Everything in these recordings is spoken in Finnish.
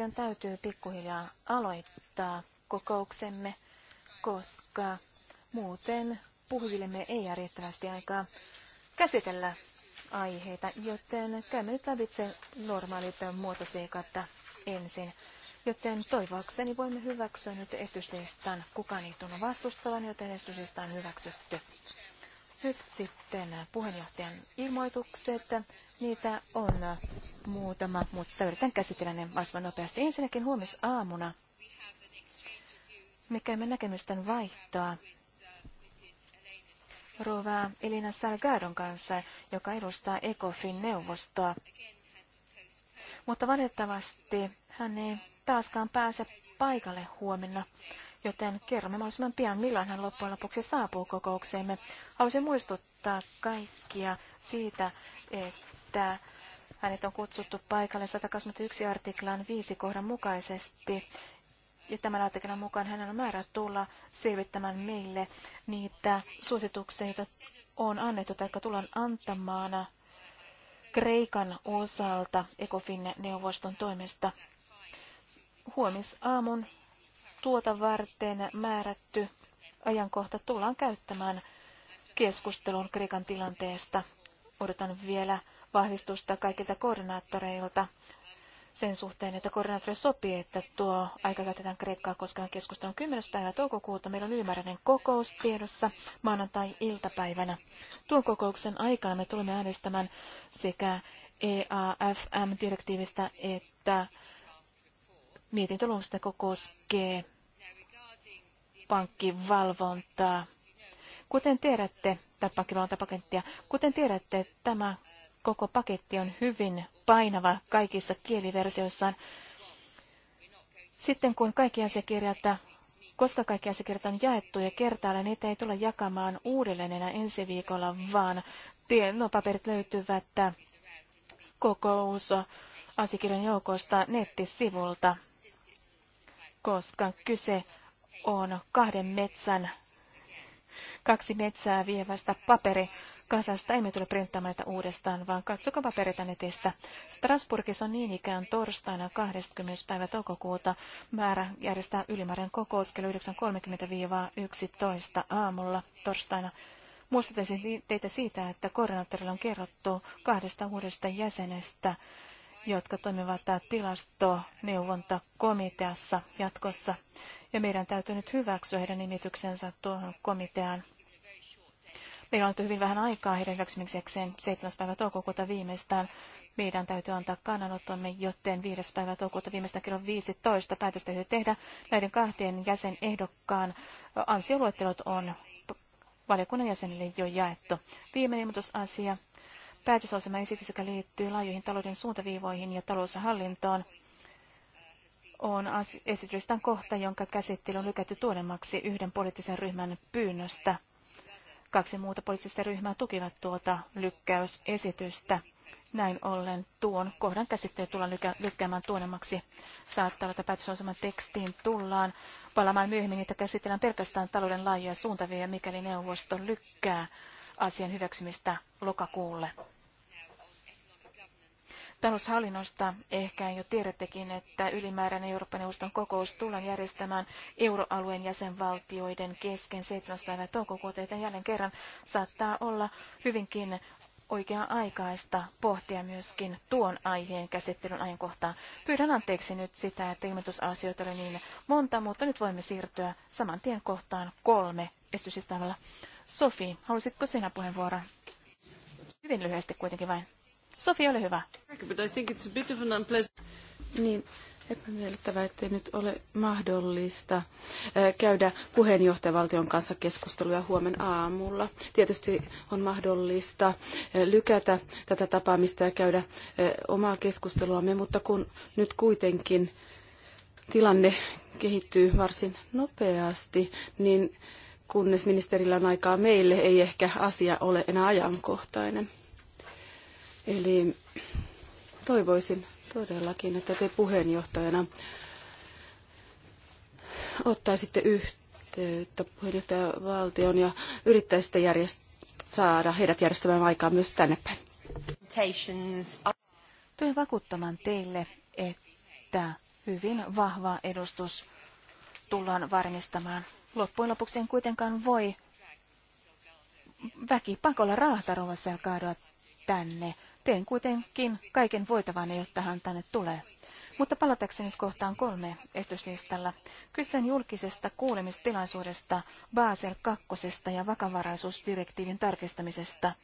Meidän täytyy pikkuhiljaa aloittaa kokouksemme, koska muuten puhujillemme ei jää riittävästi aikaa käsitellä aiheita, joten käymme nyt lävitse normaalit muotoseikat ensin. Joten toivoakseni voimme hyväksyä nyt esityslistan. Kukaan ei tunnu vastustavan, joten estyslista on hyväksytty. Nyt sitten puheenjohtajan ilmoitukset. Niitä on muutama, mutta yritän käsitellä ne mahdollisimman nopeasti. Ensinnäkin huomisaamuna me käymme näkemysten vaihtoa Rova Elina Salgadon kanssa, joka edustaa ECOFIN-neuvostoa. Mutta valitettavasti hän ei taaskaan pääse paikalle huomenna joten kerromme mahdollisimman pian, milloin hän loppujen lopuksi saapuu kokoukseemme. Haluaisin muistuttaa kaikkia siitä, että hänet on kutsuttu paikalle 121 artiklan 5 kohdan mukaisesti. Ja tämän artiklan mukaan hän on määrä tulla selvittämään meille niitä suosituksia, joita on annettu tai tullaan antamaan Kreikan osalta ECOFIN-neuvoston toimesta. Huomisaamun tuota varten määrätty ajankohta tullaan käyttämään keskustelun Kreikan tilanteesta. Odotan vielä vahvistusta kaikilta koordinaattoreilta sen suhteen, että koordinaattori sopii, että tuo aika käytetään Kreikkaa koskevan keskustelun 10. päivä toukokuuta. Meillä on ylimääräinen kokous tiedossa maanantai-iltapäivänä. Tuon kokouksen aikana me tulemme äänestämään sekä EAFM-direktiivistä että Mietintöluonnosta koskee pankkivalvontaa. Kuten tiedätte, tai pankkivalvontapakettia, kuten tiedätte, tämä koko paketti on hyvin painava kaikissa kieliversioissaan. Sitten kun kaikki asiakirjat, koska kaikki asiakirjat on jaettu ja kertaalla, niitä ei tule jakamaan uudelleen enää ensi viikolla, vaan no, paperit löytyvät kokous asiakirjan joukosta nettisivulta koska kyse on kahden metsän, kaksi metsää vievästä paperi. Kasasta emme tule printtaamaan näitä uudestaan, vaan katsokaa paperita netistä. Strasburgissa on niin ikään torstaina 20. päivä toukokuuta määrä järjestää ylimääräinen kokous kello 9.30-11 aamulla torstaina. Muistutaisin teitä siitä, että koordinaattorilla on kerrottu kahdesta uudesta jäsenestä jotka toimivat tilastoneuvontakomiteassa jatkossa. Ja meidän täytyy nyt hyväksyä heidän nimityksensä tuohon komiteaan. Meillä on hyvin vähän aikaa heidän hyväksymisekseen 7. päivä toukokuuta viimeistään. Meidän täytyy antaa kannanottomme, joten 5. päivä toukokuuta viimeistään kello 15 päätös täytyy tehdä. Näiden kahteen jäsenehdokkaan ansioluettelot on valiokunnan jäsenille jo jaettu. Viimeinen ilmoitusasia esitys, joka liittyy laajoihin talouden suuntaviivoihin ja taloushallintoon, on esityslistan kohta, jonka käsittely on lykätty tuonemmaksi yhden poliittisen ryhmän pyynnöstä. Kaksi muuta poliittista ryhmää tukivat tuota lykkäysesitystä. Näin ollen tuon kohdan käsittely tullaan lykä- lykkäämään tuonemmaksi. Saattaa olla, että päätösosaman tekstiin tullaan palaamaan myöhemmin, että käsitellään pelkästään talouden laajoja suuntavia, mikäli neuvosto lykkää asian hyväksymistä lokakuulle. Taloushallinnosta ehkä jo tiedättekin, että ylimääräinen Euroopan neuvoston kokous tullaan järjestämään euroalueen jäsenvaltioiden kesken 7. päivä toukokuuta, joten jälleen kerran saattaa olla hyvinkin oikea-aikaista pohtia myöskin tuon aiheen käsittelyn ajankohtaa. Pyydän anteeksi nyt sitä, että ilmoitusasioita oli niin monta, mutta nyt voimme siirtyä saman tien kohtaan kolme estysistavalla. Sofi, halusitko sinä puheenvuoron? Hyvin lyhyesti kuitenkin vain. Sofi, ole hyvä. Niin, epämiellyttävää, ettei nyt ole mahdollista käydä puheenjohtajavaltion kanssa keskusteluja huomen aamulla. Tietysti on mahdollista lykätä tätä tapaamista ja käydä omaa keskusteluamme, mutta kun nyt kuitenkin tilanne kehittyy varsin nopeasti, niin kunnes ministerillä on aikaa meille, ei ehkä asia ole enää ajankohtainen. Eli toivoisin todellakin, että te puheenjohtajana ottaisitte yhteyttä valtion ja yrittäisitte järjest- saada heidät järjestämään aikaa myös tänne päin. Tulen vakuuttamaan teille, että hyvin vahva edustus tullaan varmistamaan. Loppujen lopuksi en kuitenkaan voi väki pakolla raahtarovassa kaadua tänne. Teen kuitenkin kaiken voitavani, jotta hän tänne tulee. Mutta palatakseni nyt kohtaan kolme estyslistalla. Kysyn julkisesta kuulemistilaisuudesta, Basel 2. ja vakavaraisuusdirektiivin tarkistamisesta –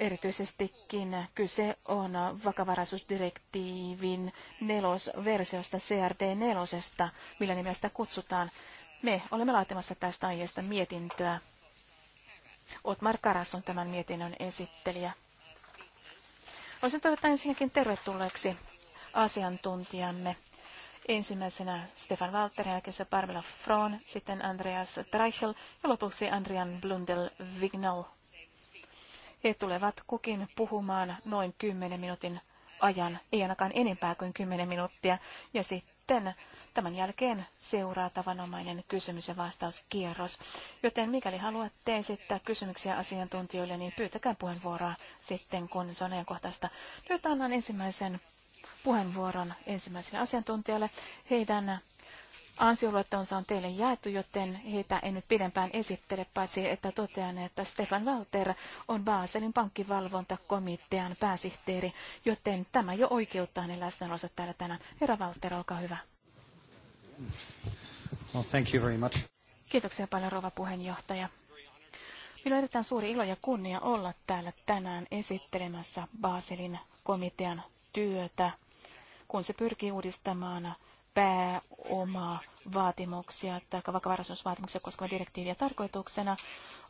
Erityisestikin kyse on vakavaraisuusdirektiivin nelosversiosta crd nelosesta millä nimestä kutsutaan. Me olemme laatimassa tästä aiheesta mietintöä. Otmar Karas on tämän mietinnön esittelijä. Olisin toivottaa ensinnäkin tervetulleeksi asiantuntijamme. Ensimmäisenä Stefan Walter, jälkeensä Barbara Frohn, sitten Andreas Treichel ja lopuksi Andrian Blundell Vignal. He tulevat kukin puhumaan noin 10 minuutin ajan, ei ainakaan enempää kuin 10 minuuttia. Ja sitten tämän jälkeen seuraa tavanomainen kysymys- ja vastauskierros. Joten mikäli haluatte esittää kysymyksiä asiantuntijoille, niin pyytäkää puheenvuoroa sitten, kun se on ajankohtaista. Nyt annan ensimmäisen puheenvuoron ensimmäiselle asiantuntijalle. Heidän ansioluetta on saanut teille jaettu, joten heitä en nyt pidempään esittele, paitsi että totean, että Stefan Walter on Baselin pankkivalvontakomitean pääsihteeri, joten tämä jo oikeuttaa ne läsnäolonsa täällä tänään. Herra Walter, olkaa hyvä. Well, thank you very much. Kiitoksia paljon, rouva puheenjohtaja. Minulla on erittäin suuri ilo ja kunnia olla täällä tänään esittelemässä Baselin komitean työtä, kun se pyrkii uudistamaan pääoma vaatimuksia tai vakavaraisuusvaatimuksia koskeva direktiiviä tarkoituksena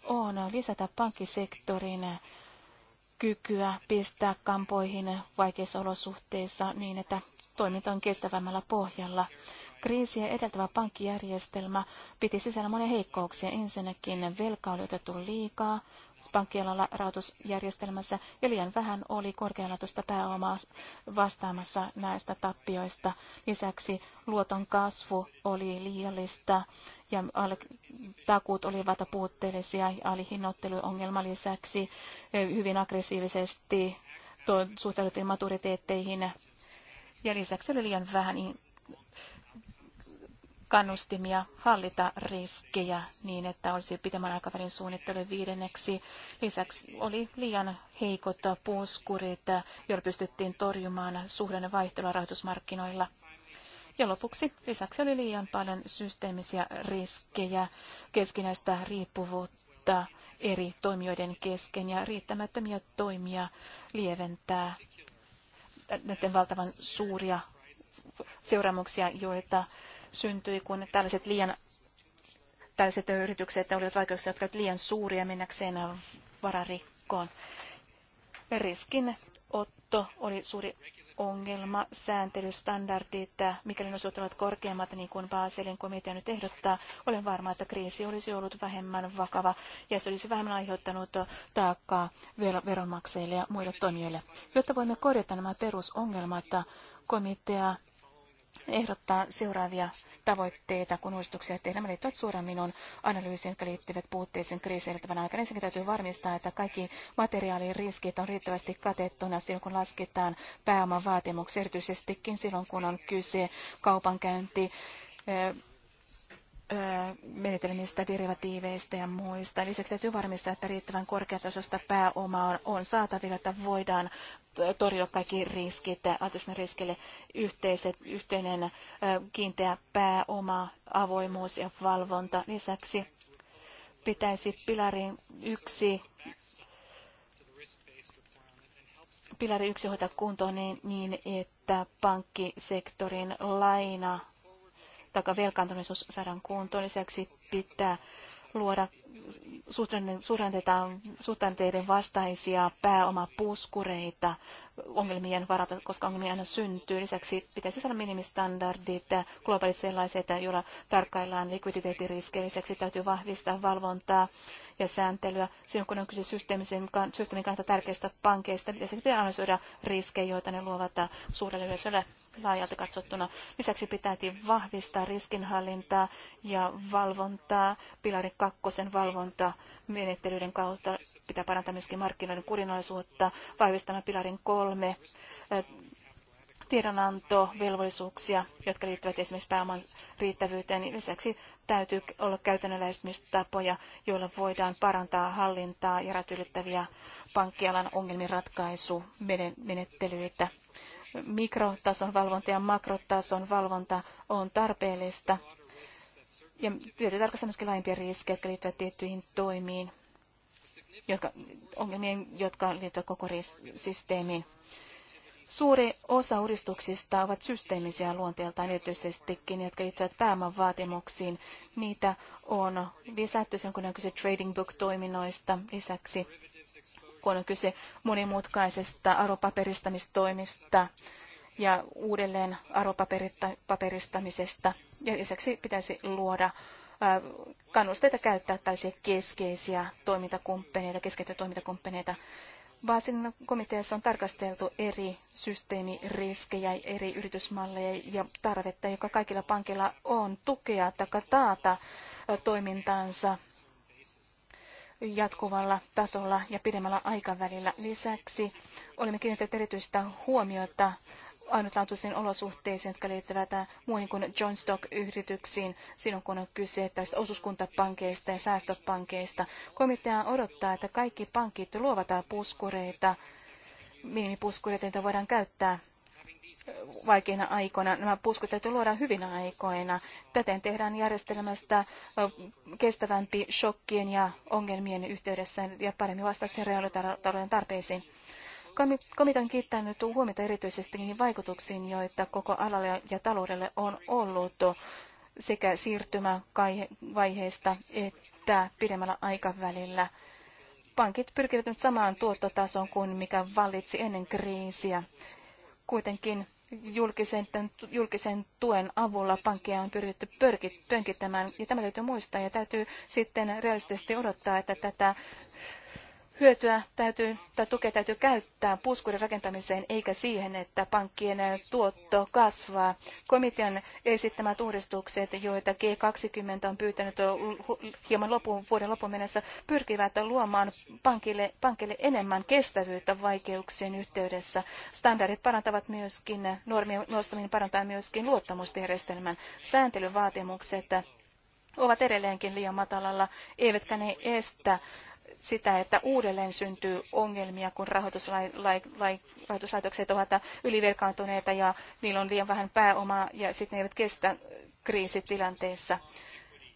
on lisätä pankkisektorin kykyä pistää kampoihin vaikeissa olosuhteissa niin, että toiminta on kestävämmällä pohjalla. Kriisiä edeltävä pankkijärjestelmä piti sisällä monia heikkouksia. Ensinnäkin velkaa oli otettu liikaa, pankkialalla rahoitusjärjestelmässä ja liian vähän oli korkealaatuista pääomaa vastaamassa näistä tappioista. Lisäksi luoton kasvu oli liiallista ja takuut olivat puutteellisia ja alihinnoitteluongelma lisäksi eh, hyvin aggressiivisesti suhtauduttiin maturiteetteihin ja lisäksi oli liian vähän kannustimia hallita riskejä niin, että olisi pitemmän aikavälin suunnittelu viidenneksi. Lisäksi oli liian heikot puuskurit, joilla pystyttiin torjumaan suhdannevaihtelua rahoitusmarkkinoilla. Ja lopuksi lisäksi oli liian paljon systeemisiä riskejä, keskinäistä riippuvuutta eri toimijoiden kesken ja riittämättömiä toimia lieventää näiden valtavan suuria seuraamuksia, joita syntyi, kun tällaiset liian tällaiset yritykset olivat vaikeuksia olivat liian suuria mennäkseen vararikkoon. otto oli suuri ongelma, sääntelystandardit, mikäli ne olisivat korkeammat, niin kuin Baselin komitea nyt ehdottaa, olen varma, että kriisi olisi ollut vähemmän vakava ja se olisi vähemmän aiheuttanut taakkaa veronmaksajille ja muille toimijoille. Jotta voimme korjata nämä perusongelmat, komitea ehdottaa seuraavia tavoitteita, kun uudistuksia tehdään. Nämä liittyvät suoraan minun analyysiin, jotka liittyvät puutteisiin kriisieltävän aikana. Ensinnäkin täytyy varmistaa, että kaikki materiaalin riskit on riittävästi katettuna silloin, kun lasketaan pääoman vaatimuksia, erityisestikin silloin, kun on kyse kaupankäynti, menetelmistä, derivatiiveista ja muista. Lisäksi täytyy varmistaa, että riittävän korkeatasosta pääomaa on, on saatavilla, että voidaan torjua kaikki riskit, altistumisen riskille yhteiset, yhteinen kiinteä pääoma, avoimuus ja valvonta. Lisäksi pitäisi pilarin yksi pilari yksi hoitaa kuntoon niin, niin, että pankkisektorin laina tai velkaantumisuus saadaan kuntoon. Lisäksi pitää luoda suhdanteiden vastaisia pääomapuskureita ongelmien varalta, koska ongelmia aina syntyy. Lisäksi pitäisi saada minimistandardit, globaalit sellaiset, joilla tarkkaillaan likviditeettiriskejä. Lisäksi täytyy vahvistaa valvontaa ja sääntelyä. Silloin kun on kyse systeemin, systeemin kannalta tärkeistä pankeista, pitäisi analysoida riskejä, joita ne luovat suurelle yleisölle laajalta katsottuna. Lisäksi pitäisi vahvistaa riskinhallintaa ja valvontaa, pilari kakkosen valvonta menettelyiden kautta pitää parantaa myöskin markkinoiden kurinalaisuutta, Vahvistamaan pilarin kolme tiedonanto velvollisuuksia, jotka liittyvät esimerkiksi pääoman riittävyyteen. Lisäksi täytyy olla käytännönläistymistapoja, joilla voidaan parantaa hallintaa ja ratylittäviä pankkialan ongelmien ratkaisumenettelyitä mikrotason valvonta ja makrotason valvonta on tarpeellista. Ja täytyy tarkastaa myöskin laajempia riskejä, jotka liittyvät tiettyihin toimiin, jotka, ongelmiin, jotka liittyvät koko systeemiin. Suuri osa uudistuksista ovat systeemisiä luonteeltaan erityisestikin, jotka liittyvät pääoman vaatimuksiin. Niitä on lisätty, kun on kyse trading book-toiminnoista lisäksi kun on kyse monimutkaisesta arvopaperistamistoimista ja uudelleen arvopaperistamisesta. Ja lisäksi pitäisi luoda kannusteita käyttää tällaisia keskeisiä toimintakumppaneita, keskeisiä toimintakumppaneita. Vaasin komiteassa on tarkasteltu eri systeemiriskejä, eri yritysmalleja ja tarvetta, joka kaikilla pankilla on tukea tai taata toimintaansa jatkuvalla tasolla ja pidemmällä aikavälillä. Lisäksi olemme kiinnittäneet erityistä huomiota ainutlaatuisiin olosuhteisiin, jotka liittyvät muihin kuin John Stock-yhdistyksiin silloin, kun on kyse tästä osuuskuntapankeista ja säästöpankeista. Komitea odottaa, että kaikki pankit luovat puskureita, minimipuskureita, joita voidaan käyttää vaikeina aikoina. Nämä puskut täytyy luoda hyvinä aikoina. Täten tehdään järjestelmästä kestävämpi shokkien ja ongelmien yhteydessä ja paremmin vastaat sen reaalitalouden tarpeisiin. Komitea kiittää nyt huomiota erityisesti niihin vaikutuksiin, joita koko alalle ja taloudelle on ollut sekä siirtymävaiheesta että pidemmällä aikavälillä. Pankit pyrkivät nyt samaan tuottotasoon kuin mikä vallitsi ennen kriisiä. Kuitenkin julkisen, julkisen tuen avulla pankkeja on pyritty pönkittämään, ja tämä täytyy muistaa, ja täytyy sitten realistisesti odottaa, että tätä hyötyä täytyy, tai tukea täytyy käyttää puskurin rakentamiseen eikä siihen, että pankkien tuotto kasvaa. Komitean esittämät uudistukset, joita G20 on pyytänyt hieman lopun, vuoden lopun mennessä, pyrkivät luomaan pankille, pankille enemmän kestävyyttä vaikeuksien yhteydessä. Standardit parantavat myöskin, normien nostaminen parantaa myöskin luottamusjärjestelmän sääntelyvaatimukset ovat edelleenkin liian matalalla, eivätkä ne estä sitä, että uudelleen syntyy ongelmia, kun rahoituslaitokset ovat ylivelkaantuneita ja niillä on liian vähän pääomaa ja sitten ne eivät kestä kriisitilanteessa.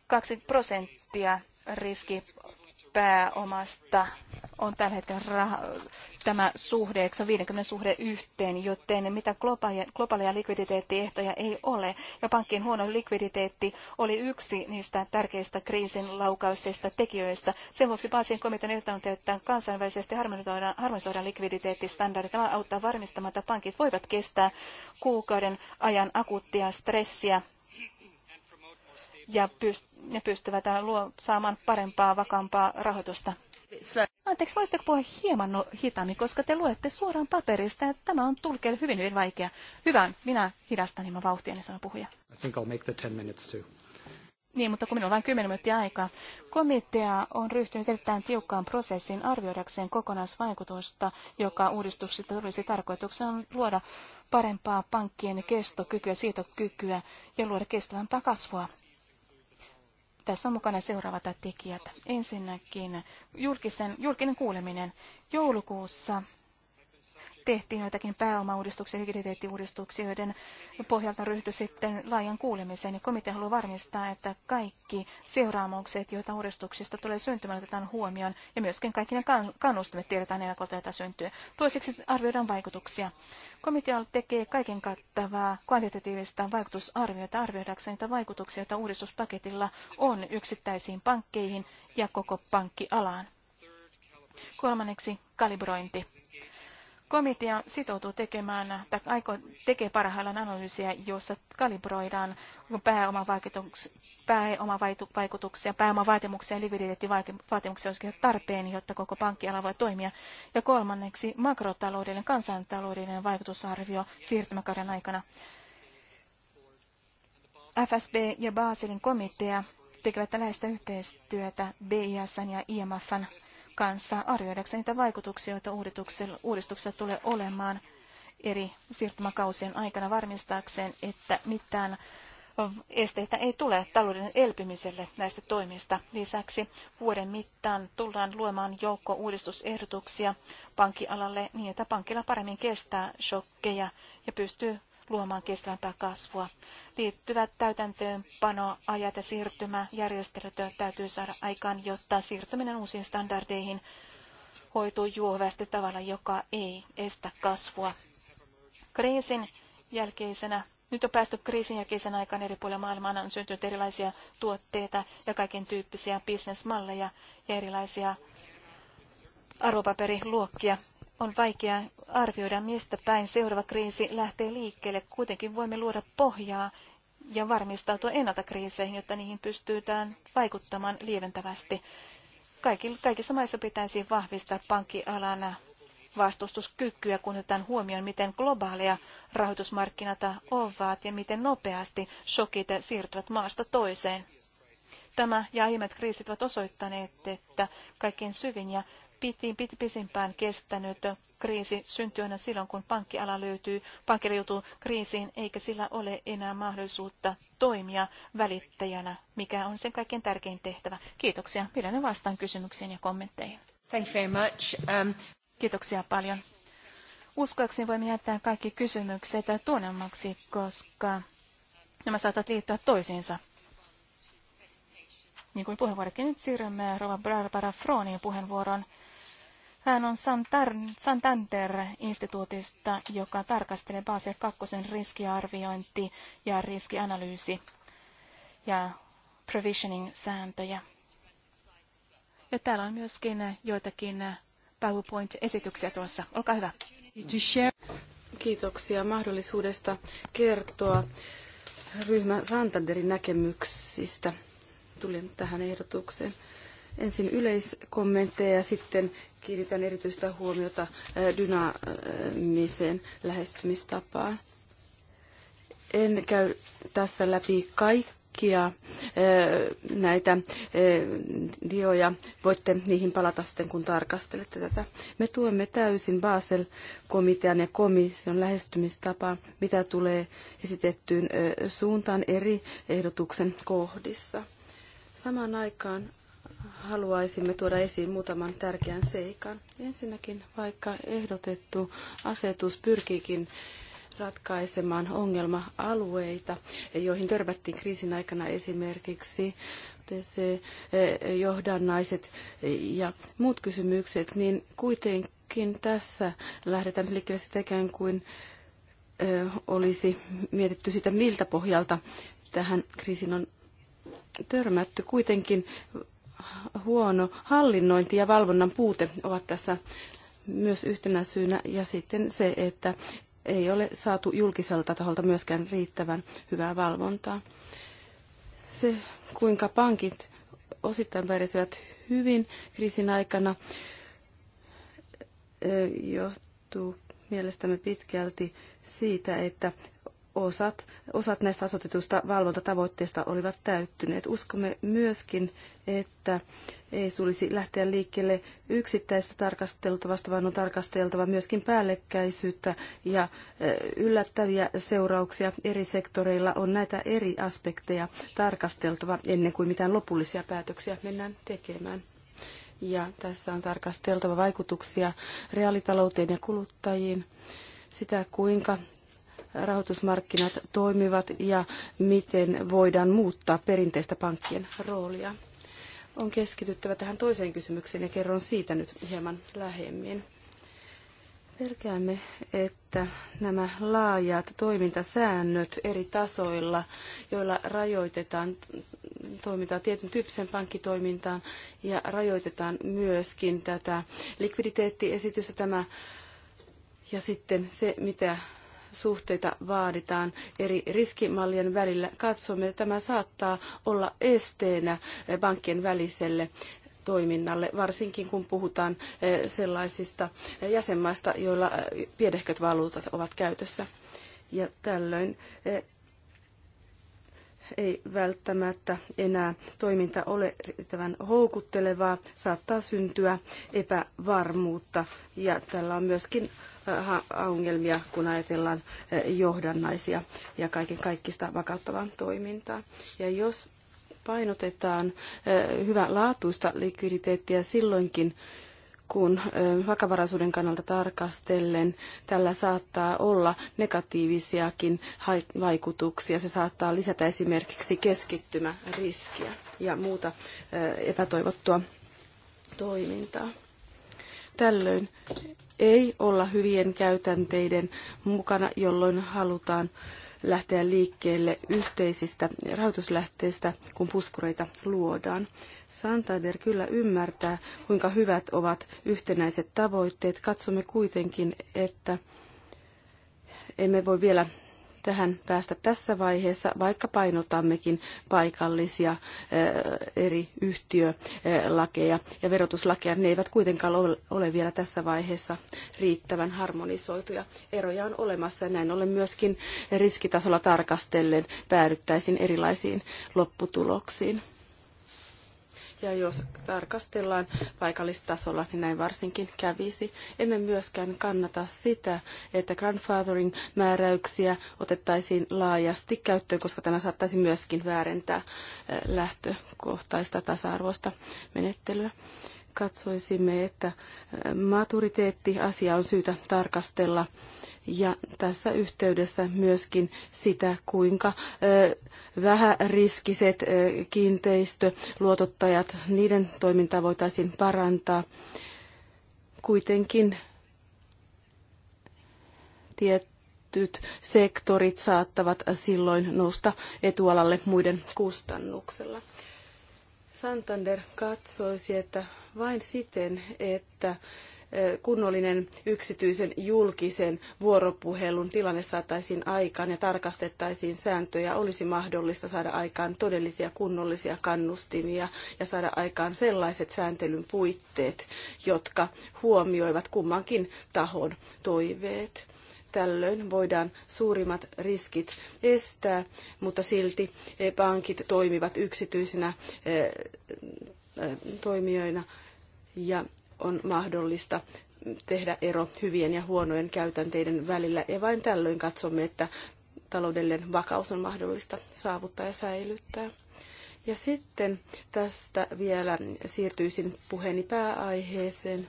Kaksi prosenttia riski pääomasta on tällä hetkellä tämä suhde, se on 50 suhde yhteen, joten mitä globaaleja, globaaleja likviditeettiehtoja ei ole. Ja pankkien huono likviditeetti oli yksi niistä tärkeistä kriisin laukaisista tekijöistä. Sen vuoksi Baasien komitean ehdottanut, että kansainvälisesti harmonisoidaan, harmonisoidaan likviditeettistandardit. Tämä auttaa varmistamaan, että pankit voivat kestää kuukauden ajan akuuttia stressiä ja, pyst- ne pystyvät luo- saamaan parempaa, vakaampaa rahoitusta. Anteeksi, voisitteko puhua hieman no, hitaammin, koska te luette suoraan paperista, että tämä on tulkeille hyvin, hyvin vaikea. Hyvä, minä hidastan hieman vauhtia, niin sanoo puhuja. I think I'll make the minutes too. Niin, mutta kun minulla on vain 10 minuuttia aikaa. Komitea on ryhtynyt erittäin tiukkaan prosessiin arvioidakseen kokonaisvaikutusta, joka uudistuksesta tulisi tarkoituksena on luoda parempaa pankkien kestokykyä, sietokykyä ja luoda kestävämpää kasvua. Tässä on mukana seuraavat tekijät. Ensinnäkin julkisen, julkinen kuuleminen. Joulukuussa tehtiin joitakin pääomauudistuksia, likviditeettiuudistuksia, joiden pohjalta ryhtyi sitten laajan kuulemiseen. komitea haluaa varmistaa, että kaikki seuraamukset, joita uudistuksista tulee syntymään, otetaan huomioon ja myöskin kaikki ne kannustimet tiedetään kuin tätä syntyy. Toiseksi arvioidaan vaikutuksia. Komitea tekee kaiken kattavaa kvalitatiivista vaikutusarviota arvioidakseen niitä vaikutuksia, joita uudistuspaketilla on yksittäisiin pankkeihin ja koko pankkialaan. Kolmanneksi kalibrointi. Komitea sitoutuu tekemään, tai aikoo tekee parhaillaan analyysiä, jossa kalibroidaan pääomavaikutuksia, pääomavaatimuksia ja likviditeettivaatimuksia olisikin tarpeen, jotta koko pankkiala voi toimia. Ja kolmanneksi makrotaloudellinen kansantaloudellinen vaikutusarvio siirtymäkauden aikana. FSB ja Baselin komitea tekevät läheistä yhteistyötä BISn ja IMFn kanssa arvioidakseen niitä vaikutuksia, joita uudistuksella tulee olemaan eri siirtymäkausien aikana varmistaakseen, että mitään esteitä ei tule talouden elpymiselle näistä toimista. Lisäksi vuoden mittaan tullaan luomaan joukko uudistusehdotuksia pankkialalle niin, että pankilla paremmin kestää shokkeja ja pystyy luomaan kestävämpää kasvua. Liittyvät täytäntöönpanoajat ja siirtymäjärjestelyt täytyy saada aikaan, jotta siirtyminen uusiin standardeihin hoituu juovasti tavalla, joka ei estä kasvua. Kriisin jälkeisenä nyt on päästy kriisin jälkeisen aikaan eri puolilla maailmaa, on syntynyt erilaisia tuotteita ja kaiken tyyppisiä bisnesmalleja ja erilaisia arvopaperiluokkia. On vaikea arvioida, mistä päin seuraava kriisi lähtee liikkeelle. Kuitenkin voimme luoda pohjaa ja varmistautua ennalta kriiseihin, jotta niihin pystytään vaikuttamaan lieventävästi. Kaikissa maissa pitäisi vahvistaa pankkialan vastustuskykyä, kun otetaan huomioon, miten globaaleja rahoitusmarkkinata ovat ja miten nopeasti shokit siirtyvät maasta toiseen. Tämä ja aiemmat kriisit ovat osoittaneet, että kaikkein syvin ja pitiin, pit, pisimpään kestänyt kriisi syntyy aina silloin, kun pankkiala löytyy, pankkiala joutuu kriisiin, eikä sillä ole enää mahdollisuutta toimia välittäjänä, mikä on sen kaikkein tärkein tehtävä. Kiitoksia. Mielelläni vastaan kysymyksiin ja kommentteihin. Thank you very much. Um... Kiitoksia paljon. Uskoakseni voimme jättää kaikki kysymykset tuonemmaksi, koska nämä saatat liittyä toisiinsa. Niin kuin puheenvuorokin nyt siirrymme Rova Barbara Froonin puheenvuoron. Hän on Santander-instituutista, joka tarkastelee Basel 2 riskiarviointi- ja riskianalyysi- ja provisioning-sääntöjä. Ja täällä on myöskin joitakin PowerPoint-esityksiä tuossa. Olkaa hyvä. Kiitoksia mahdollisuudesta kertoa ryhmä Santanderin näkemyksistä. Tulin tähän ehdotukseen ensin yleiskommentteja ja sitten kiinnitän erityistä huomiota dynaamiseen lähestymistapaan. En käy tässä läpi kaikkia näitä dioja. Voitte niihin palata sitten, kun tarkastelette tätä. Me tuemme täysin Basel-komitean ja komission lähestymistapaa, mitä tulee esitettyyn suuntaan eri ehdotuksen kohdissa. Samaan aikaan haluaisimme tuoda esiin muutaman tärkeän seikan. Ensinnäkin, vaikka ehdotettu asetus pyrkiikin ratkaisemaan ongelma-alueita, joihin törmättiin kriisin aikana esimerkiksi TC-johdannaiset e, ja muut kysymykset, niin kuitenkin tässä lähdetään liikkeelle sitä ikään kuin e, olisi mietitty sitä, miltä pohjalta tähän kriisin on törmätty. Kuitenkin huono hallinnointi ja valvonnan puute ovat tässä myös yhtenä syynä. Ja sitten se, että ei ole saatu julkiselta taholta myöskään riittävän hyvää valvontaa. Se, kuinka pankit osittain pärjäsivät hyvin kriisin aikana, eh, johtuu mielestämme pitkälti siitä, että osat, osat näistä asetetuista valvontatavoitteista olivat täyttyneet. Uskomme myöskin, että ei sulisi lähteä liikkeelle yksittäistä tarkasteltavasta, vaan on tarkasteltava myöskin päällekkäisyyttä ja yllättäviä seurauksia eri sektoreilla on näitä eri aspekteja tarkasteltava ennen kuin mitään lopullisia päätöksiä mennään tekemään. Ja tässä on tarkasteltava vaikutuksia reaalitalouteen ja kuluttajiin sitä, kuinka rahoitusmarkkinat toimivat ja miten voidaan muuttaa perinteistä pankkien roolia. On keskityttävä tähän toiseen kysymykseen ja kerron siitä nyt hieman lähemmin. Pelkäämme, että nämä laajat toimintasäännöt eri tasoilla, joilla rajoitetaan toimintaa tietyn tyyppiseen pankkitoimintaan ja rajoitetaan myöskin tätä likviditeettiesitystä tämä ja sitten se, mitä suhteita vaaditaan eri riskimallien välillä. Katsomme, että tämä saattaa olla esteenä pankkien väliselle toiminnalle, varsinkin kun puhutaan eh, sellaisista jäsenmaista, joilla eh, pienehköt valuutat ovat käytössä. Ja tällöin eh, ei välttämättä enää toiminta ole riittävän houkuttelevaa, saattaa syntyä epävarmuutta ja tällä on myöskin ongelmia, kun ajatellaan eh, johdannaisia ja kaiken kaikkista vakauttavaa toimintaa. Ja jos painotetaan eh, hyvänlaatuista likviditeettiä silloinkin, kun eh, vakavaraisuuden kannalta tarkastellen tällä saattaa olla negatiivisiakin vaikutuksia. Se saattaa lisätä esimerkiksi keskittymäriskiä ja muuta epätoivottua toimintaa. Tällöin ei olla hyvien käytänteiden mukana, jolloin halutaan lähteä liikkeelle yhteisistä rahoituslähteistä, kun puskureita luodaan. Santander kyllä ymmärtää, kuinka hyvät ovat yhtenäiset tavoitteet. Katsomme kuitenkin, että emme voi vielä tähän päästä tässä vaiheessa, vaikka painotammekin paikallisia eri yhtiölakeja ja verotuslakeja. Ne eivät kuitenkaan ole vielä tässä vaiheessa riittävän harmonisoituja. Eroja on olemassa ja näin ollen myöskin riskitasolla tarkastellen päädyttäisiin erilaisiin lopputuloksiin. Ja jos tarkastellaan paikallistasolla, niin näin varsinkin kävisi. Emme myöskään kannata sitä, että grandfathering määräyksiä otettaisiin laajasti käyttöön, koska tämä saattaisi myöskin väärentää lähtökohtaista tasa-arvoista menettelyä katsoisimme, että maturiteettiasia on syytä tarkastella ja tässä yhteydessä myöskin sitä, kuinka vähäriskiset kiinteistöluotottajat, niiden toimintaa voitaisiin parantaa. Kuitenkin tietyt sektorit saattavat silloin nousta etualalle muiden kustannuksella. Santander katsoisi, että vain siten, että eh, kunnollinen yksityisen julkisen vuoropuhelun tilanne saataisiin aikaan ja tarkastettaisiin sääntöjä, olisi mahdollista saada aikaan todellisia kunnollisia kannustimia ja saada aikaan sellaiset sääntelyn puitteet, jotka huomioivat kummankin tahon toiveet. Tällöin voidaan suurimmat riskit estää, mutta silti eh, pankit toimivat yksityisinä eh, eh, toimijoina ja on mahdollista tehdä ero hyvien ja huonojen käytänteiden välillä ja vain tällöin katsomme, että taloudellinen vakaus on mahdollista saavuttaa ja säilyttää. Ja sitten tästä vielä siirtyisin puheeni pääaiheeseen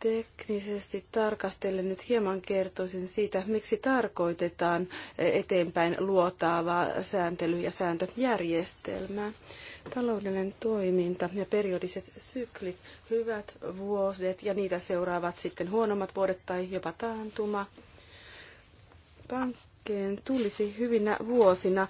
teknisesti tarkastellen nyt hieman kertoisin siitä, miksi tarkoitetaan eteenpäin luotaavaa sääntely- ja sääntöjärjestelmää. Taloudellinen toiminta ja periodiset syklit, hyvät vuodet ja niitä seuraavat sitten huonommat vuodet tai jopa taantuma. Pankkeen tulisi hyvinä vuosina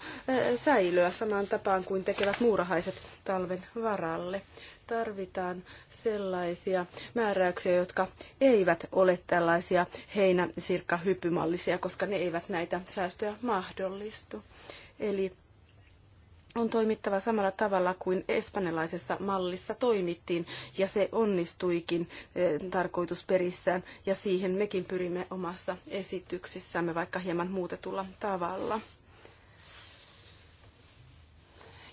säilyä samaan tapaan kuin tekevät muurahaiset talven varalle tarvitaan sellaisia määräyksiä, jotka eivät ole tällaisia heinäsirkkahyppymallisia, koska ne eivät näitä säästöjä mahdollistu. Eli on toimittava samalla tavalla kuin espanjalaisessa mallissa toimittiin, ja se onnistuikin eh, tarkoitusperissään, ja siihen mekin pyrimme omassa esityksissämme, vaikka hieman muutetulla tavalla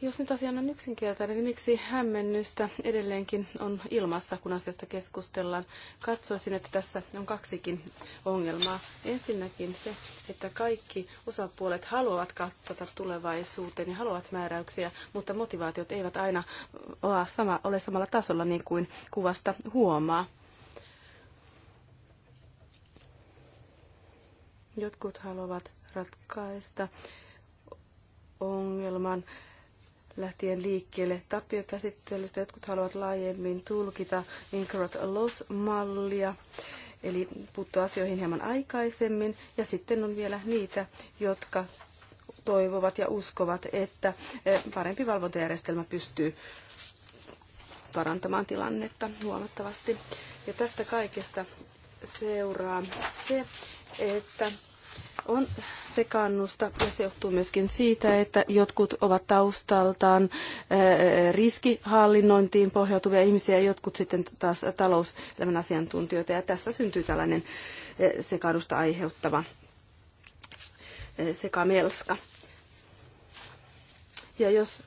jos nyt asia on yksinkertainen, niin miksi hämmennystä edelleenkin on ilmassa, kun asiasta keskustellaan? Katsoisin, että tässä on kaksikin ongelmaa. Ensinnäkin se, että kaikki osapuolet haluavat katsota tulevaisuuteen ja haluavat määräyksiä, mutta motivaatiot eivät aina ole, sama, ole samalla tasolla niin kuin kuvasta huomaa. Jotkut haluavat ratkaista ongelman lähtien liikkeelle tappiokäsittelystä. Jotkut haluavat laajemmin tulkita Incorrect Loss-mallia, eli puuttua asioihin hieman aikaisemmin. Ja sitten on vielä niitä, jotka toivovat ja uskovat, että eh, parempi valvontajärjestelmä pystyy parantamaan tilannetta huomattavasti. Ja tästä kaikesta seuraa se, että on sekaannusta ja se johtuu myöskin siitä, että jotkut ovat taustaltaan eh, riskihallinnointiin pohjautuvia ihmisiä ja jotkut sitten taas talouselämän asiantuntijoita ja tässä syntyy tällainen eh, sekaannusta aiheuttava eh, sekamelska. Ja jos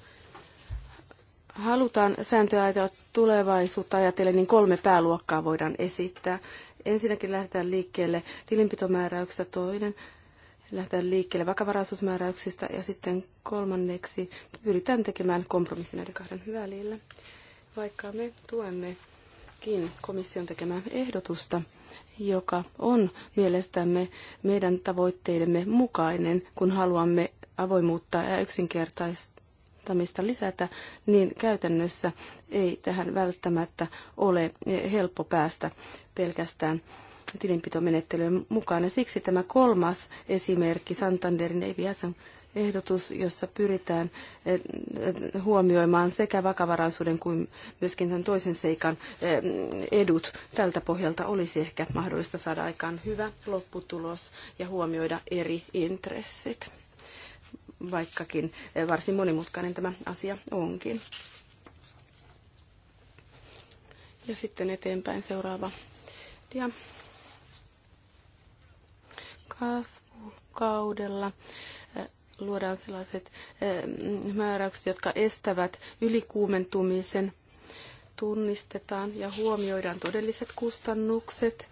halutaan sääntöä ajatella tulevaisuutta ajatellen, niin kolme pääluokkaa voidaan esittää. Ensinnäkin lähdetään liikkeelle tilinpitomääräyksestä, toinen lähdetään liikkeelle vakavaraisuusmääräyksistä ja sitten kolmanneksi pyritään tekemään kompromissi näiden kahden välillä. Vaikka me tuemmekin komission tekemään ehdotusta, joka on mielestämme meidän tavoitteidemme mukainen, kun haluamme avoimuutta ja yksinkertaistamista lisätä, niin käytännössä ei tähän välttämättä ole helppo päästä pelkästään tilinpitomenettelyjen mukaan. Ja siksi tämä kolmas esimerkki, Santanderin EVSn ehdotus, jossa pyritään eh, huomioimaan sekä vakavaraisuuden kuin myöskin tämän toisen seikan eh, edut. Tältä pohjalta olisi ehkä mahdollista saada aikaan hyvä lopputulos ja huomioida eri intressit, vaikkakin eh, varsin monimutkainen tämä asia onkin. Ja sitten eteenpäin seuraava dia kasvukaudella luodaan sellaiset määräykset, jotka estävät ylikuumentumisen, tunnistetaan ja huomioidaan todelliset kustannukset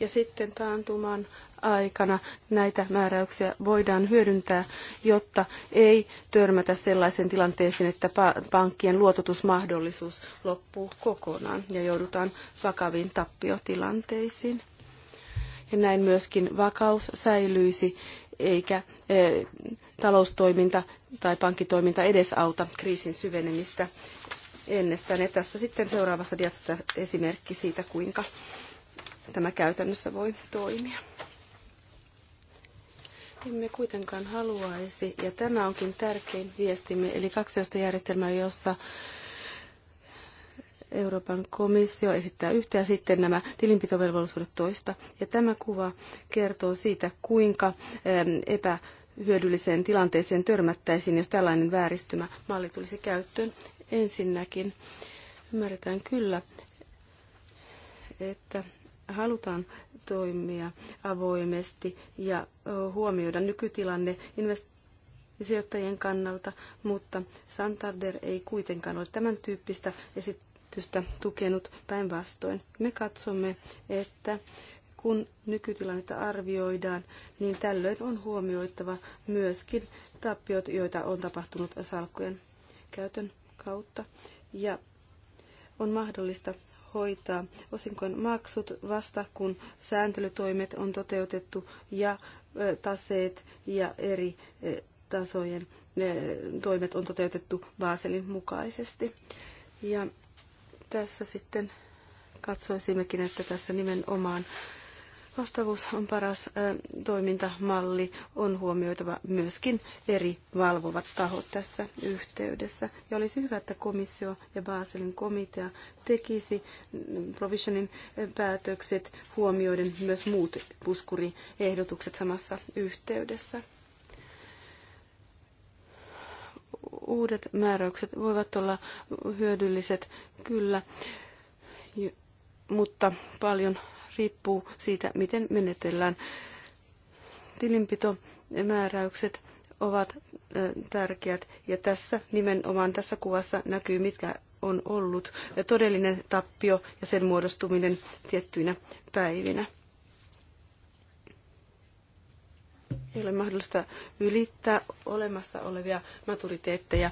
ja sitten taantuman aikana näitä määräyksiä voidaan hyödyntää, jotta ei törmätä sellaisen tilanteeseen, että pankkien luototusmahdollisuus loppuu kokonaan ja joudutaan vakaviin tappiotilanteisiin. Ja näin myöskin vakaus säilyisi, eikä e, taloustoiminta tai pankkitoiminta edesauta kriisin syvenemistä ennestään. Ja tässä sitten seuraavassa diassa esimerkki siitä, kuinka tämä käytännössä voi toimia. Emme kuitenkaan haluaisi, ja tämä onkin tärkein viestimme, eli kaksiasta järjestelmää, jossa Euroopan komissio esittää yhtä ja sitten nämä tilinpitovelvollisuudet toista. Ja tämä kuva kertoo siitä, kuinka hyödylliseen tilanteeseen törmättäisiin, jos tällainen vääristymä malli tulisi käyttöön. Ensinnäkin ymmärretään kyllä, että halutaan toimia avoimesti ja huomioida nykytilanne sijoittajien kannalta, mutta Santander ei kuitenkaan ole tämän tyyppistä esitystä tukenut päinvastoin. Me katsomme, että kun nykytilannetta arvioidaan, niin tällöin on huomioitava myöskin tappiot, joita on tapahtunut salkkujen käytön kautta. Ja on mahdollista hoitaa osinkojen maksut vasta, kun sääntelytoimet on toteutettu ja taseet ja eri tasojen toimet on toteutettu Vaaselin mukaisesti. Ja tässä sitten katsoisimmekin, että tässä nimenomaan Vastavuus on paras toimintamalli, on huomioitava myöskin eri valvovat tahot tässä yhteydessä. Ja olisi hyvä, että komissio ja Baselin komitea tekisi provisionin päätökset huomioiden myös muut puskuriehdotukset samassa yhteydessä. Uudet määräykset voivat olla hyödylliset, kyllä, mutta paljon riippuu siitä, miten menetellään. Tilinpitomääräykset ovat tärkeät ja tässä nimenomaan tässä kuvassa näkyy, mitkä on ollut todellinen tappio ja sen muodostuminen tiettyinä päivinä. Ei ole mahdollista ylittää olemassa olevia maturiteetteja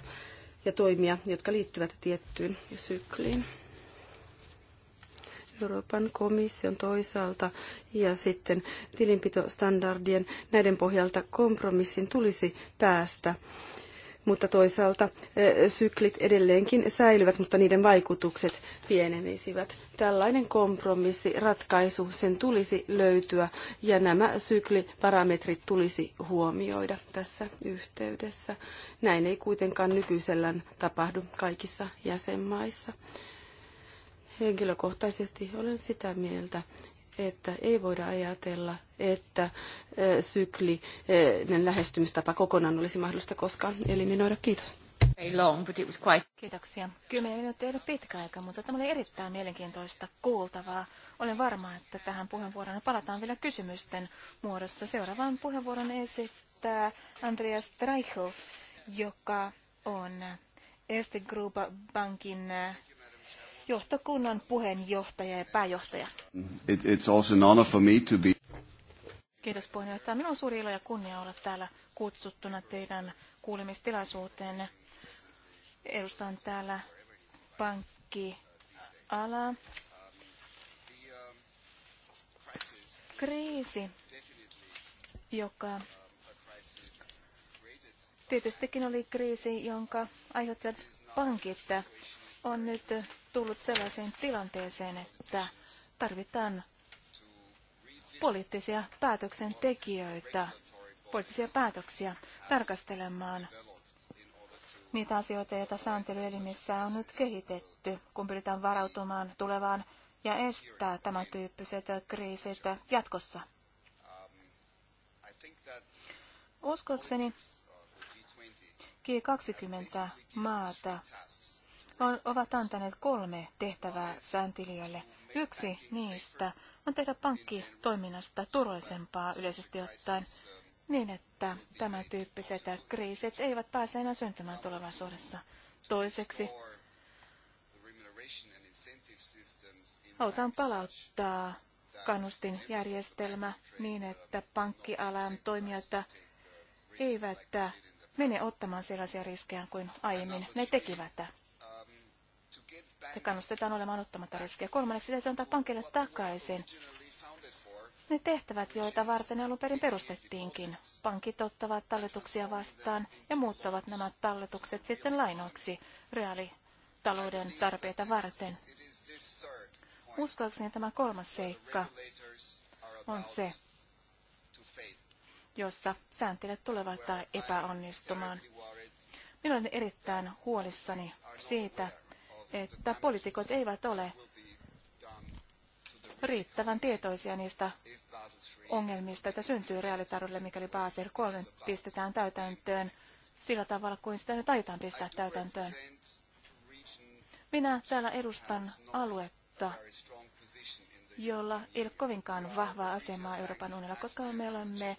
ja toimia, jotka liittyvät tiettyyn sykliin. Euroopan komission toisaalta ja sitten tilinpitostandardien näiden pohjalta kompromissin tulisi päästä. Mutta toisaalta eh, syklit edelleenkin säilyvät, mutta niiden vaikutukset pienenisivät. Tällainen kompromissi, ratkaisu, sen tulisi löytyä ja nämä sykliparametrit tulisi huomioida tässä yhteydessä. Näin ei kuitenkaan nykyisellään tapahdu kaikissa jäsenmaissa. Henkilökohtaisesti olen sitä mieltä, että ei voida ajatella, että syklinen lähestymistapa kokonaan olisi mahdollista koskaan eliminoida. Kiitos. Long, but it was quite... Kiitoksia. Kymmenen minuuttia ei ole pitkä aika, mutta tämä oli erittäin mielenkiintoista kuultavaa. Olen varma, että tähän puheenvuoroon palataan vielä kysymysten muodossa. Seuraavan puheenvuoron esittää Andreas Streichel, joka on Erste Group Bankin johtokunnan puheenjohtaja ja pääjohtaja. It, it's also an honor for me to be. Kiitos puheenjohtaja. Minun on suuri ilo ja kunnia olla täällä kutsuttuna teidän kuulemistilaisuuteen. Edustan täällä pankkiala. Kriisi, joka tietystikin oli kriisi, jonka aiheuttivat pankit, on nyt tullut sellaiseen tilanteeseen, että tarvitaan poliittisia päätöksentekijöitä, poliittisia päätöksiä tarkastelemaan niitä asioita, joita sääntelyelimissä on nyt kehitetty, kun pyritään varautumaan tulevaan ja estää tämän tyyppiset kriisit jatkossa. Uskokseni G20 maata ovat antaneet kolme tehtävää sääntelijälle. Yksi niistä on tehdä pankkitoiminnasta turvallisempaa yleisesti ottaen niin, että tämän tyyppiset kriisit eivät pääse enää syntymään tulevaisuudessa. Toiseksi halutaan palauttaa kannustinjärjestelmä niin, että pankkialan toimijat eivät mene ottamaan sellaisia riskejä kuin aiemmin ne tekivät ja kannustetaan olemaan ottamatta riskejä. Kolmanneksi täytyy antaa pankille takaisin ne tehtävät, joita varten ne alun perin perustettiinkin. Pankit ottavat talletuksia vastaan ja muuttavat nämä talletukset sitten lainoiksi reaalitalouden tarpeita varten. Uskoakseni tämä kolmas seikka on se, jossa sääntelijät tulevat epäonnistumaan. Minä olen erittäin huolissani siitä, että poliitikot eivät ole riittävän tietoisia niistä ongelmista, että syntyy reaalitaloudelle, mikäli Basel 3 pistetään täytäntöön sillä tavalla kuin sitä nyt aitaan pistää täytäntöön. Minä täällä edustan aluetta, jolla ei ole kovinkaan vahvaa asemaa Euroopan unionilla, koska me olemme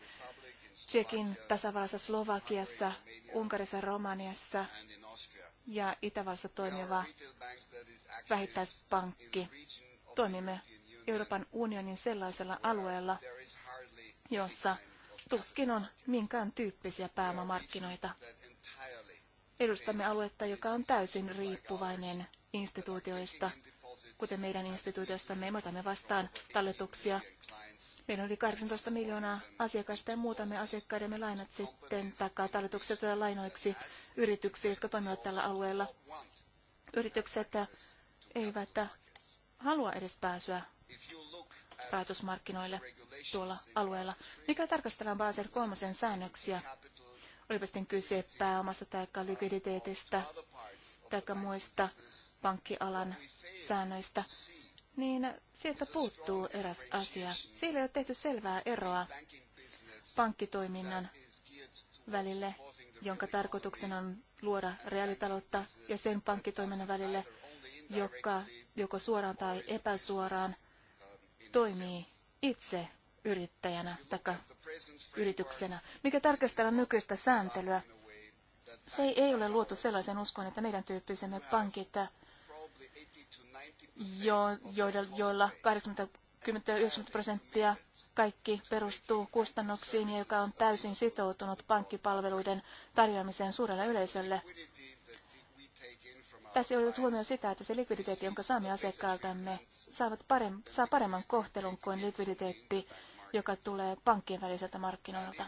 Tsekin tasavallassa, Slovakiassa, Unkarissa, Romaniassa ja Itävallassa toimiva vähittäispankki. Toimimme Euroopan unionin sellaisella alueella, jossa tuskin on minkään tyyppisiä pääomamarkkinoita. Edustamme aluetta, joka on täysin riippuvainen instituutioista, kuten meidän instituutioista, Me otamme vastaan talletuksia Siis meillä oli 18 miljoonaa asiakasta ja muutamme asiakkaidemme lainat sitten takaa talletukset lainoiksi yrityksiä, jotka toimivat tällä alueella. Yritykset eivät halua edes pääsyä rahoitusmarkkinoille tuolla alueella. Mikä tarkastellaan Basel 3 säännöksiä, olipa sitten kyse pääomasta tai likviditeetistä tai muista pankkialan säännöistä, niin sieltä puuttuu eräs asia. Siellä ei ole tehty selvää eroa pankkitoiminnan välille, jonka tarkoituksena on luoda reaalitaloutta, ja sen pankkitoiminnan välille, joka joko suoraan tai epäsuoraan toimii itse yrittäjänä tai yrityksenä. Mikä tarkastellaan nykyistä sääntelyä, se ei ole luotu sellaisen uskon, että meidän tyyppisemme pankit jo, joilla, joilla 80-90 prosenttia kaikki perustuu kustannuksiin, joka on täysin sitoutunut pankkipalveluiden tarjoamiseen suurelle yleisölle. Tässä ei huomioon sitä, että se likviditeetti, jonka saamme asiakkaaltamme, saavat parem, saa paremman kohtelun kuin likviditeetti, joka tulee pankkien väliseltä markkinoilta.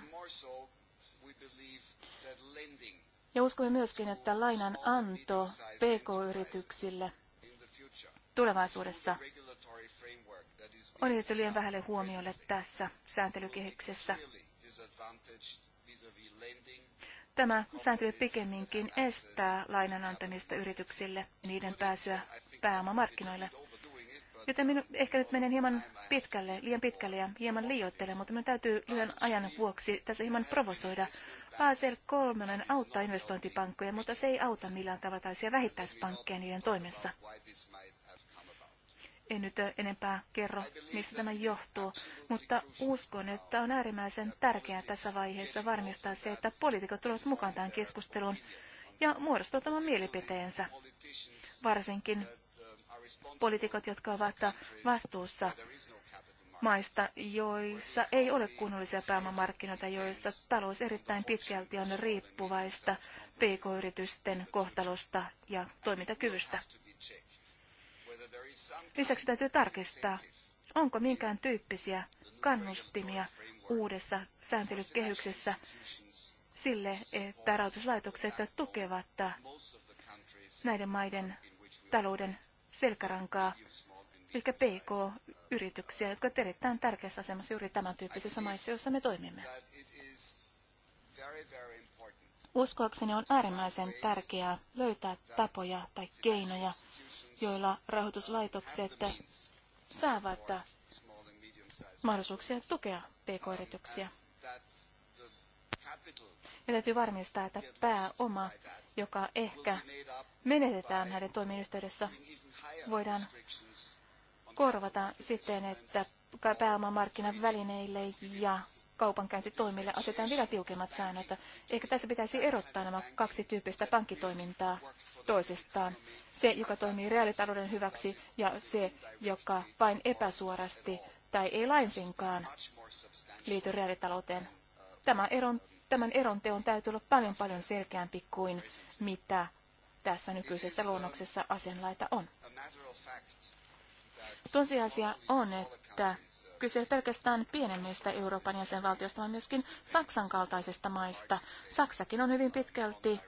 Ja uskomme myöskin, että lainan anto PK-yrityksille – tulevaisuudessa on jätetty liian vähälle huomiolle tässä sääntelykehyksessä. Tämä sääntely pikemminkin estää lainan antamista yrityksille ja niiden pääsyä pääomamarkkinoille. Joten minun, ehkä nyt menen hieman pitkälle, liian pitkälle ja hieman liioittelen, mutta minun täytyy lyhyen ajan vuoksi tässä hieman provosoida. Basel 3 auttaa investointipankkoja, mutta se ei auta millään tavalla taisia vähittäispankkeja niiden toimessa. En nyt enempää kerro, mistä tämä johtuu, mutta uskon, että on äärimmäisen tärkeää tässä vaiheessa varmistaa se, että poliitikot tulevat mukaan tähän keskusteluun ja muodostavat oman mielipiteensä. Varsinkin poliitikot, jotka ovat vastuussa maista, joissa ei ole kunnollisia pääomamarkkinoita, joissa talous erittäin pitkälti on riippuvaista pk-yritysten kohtalosta ja toimintakyvystä. Lisäksi täytyy tarkistaa, onko minkään tyyppisiä kannustimia uudessa sääntelykehyksessä sille, että rahoituslaitokset tukevat näiden maiden talouden selkärankaa, eli PK-yrityksiä, jotka ovat erittäin tärkeässä asemassa juuri tämän tyyppisissä maissa, joissa me toimimme. Uskoakseni on äärimmäisen tärkeää löytää tapoja tai keinoja, joilla rahoituslaitokset saavat mahdollisuuksia tukea pk-yrityksiä. Ja täytyy varmistaa, että pääoma, joka ehkä menetetään näiden toimien yhteydessä, voidaan korvata siten, että pääomamarkkinavälineille ja kaupankäyntitoimille asetetaan vielä tiukemmat säännöt. Ehkä tässä pitäisi erottaa nämä kaksi tyyppistä pankkitoimintaa toisistaan. Se, joka toimii reaalitalouden hyväksi ja se, joka vain epäsuorasti tai ei lainsinkaan liity reaalitalouteen. Tämä eron, tämän eron teon täytyy olla paljon paljon selkeämpi kuin mitä tässä nykyisessä luonnoksessa asianlaita on. Tosiasia on, että kyse pelkästään pienemmistä Euroopan jäsenvaltioista, vaan myöskin Saksan kaltaisista maista. Saksakin on hyvin pitkälti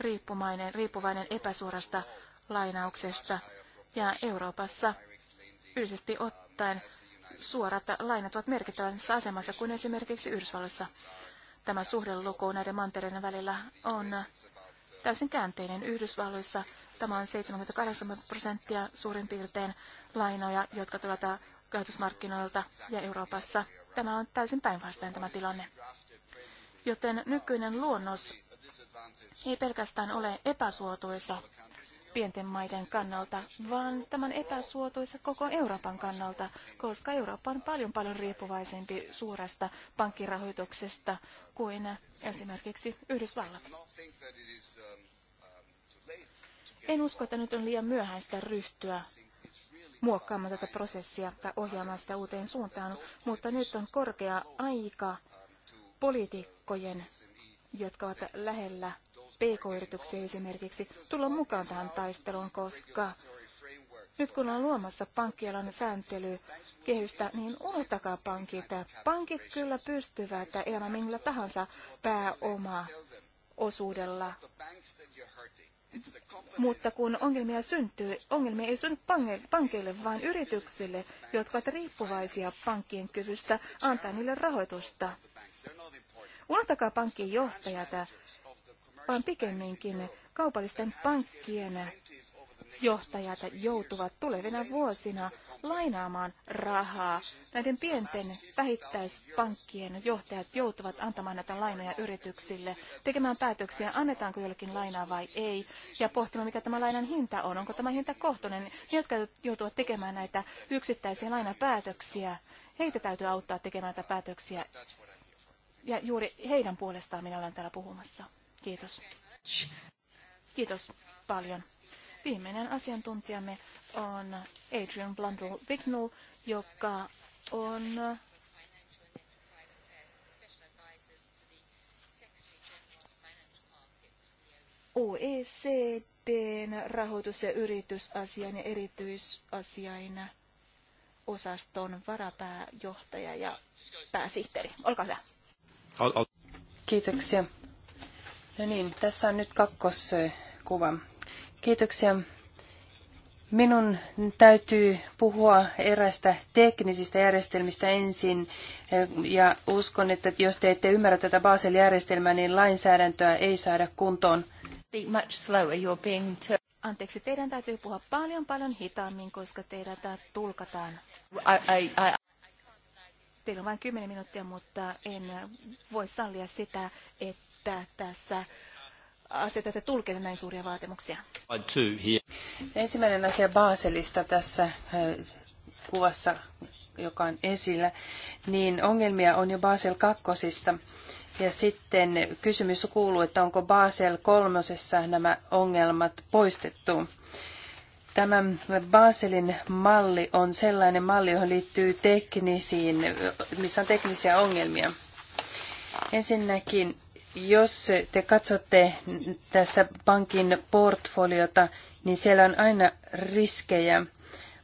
riippumainen, riippuvainen epäsuorasta lainauksesta. Ja Euroopassa yleisesti ottaen suorat lainat ovat merkittävässä asemassa kuin esimerkiksi Yhdysvalloissa. Tämä suhdeluku näiden mantereiden välillä on täysin käänteinen. Yhdysvalloissa tämä on 78 prosenttia suurin piirtein lainoja, jotka tulevat kehitysmarkkinoilta ja Euroopassa. Tämä on täysin päinvastainen tämä tilanne. Joten nykyinen luonnos ei pelkästään ole epäsuotuisa pienten maiden kannalta, vaan tämän epäsuotuisa koko Euroopan kannalta, koska Eurooppa on paljon paljon riippuvaisempi suuresta pankkirahoituksesta kuin esimerkiksi Yhdysvallat. En usko, että nyt on liian myöhäistä ryhtyä muokkaamaan tätä prosessia tai ohjaamaan sitä uuteen suuntaan, mutta nyt on korkea aika poliitikkojen, jotka ovat lähellä PK-yrityksiä esimerkiksi, tulla mukaan tähän taisteluun, koska nyt kun on luomassa pankkialan sääntelykehystä, niin unohtakaa pankit. Pankit kyllä pystyvät elämään millä tahansa pääoma osuudella mutta kun ongelmia syntyy, ongelmia ei synny pankeille, vaan yrityksille, jotka ovat riippuvaisia pankkien kyvystä antaa niille rahoitusta. Unohtakaa pankkien johtajat vaan pikemminkin kaupallisten pankkien johtajat joutuvat tulevina vuosina lainaamaan rahaa. Näiden pienten vähittäispankkien johtajat joutuvat antamaan näitä lainoja yrityksille, tekemään päätöksiä, annetaanko jollekin lainaa vai ei, ja pohtimaan, mikä tämä lainan hinta on, onko tämä hinta kohtuinen. Ne, jotka joutuvat tekemään näitä yksittäisiä lainapäätöksiä, heitä täytyy auttaa tekemään näitä päätöksiä. Ja juuri heidän puolestaan minä olen täällä puhumassa. Kiitos. Kiitos paljon. Viimeinen asiantuntijamme on Adrian Blundell Vignall, joka on OECDn rahoitus- ja yritysasian ja erityisasian osaston varapääjohtaja ja pääsihteeri. Olkaa hyvä. Kiitoksia. No niin, tässä on nyt kakkoskuva Kiitoksia. Minun täytyy puhua erästä teknisistä järjestelmistä ensin, eh, ja uskon, että jos te ette ymmärrä tätä Basel-järjestelmää, niin lainsäädäntöä ei saada kuntoon. Anteeksi, teidän täytyy puhua paljon paljon hitaammin, koska teidät tulkataan. I, I, I... Teillä on vain 10 minuuttia, mutta en voi sallia sitä, että tässä asetatte tulkille näin suuria vaatimuksia? Ensimmäinen asia Baselista tässä kuvassa, joka on esillä, niin ongelmia on jo Basel kakkosista. Ja sitten kysymys kuuluu, että onko Basel kolmosessa nämä ongelmat poistettu. Tämä Baselin malli on sellainen malli, johon liittyy teknisiin, missä on teknisiä ongelmia. Ensinnäkin jos te katsotte tässä pankin portfoliota, niin siellä on aina riskejä.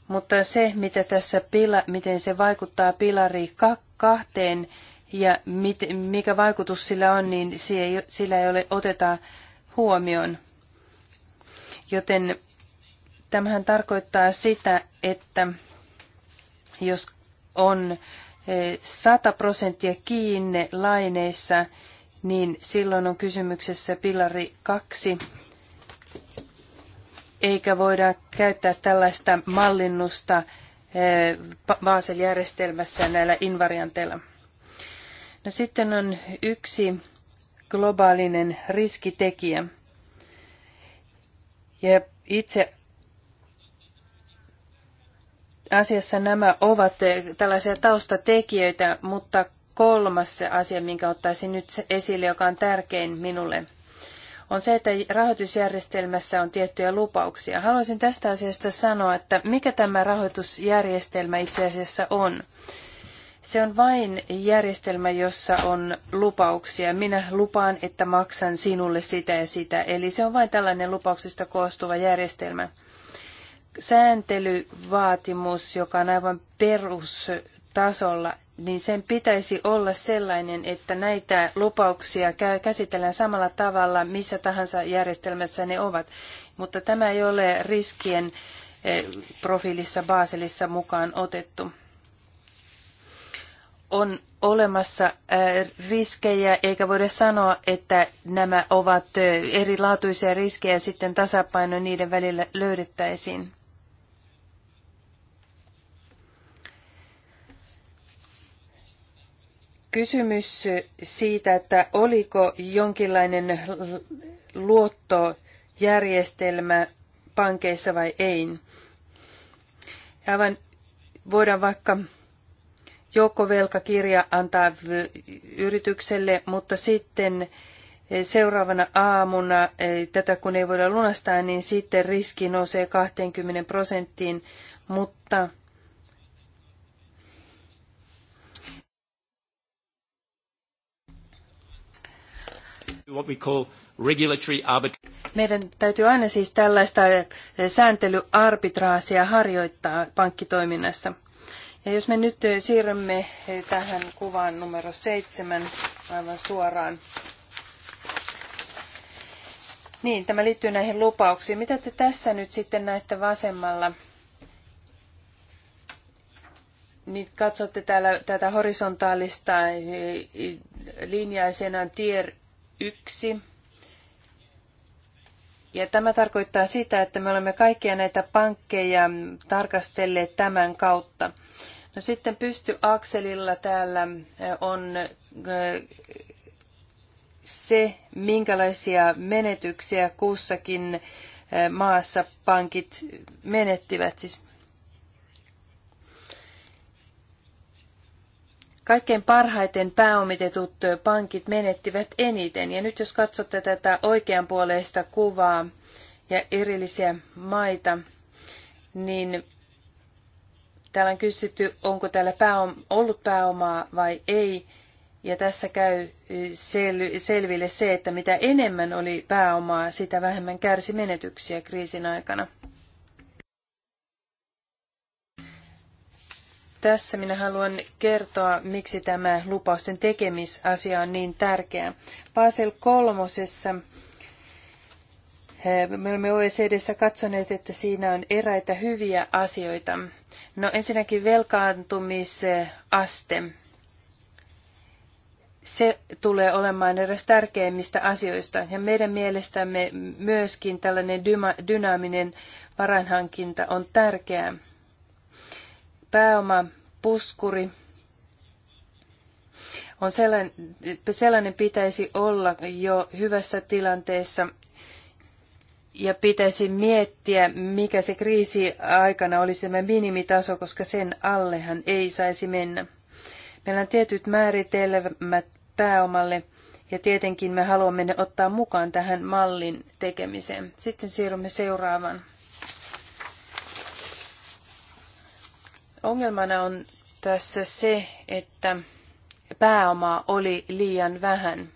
Mutta se, mitä tässä pila, miten se vaikuttaa pilari kahteen ja mit, mikä vaikutus sillä on, niin sillä ei ole oteta huomioon. Joten tämähän tarkoittaa sitä, että jos on 100 eh, prosenttia kiinne laineissa, niin silloin on kysymyksessä pilari kaksi, eikä voida käyttää tällaista mallinnusta eh, Basel-järjestelmässä näillä invarianteilla. No sitten on yksi globaalinen riskitekijä. Ja itse asiassa nämä ovat eh, tällaisia taustatekijöitä, mutta kolmas asia, minkä ottaisin nyt esille, joka on tärkein minulle, on se, että rahoitusjärjestelmässä on tiettyjä lupauksia. Haluaisin tästä asiasta sanoa, että mikä tämä rahoitusjärjestelmä itse asiassa on. Se on vain järjestelmä, jossa on lupauksia. Minä lupaan, että maksan sinulle sitä ja sitä. Eli se on vain tällainen lupauksista koostuva järjestelmä. Sääntelyvaatimus, joka on aivan perustasolla, niin sen pitäisi olla sellainen, että näitä lupauksia käsitellään samalla tavalla missä tahansa järjestelmässä ne ovat. Mutta tämä ei ole riskien eh, profiilissa Baselissa mukaan otettu. On olemassa eh, riskejä, eikä voida sanoa, että nämä ovat eh, erilaatuisia riskejä sitten tasapaino niiden välillä löydettäisiin. kysymys siitä, että oliko jonkinlainen luottojärjestelmä pankeissa vai ei. Aivan voidaan vaikka joukkovelkakirja antaa yritykselle, mutta sitten seuraavana aamuna, e, tätä kun ei voida lunastaa, niin sitten riski nousee 20 prosenttiin, mutta Meidän täytyy aina siis tällaista eh, sääntelyarbitraasia harjoittaa pankkitoiminnassa. Ja jos me nyt eh, siirrymme eh, tähän kuvaan numero seitsemän aivan suoraan. Niin, tämä liittyy näihin lupauksiin. Mitä te tässä nyt sitten näette vasemmalla? Niin katsotte täällä tätä horisontaalista linjaa, siinä on tier yksi. Ja tämä tarkoittaa sitä, että me olemme kaikkia näitä pankkeja tarkastelleet tämän kautta. No sitten akselilla täällä on se, minkälaisia menetyksiä kussakin maassa pankit menettivät. Siis Kaikkein parhaiten pääomitetut pankit menettivät eniten. Ja nyt jos katsotte tätä oikeanpuoleista kuvaa ja erillisiä maita, niin täällä on kysytty, onko täällä pääom- ollut pääomaa vai ei. Ja tässä käy sel- selville se, että mitä enemmän oli pääomaa, sitä vähemmän kärsi menetyksiä kriisin aikana. Tässä minä haluan kertoa, miksi tämä lupausten tekemisasia on niin tärkeä. Basel kolmosessa eh, me olemme OECDssä katsoneet, että siinä on eräitä hyviä asioita. No ensinnäkin velkaantumisaste. Se tulee olemaan eräs tärkeimmistä asioista. Ja meidän mielestämme myöskin tällainen dynaaminen varainhankinta on tärkeää pääoma puskuri on sellainen, sellainen pitäisi olla jo hyvässä tilanteessa ja pitäisi miettiä, mikä se kriisi aikana olisi tämä minimitaso, koska sen allehan ei saisi mennä. Meillä on tietyt määritelmät pääomalle ja tietenkin me haluamme ne ottaa mukaan tähän mallin tekemiseen. Sitten siirrymme seuraavaan. Ongelmana on tässä se, että pääomaa oli liian vähän,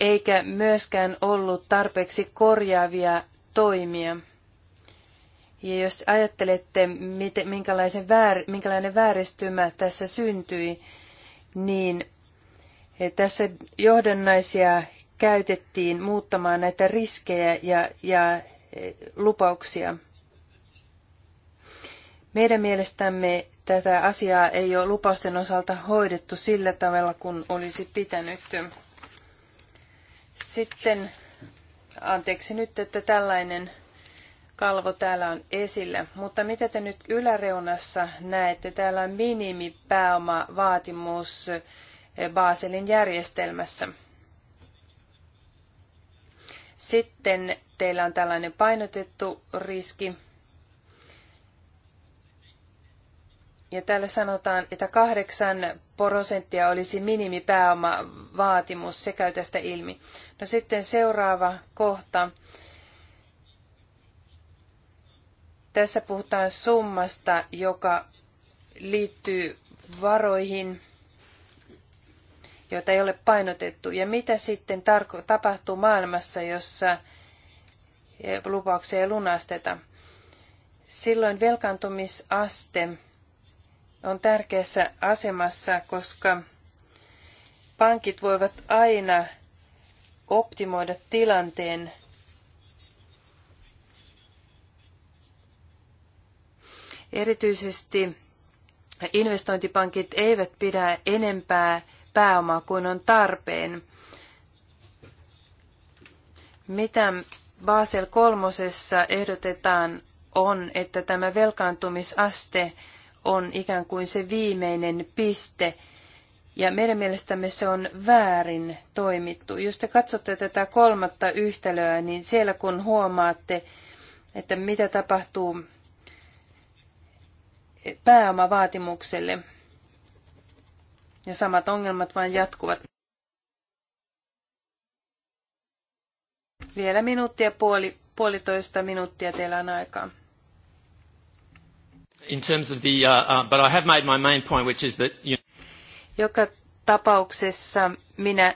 eikä myöskään ollut tarpeeksi korjaavia toimia. Ja jos ajattelette, miten, minkälaisen väär, minkälainen vääristymä tässä syntyi, niin tässä johdannaisia käytettiin muuttamaan näitä riskejä ja, ja eh, lupauksia. Meidän mielestämme tätä asiaa ei ole lupausten osalta hoidettu sillä tavalla, kun olisi pitänyt. Sitten, anteeksi nyt, että tällainen kalvo täällä on esillä, mutta mitä te nyt yläreunassa näette? Täällä on minimipääomavaatimus eh, Baselin järjestelmässä. Sitten teillä on tällainen painotettu riski, Ja täällä sanotaan, että kahdeksan prosenttia olisi minimipääomavaatimus, se käy tästä ilmi. No sitten seuraava kohta. Tässä puhutaan summasta, joka liittyy varoihin, joita ei ole painotettu. Ja mitä sitten tarko- tapahtuu maailmassa, jossa lupauksia ei lunasteta? Silloin velkaantumisaste on tärkeässä asemassa, koska pankit voivat aina optimoida tilanteen Erityisesti investointipankit eivät pidä enempää pääomaa kuin on tarpeen. Mitä Basel kolmosessa ehdotetaan on, että tämä velkaantumisaste on ikään kuin se viimeinen piste, ja meidän mielestämme se on väärin toimittu. Jos te katsotte tätä kolmatta yhtälöä, niin siellä kun huomaatte, että mitä tapahtuu pääomavaatimukselle, ja samat ongelmat vain jatkuvat. Vielä minuuttia, puoli, puolitoista minuuttia teillä on aikaa. In terms of the, uh, uh, but I have made my main point, which is that you... Joka tapauksessa minä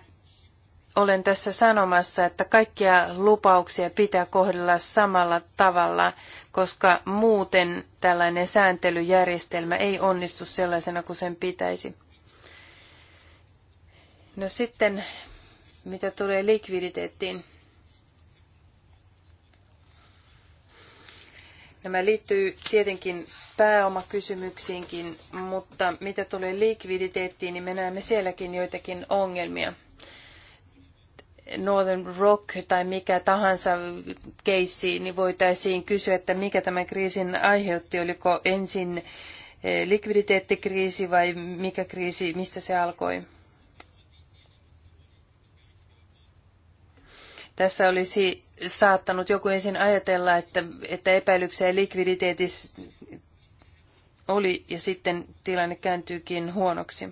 olen tässä sanomassa, että kaikkia lupauksia pitää kohdella samalla tavalla, koska muuten tällainen sääntelyjärjestelmä ei onnistu sellaisena kuin sen pitäisi. No sitten, mitä tulee likviditeettiin. Nämä liittyy tietenkin pääomakysymyksiinkin, mutta mitä tulee likviditeettiin, niin me näemme sielläkin joitakin ongelmia. Northern Rock tai mikä tahansa keissi, niin voitaisiin kysyä, että mikä tämän kriisin aiheutti. Oliko ensin eh, likviditeettikriisi vai mikä kriisi, mistä se alkoi? Tässä olisi saattanut joku ensin ajatella, että, että epäilyksiä likviditeetissä oli ja sitten tilanne kääntyykin huonoksi.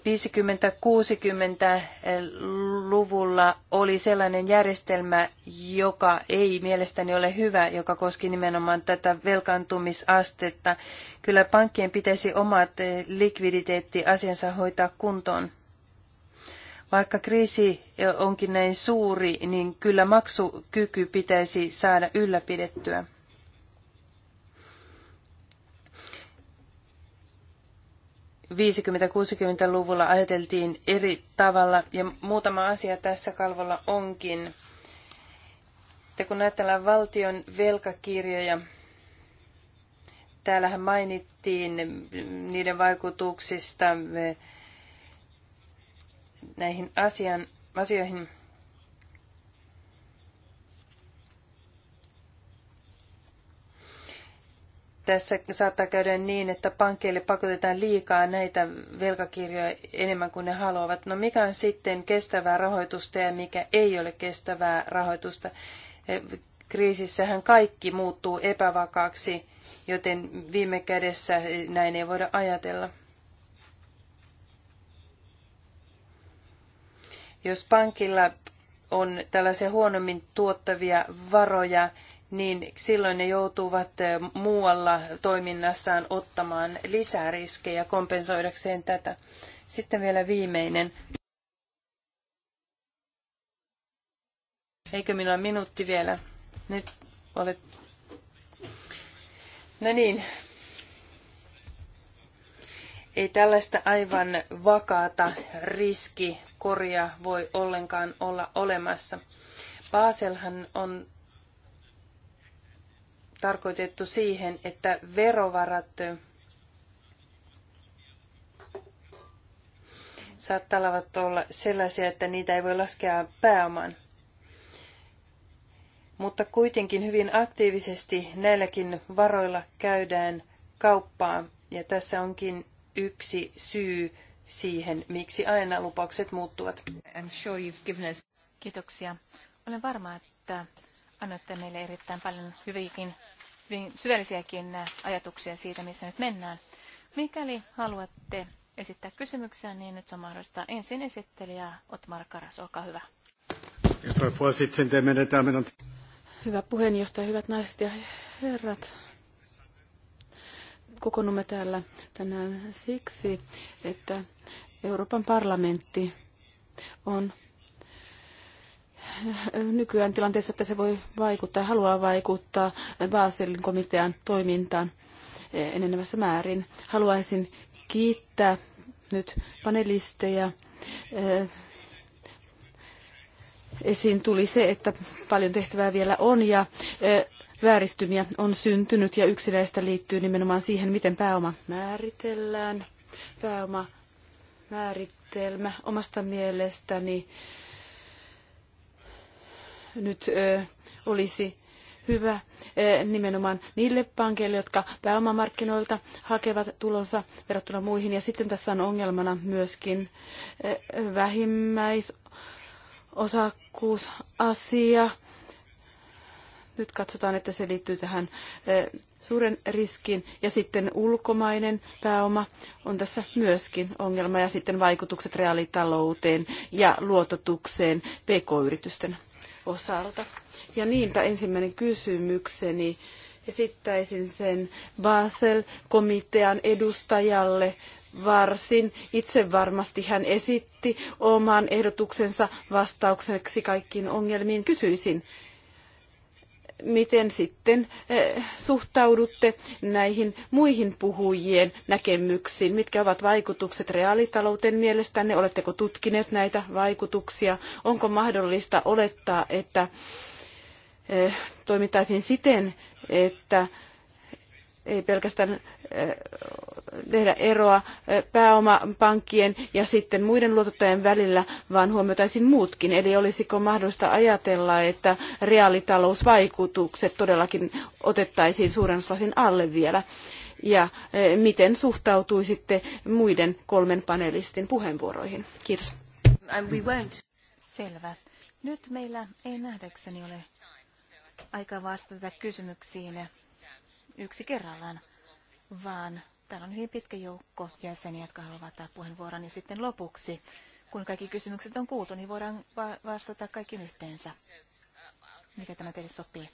50-60-luvulla oli sellainen järjestelmä, joka ei mielestäni ole hyvä, joka koski nimenomaan tätä velkaantumisastetta. Kyllä pankkien pitäisi omat likviditeettiasiansa hoitaa kuntoon. Vaikka kriisi onkin näin suuri, niin kyllä maksukyky pitäisi saada ylläpidettyä. Viisikymmentä 60 luvulla ajateltiin eri tavalla ja muutama asia tässä kalvolla onkin. että kun ajatellaan valtion velkakirjoja, täällähän mainittiin niiden vaikutuksista näihin asian, asioihin. Tässä saattaa käydä niin, että pankeille pakotetaan liikaa näitä velkakirjoja enemmän kuin ne haluavat. No mikä on sitten kestävää rahoitusta ja mikä ei ole kestävää rahoitusta? E, kriisissähän kaikki muuttuu epävakaaksi, joten viime kädessä e, näin ei voida ajatella. Jos pankilla on tällaisia huonommin tuottavia varoja, niin silloin ne joutuvat eh, muualla toiminnassaan ottamaan lisää riskejä kompensoidakseen tätä. Sitten vielä viimeinen. Eikö minulla minuutti vielä? Nyt olet... No niin. Ei tällaista aivan vakaata riski koria voi ollenkaan olla olemassa. Baselhan on tarkoitettu siihen, että verovarat saattavat olla sellaisia, että niitä ei voi laskea pääomaan. Mutta kuitenkin hyvin aktiivisesti näilläkin varoilla käydään kauppaa, ja tässä onkin yksi syy siihen, miksi aina lupaukset muuttuvat. I'm sure you've given us... Kiitoksia. Olen varma, että annoitte meille erittäin paljon hyvinkin, hyvin syvällisiäkin ajatuksia siitä, missä nyt mennään. Mikäli haluatte esittää kysymyksiä, niin nyt on mahdollista ensin esittelijä Otmar Karas, olkaa hyvä. Hyvä puheenjohtaja, hyvät naiset ja herrat kokoonnumme täällä tänään siksi, että Euroopan parlamentti on nykyään tilanteessa, että se voi vaikuttaa, haluaa vaikuttaa Baselin komitean toimintaan enenevässä määrin. Haluaisin kiittää nyt panelisteja. Esiin tuli se, että paljon tehtävää vielä on ja vääristymiä on syntynyt ja yksi näistä liittyy nimenomaan siihen, miten pääoma määritellään. Pääoma määritelmä omasta mielestäni nyt ö, olisi hyvä ö, nimenomaan niille pankeille, jotka pääomamarkkinoilta hakevat tulonsa verrattuna muihin. Ja sitten tässä on ongelmana myöskin ö, vähimmäisosakkuusasia. Nyt katsotaan, että se liittyy tähän eh, suuren riskin ja sitten ulkomainen pääoma on tässä myöskin ongelma ja sitten vaikutukset reaalitalouteen ja luototukseen pk-yritysten osalta. Ja niinpä ensimmäinen kysymykseni esittäisin sen Basel-komitean edustajalle varsin. Itse varmasti hän esitti oman ehdotuksensa vastaukseksi kaikkiin ongelmiin. Kysyisin, miten sitten eh, suhtaudutte näihin muihin puhujien näkemyksiin? Mitkä ovat vaikutukset reaalitalouteen mielestänne? Oletteko tutkineet näitä vaikutuksia? Onko mahdollista olettaa, että eh, toimittaisiin siten, että ei pelkästään Eh, tehdä eroa eh, pääomapankkien ja sitten muiden luotottajien välillä, vaan huomioitaisiin muutkin. Eli olisiko mahdollista ajatella, että reaalitalousvaikutukset todellakin otettaisiin suurennuslasin alle vielä? Ja eh, miten suhtautuisitte muiden kolmen panelistin puheenvuoroihin? Kiitos. Selvä. Nyt meillä ei nähdäkseni ole aikaa vastata kysymyksiin yksi kerrallaan vaan täällä on hyvin pitkä joukko jäseniä, jotka haluavat puheenvuoron. Ja sitten lopuksi, kun kaikki kysymykset on kuultu, niin voidaan va- vastata kaikki yhteensä, mikä tämä teille sopii.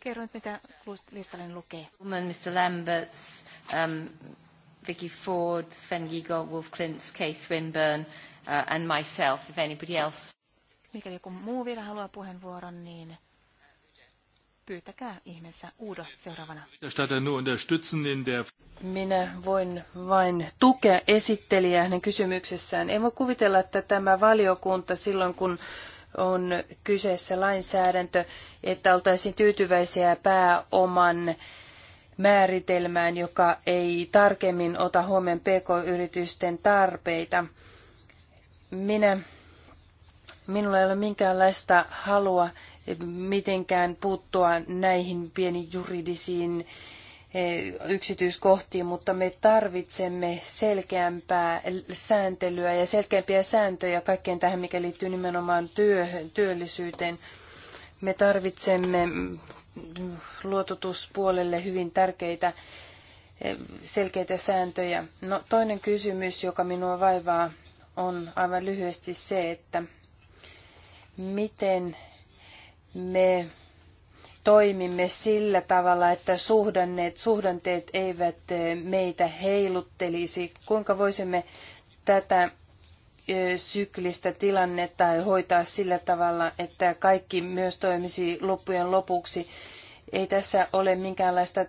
Kerro nyt, mitä listalle lukee. Woman, Mr. Lamberts, um, Vicky Ford, Sven Giegold, Wolf Klintz, Kay Swinburne uh, and myself, if anybody else. Mikäli joku muu vielä haluaa puheenvuoron, niin pyytäkää ihmeessä Uudo seuraavana. Minä voin vain tukea esittelijää hänen kysymyksessään. En voi kuvitella, että tämä valiokunta silloin, kun on kyseessä lainsäädäntö, että oltaisiin tyytyväisiä pääoman määritelmään, joka ei tarkemmin ota huomioon pk-yritysten tarpeita. Minä, minulla ei ole minkäänlaista halua mitenkään puuttua näihin pieniin juridisiin eh, yksityiskohtiin, mutta me tarvitsemme selkeämpää sääntelyä ja selkeämpiä sääntöjä kaikkeen tähän, mikä liittyy nimenomaan työhön, työllisyyteen. Me tarvitsemme luototuspuolelle hyvin tärkeitä eh, selkeitä sääntöjä. No, toinen kysymys, joka minua vaivaa, on aivan lyhyesti se, että miten me toimimme sillä tavalla, että suhdanneet, suhdanteet eivät eh, meitä heiluttelisi. Kuinka voisimme tätä eh, syklistä tilannetta hoitaa sillä tavalla, että kaikki myös toimisi loppujen lopuksi. Ei tässä ole minkäänlaista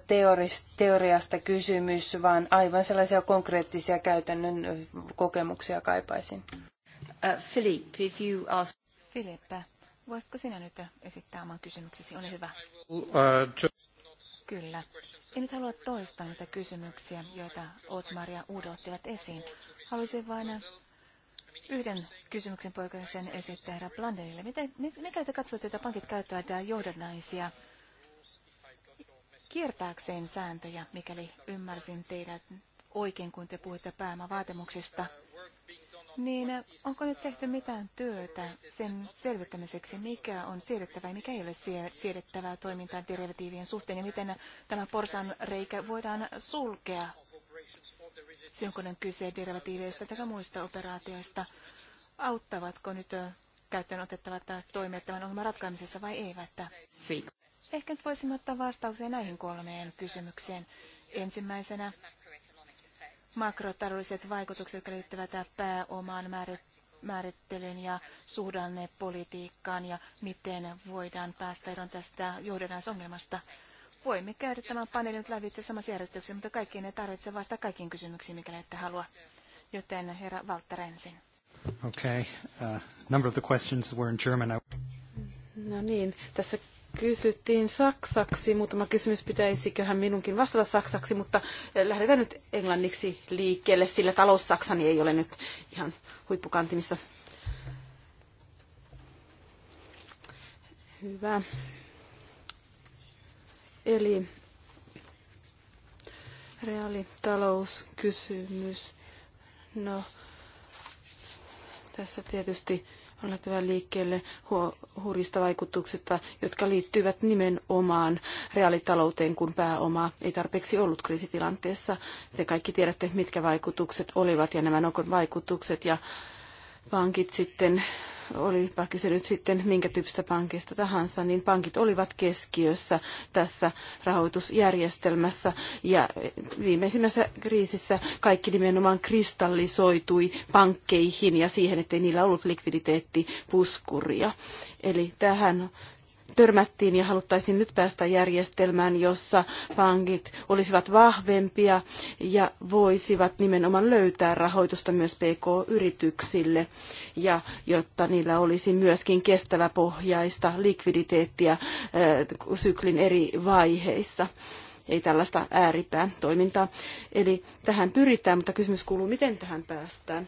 teoriasta kysymys, vaan aivan sellaisia konkreettisia käytännön eh, kokemuksia kaipaisin. Uh, Philippe, if you ask... Philippe, Voisitko sinä nyt esittää oman kysymyksesi? Ole hyvä. Kyllä. En nyt halua toistaa niitä kysymyksiä, joita Otmar ja Udo ottivat esiin. Haluaisin vain yhden kysymyksen poikaisen esittää herra Blandenille. Miten, mikä te katsotte, että pankit käyttävät johdannaisia kiertääkseen sääntöjä, mikäli ymmärsin teidät oikein, kun te puhuitte pääomavaatimuksista niin onko nyt tehty mitään työtä sen selvittämiseksi, mikä on siirrettävä ja mikä ei ole siedettävää toimintaa derivatiivien suhteen ja miten tämä porsan reikä voidaan sulkea? Silloin kun on kyse derivatiiveista tai muista operaatioista, auttavatko nyt käyttöön otettavat toimet tämän ongelman ratkaisemisessa vai eivät? Ehkä nyt voisimme ottaa vastauksia näihin kolmeen kysymykseen. Ensimmäisenä, makrotaloudelliset vaikutukset, jotka liittyvät pääomaan määrittelyyn ja suhdannepolitiikkaan ja miten voidaan päästä eroon tästä johdannaisongelmasta. Voimme käydä tämän paneelin nyt lävitse samassa järjestyksessä, mutta kaikkiin ei tarvitse vastata kaikkiin kysymyksiin, mikäli ette halua. Joten herra Walter ensin. Okay. Uh, number of the questions were in German. No niin, tässä kysyttiin saksaksi. Muutama kysymys pitäisiköhän minunkin vastata saksaksi, mutta eh, lähdetään nyt englanniksi liikkeelle, sillä taloussaksani ei ole nyt ihan huippukantimissa. Hyvä. Eli reaalitalouskysymys. No, tässä tietysti on lähtevä liikkeelle hurjista vaikutuksista, jotka liittyvät nimenomaan reaalitalouteen, kun pääomaa ei tarpeeksi ollut kriisitilanteessa. Te kaikki tiedätte, mitkä vaikutukset olivat ja nämä nokon vaikutukset ja pankit sitten olipa kyse nyt sitten minkä tyyppistä pankista tahansa, niin pankit olivat keskiössä tässä rahoitusjärjestelmässä ja viimeisimmässä kriisissä kaikki nimenomaan kristallisoitui pankkeihin ja siihen, ettei niillä ollut likviditeettipuskuria. Eli tähän törmättiin ja haluttaisiin nyt päästä järjestelmään, jossa pankit olisivat vahvempia ja voisivat nimenomaan löytää rahoitusta myös PK-yrityksille ja jotta niillä olisi myöskin kestäväpohjaista likviditeettiä äh, syklin eri vaiheissa ei tällaista ääripää toimintaa. Eli tähän pyritään, mutta kysymys kuuluu, miten tähän päästään.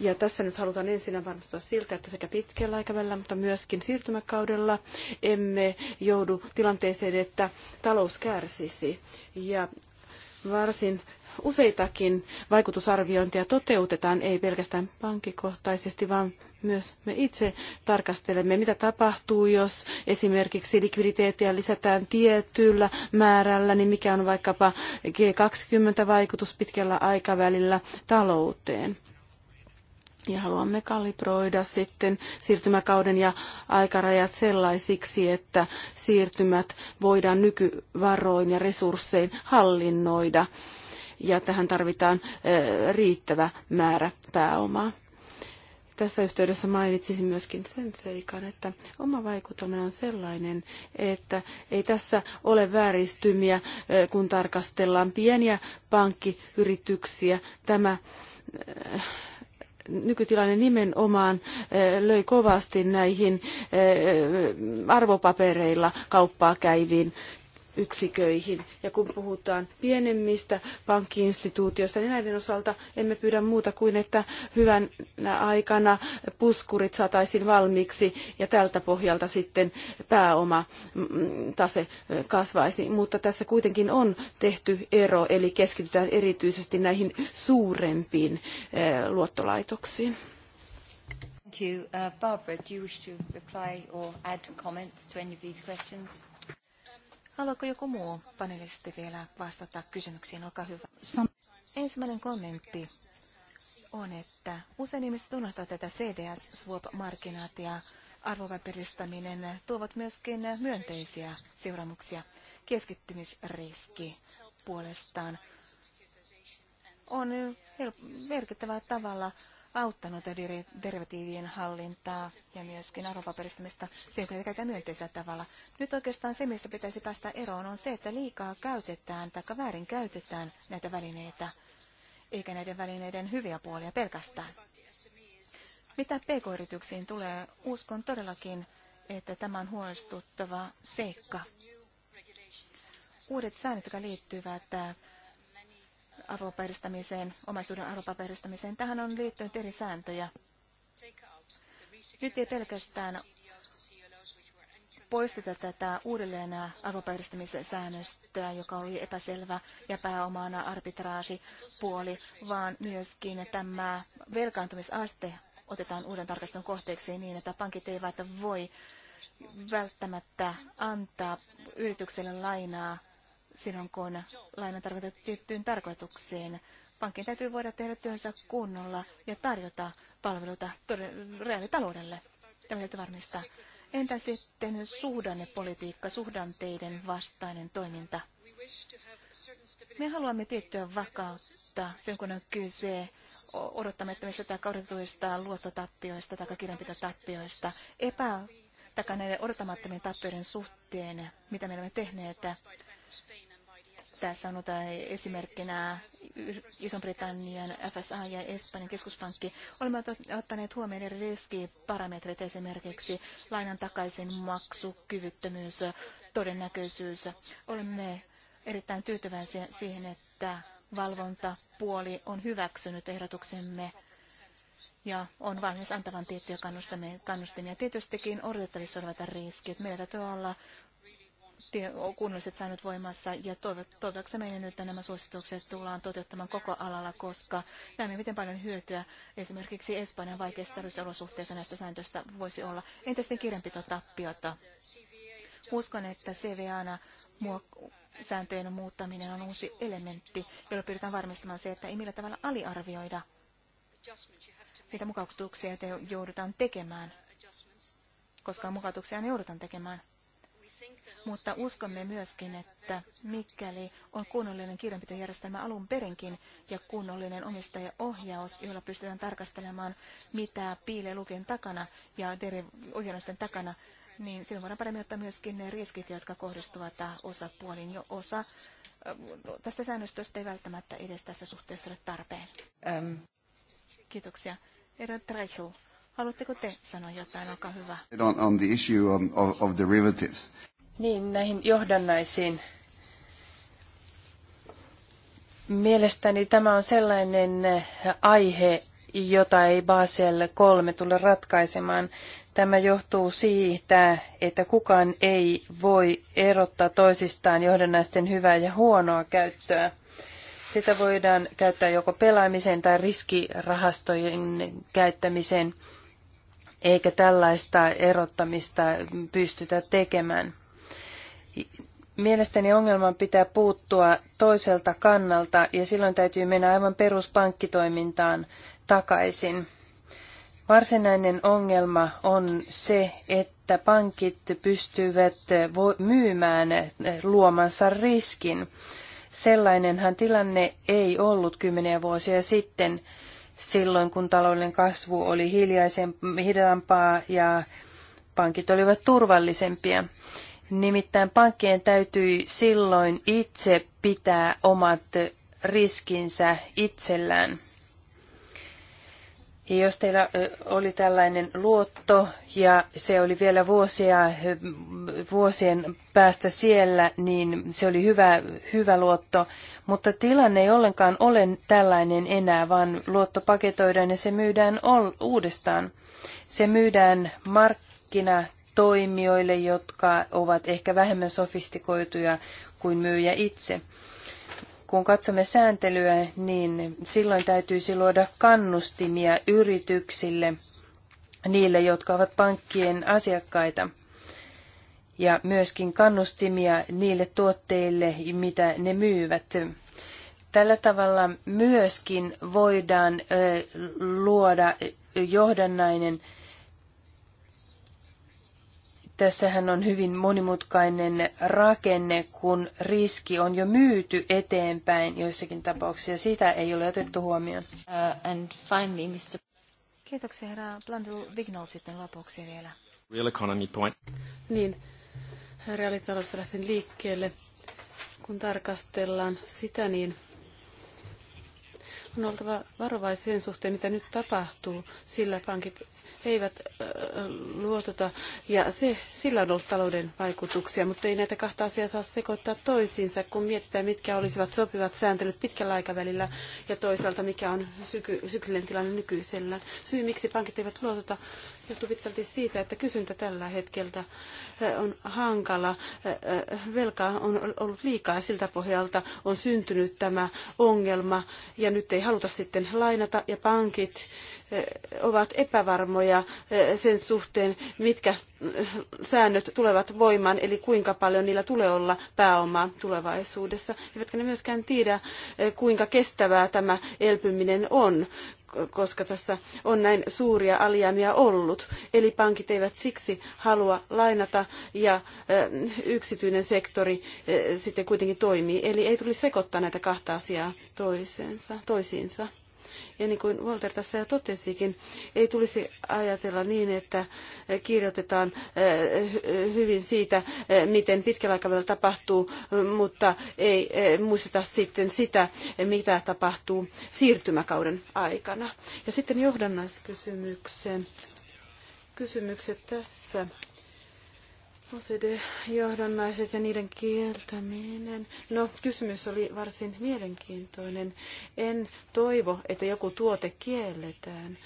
Ja tässä nyt halutaan ensin varmistua siltä, että sekä pitkällä aikavälillä, mutta myöskin siirtymäkaudella emme joudu tilanteeseen, että talous kärsisi. Ja varsin useitakin vaikutusarviointia toteutetaan, ei pelkästään pankkikohtaisesti, vaan myös me itse tarkastelemme, mitä tapahtuu, jos esimerkiksi likviditeettiä lisätään tietyllä määrällä, niin mikä on vaikkapa G20-vaikutus pitkällä aikavälillä talouteen. Ja haluamme kalibroida sitten siirtymäkauden ja aikarajat sellaisiksi, että siirtymät voidaan nykyvaroin ja resurssein hallinnoida. Ja tähän tarvitaan eh, riittävä määrä pääomaa. Tässä yhteydessä mainitsisin myöskin sen seikan, että oma vaikutelma on sellainen, että ei tässä ole vääristymiä, eh, kun tarkastellaan pieniä pankkiyrityksiä. Tämä eh, nykytilanne nimenomaan eh, löi kovasti näihin eh, arvopapereilla kauppaa käyviin yksiköihin. Ja kun puhutaan pienemmistä pankkiinstituutioista, niin näiden osalta emme pyydä muuta kuin, että hyvän aikana puskurit saataisiin valmiiksi ja tältä pohjalta sitten pääoma mm, tase kasvaisi. Mutta tässä kuitenkin on tehty ero, eli keskitytään erityisesti näihin suurempiin luottolaitoksiin. Thank you. Uh, Barbara, do you wish to reply or add comments to any of these questions? Haluaako joku muu panelisti vielä vastata kysymyksiin? Olkaa hyvä. Ensimmäinen kommentti on, että usein ihmiset unohtavat tätä CDS-swap-markkinat ja arvopaperistaminen tuovat myöskin myönteisiä seuraamuksia. Keskittymisriski puolestaan on merkittävällä tavalla auttanut derivatiivien hallintaa ja myöskin arvopaperistamista siitä, että käytetään myönteisellä tavalla. Nyt oikeastaan se, mistä pitäisi päästä eroon, on se, että liikaa käytetään tai väärin käytetään näitä välineitä, eikä näiden välineiden hyviä puolia pelkästään. Mitä pk-yrityksiin tulee, uskon todellakin, että tämä on huolestuttava seikka. Uudet säännöt, jotka liittyvät Arvopaperistamiseen omaisuuden arvopaperistamiseen Tähän on liittynyt eri sääntöjä. Nyt ei pelkästään poisteta tätä uudelleen arvopäristämisen säännöstöä, joka oli epäselvä ja pääomana arbitraasipuoli, vaan myöskin tämä velkaantumisaste otetaan uuden tarkastelun kohteeksi niin, että pankit eivät voi välttämättä antaa yritykselle lainaa silloin, kun laina tarkoitettu tiettyyn tarkoitukseen. Pankin täytyy voida tehdä työnsä kunnolla ja tarjota palveluita reaalitaloudelle. Tämä täytyy varmistaa. Entä sitten suhdannepolitiikka, suhdanteiden vastainen toiminta? Me haluamme tiettyä vakautta, sen kun on kyse odottamattomista tai kaudetuista luottotappioista tai kirjanpitotappioista. Epä, näiden odottamattomien tappioiden suhteen, mitä me olemme tehneet, tässä on esimerkkinä Ison-Britannian FSA ja Espanjan keskuspankki. Olemme ottaneet huomioon eri riskiparametrit, esimerkiksi lainan takaisin maksukyvyttömyys, todennäköisyys. Olemme erittäin tyytyväisiä siihen, että valvontapuoli on hyväksynyt ehdotuksemme ja on valmis antavan tiettyjä kannustimia. Tietystikin odotettavissa olevat riskit. Meillä täytyy olla kunnolliset säännöt voimassa ja toivottavasti meidän nyt nämä suositukset tullaan toteuttamaan koko alalla, koska näemme miten paljon hyötyä esimerkiksi Espanjan vaikeista tarjousolosuhteista näistä sääntöistä voisi olla. Entä sitten kirjanpitotappiota? Uskon, että CVAna sääntöjen muuttaminen on uusi elementti, jolla pyritään varmistamaan se, että ei millä tavalla aliarvioida niitä mukautuksia, joita joudutaan tekemään, koska mukautuksia ne joudutaan tekemään. Mutta uskomme myöskin, että mikäli on kunnollinen kirjanpitojärjestelmä alun perinkin ja kunnollinen omistajaohjaus, jolla pystytään tarkastelemaan, mitä piilee lukien takana ja ohjelmisten takana, niin silloin voidaan paremmin ottaa myöskin ne riskit, jotka kohdistuvat osapuoliin. Jo osa äh, tästä säännöstöstä ei välttämättä edes tässä suhteessa ole tarpeen. Kiitoksia. Herra Treichel, Haluatteko te sanoa jotain? Olkaa hyvä. On, on the issue of, of derivatives. Niin, näihin johdannaisiin. Mielestäni tämä on sellainen aihe, jota ei Basel 3 tule ratkaisemaan. Tämä johtuu siitä, että kukaan ei voi erottaa toisistaan johdannaisten hyvää ja huonoa käyttöä. Sitä voidaan käyttää joko pelaamiseen tai riskirahastojen käyttämiseen eikä tällaista erottamista pystytä tekemään. Mielestäni ongelman pitää puuttua toiselta kannalta ja silloin täytyy mennä aivan peruspankkitoimintaan takaisin. Varsinainen ongelma on se, että pankit pystyvät myymään luomansa riskin. Sellainenhan tilanne ei ollut kymmeniä vuosia sitten silloin, kun talouden kasvu oli hitaampaa ja pankit olivat turvallisempia. Nimittäin pankkien täytyi silloin itse pitää omat riskinsä itsellään. Jos teillä oli tällainen luotto ja se oli vielä vuosia, vuosien päästä siellä, niin se oli hyvä, hyvä luotto. Mutta tilanne ei ollenkaan ole tällainen enää, vaan luotto paketoidaan ja se myydään uudestaan. Se myydään markkinatoimijoille, jotka ovat ehkä vähemmän sofistikoituja kuin myyjä itse kun katsomme sääntelyä, niin silloin täytyisi luoda kannustimia yrityksille, niille, jotka ovat pankkien asiakkaita, ja myöskin kannustimia niille tuotteille, mitä ne myyvät. Tällä tavalla myöskin voidaan luoda johdannainen Tässähän on hyvin monimutkainen rakenne, kun riski on jo myyty eteenpäin joissakin tapauksissa. Sitä ei ole otettu huomioon. Uh, and finally, Mr. Kiitoksia herra Blandu Vignol sitten lopuksi vielä. Real economy point. Niin, reaalitalous lähtee liikkeelle. Kun tarkastellaan sitä, niin on oltava varovaisia sen suhteen, mitä nyt tapahtuu, sillä pankit eivät luotota, ja se, sillä on ollut talouden vaikutuksia, mutta ei näitä kahta asiaa saa sekoittaa toisiinsa, kun mietitään, mitkä olisivat sopivat sääntelyt pitkällä aikavälillä, ja toisaalta mikä on syky, syklinen tilanne nykyisellään. Syy, miksi pankit eivät luotota johtuu pitkälti siitä, että kysyntä tällä hetkellä eh, on hankala. Eh, eh, velkaa on ollut liikaa ja siltä pohjalta on syntynyt tämä ongelma ja nyt ei haluta sitten lainata ja pankit ovat epävarmoja sen suhteen, mitkä säännöt tulevat voimaan, eli kuinka paljon niillä tulee olla pääomaa tulevaisuudessa. Eivätkä ne myöskään tiedä, kuinka kestävää tämä elpyminen on, koska tässä on näin suuria alijäämiä ollut. Eli pankit eivät siksi halua lainata ja eh, yksityinen sektori eh, sitten kuitenkin toimii. Eli ei tulisi sekoittaa näitä kahta asiaa toisiinsa. Ja niin kuin Walter tässä jo totesikin, ei tulisi ajatella niin, että eh, kirjoitetaan eh, hyvin siitä, eh, miten pitkällä aikavälillä tapahtuu, mutta ei muisteta sitten sitä, mitä tapahtuu siirtymäkauden aikana. Ja sitten johdannaiskysymykset. Kysymykset tässä OCD-johdannaiset ja niiden kieltäminen. No, kysymys oli varsin mielenkiintoinen. En toivo, että joku tuote kielletään,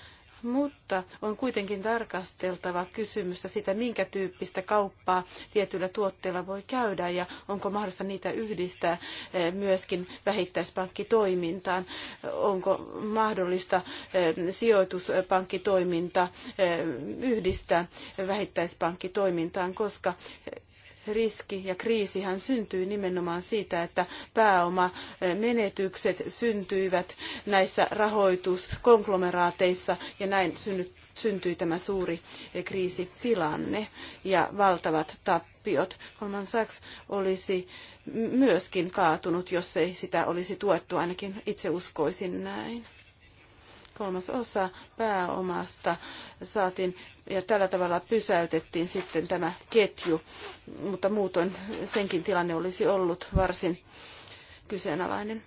mutta on kuitenkin tarkasteltava kysymystä sitä, minkä tyyppistä kauppaa tietyillä tuotteilla voi käydä ja onko mahdollista niitä yhdistää eh, myöskin vähittäispankkitoimintaan. Onko mahdollista eh, sijoituspankkitoiminta eh, yhdistää vähittäispankkitoimintaan, koska riski ja kriisihän syntyi nimenomaan siitä, että pääomamenetykset eh, syntyivät näissä rahoituskonglomeraateissa ja näin syntyi tämä suuri eh, kriisitilanne ja valtavat tappiot. Goldman Sachs olisi myöskin kaatunut, jos ei sitä olisi tuettu, ainakin itse uskoisin näin kolmasosa pääomasta saatiin ja tällä tavalla pysäytettiin sitten tämä ketju, mutta muutoin senkin tilanne olisi ollut varsin kyseenalainen.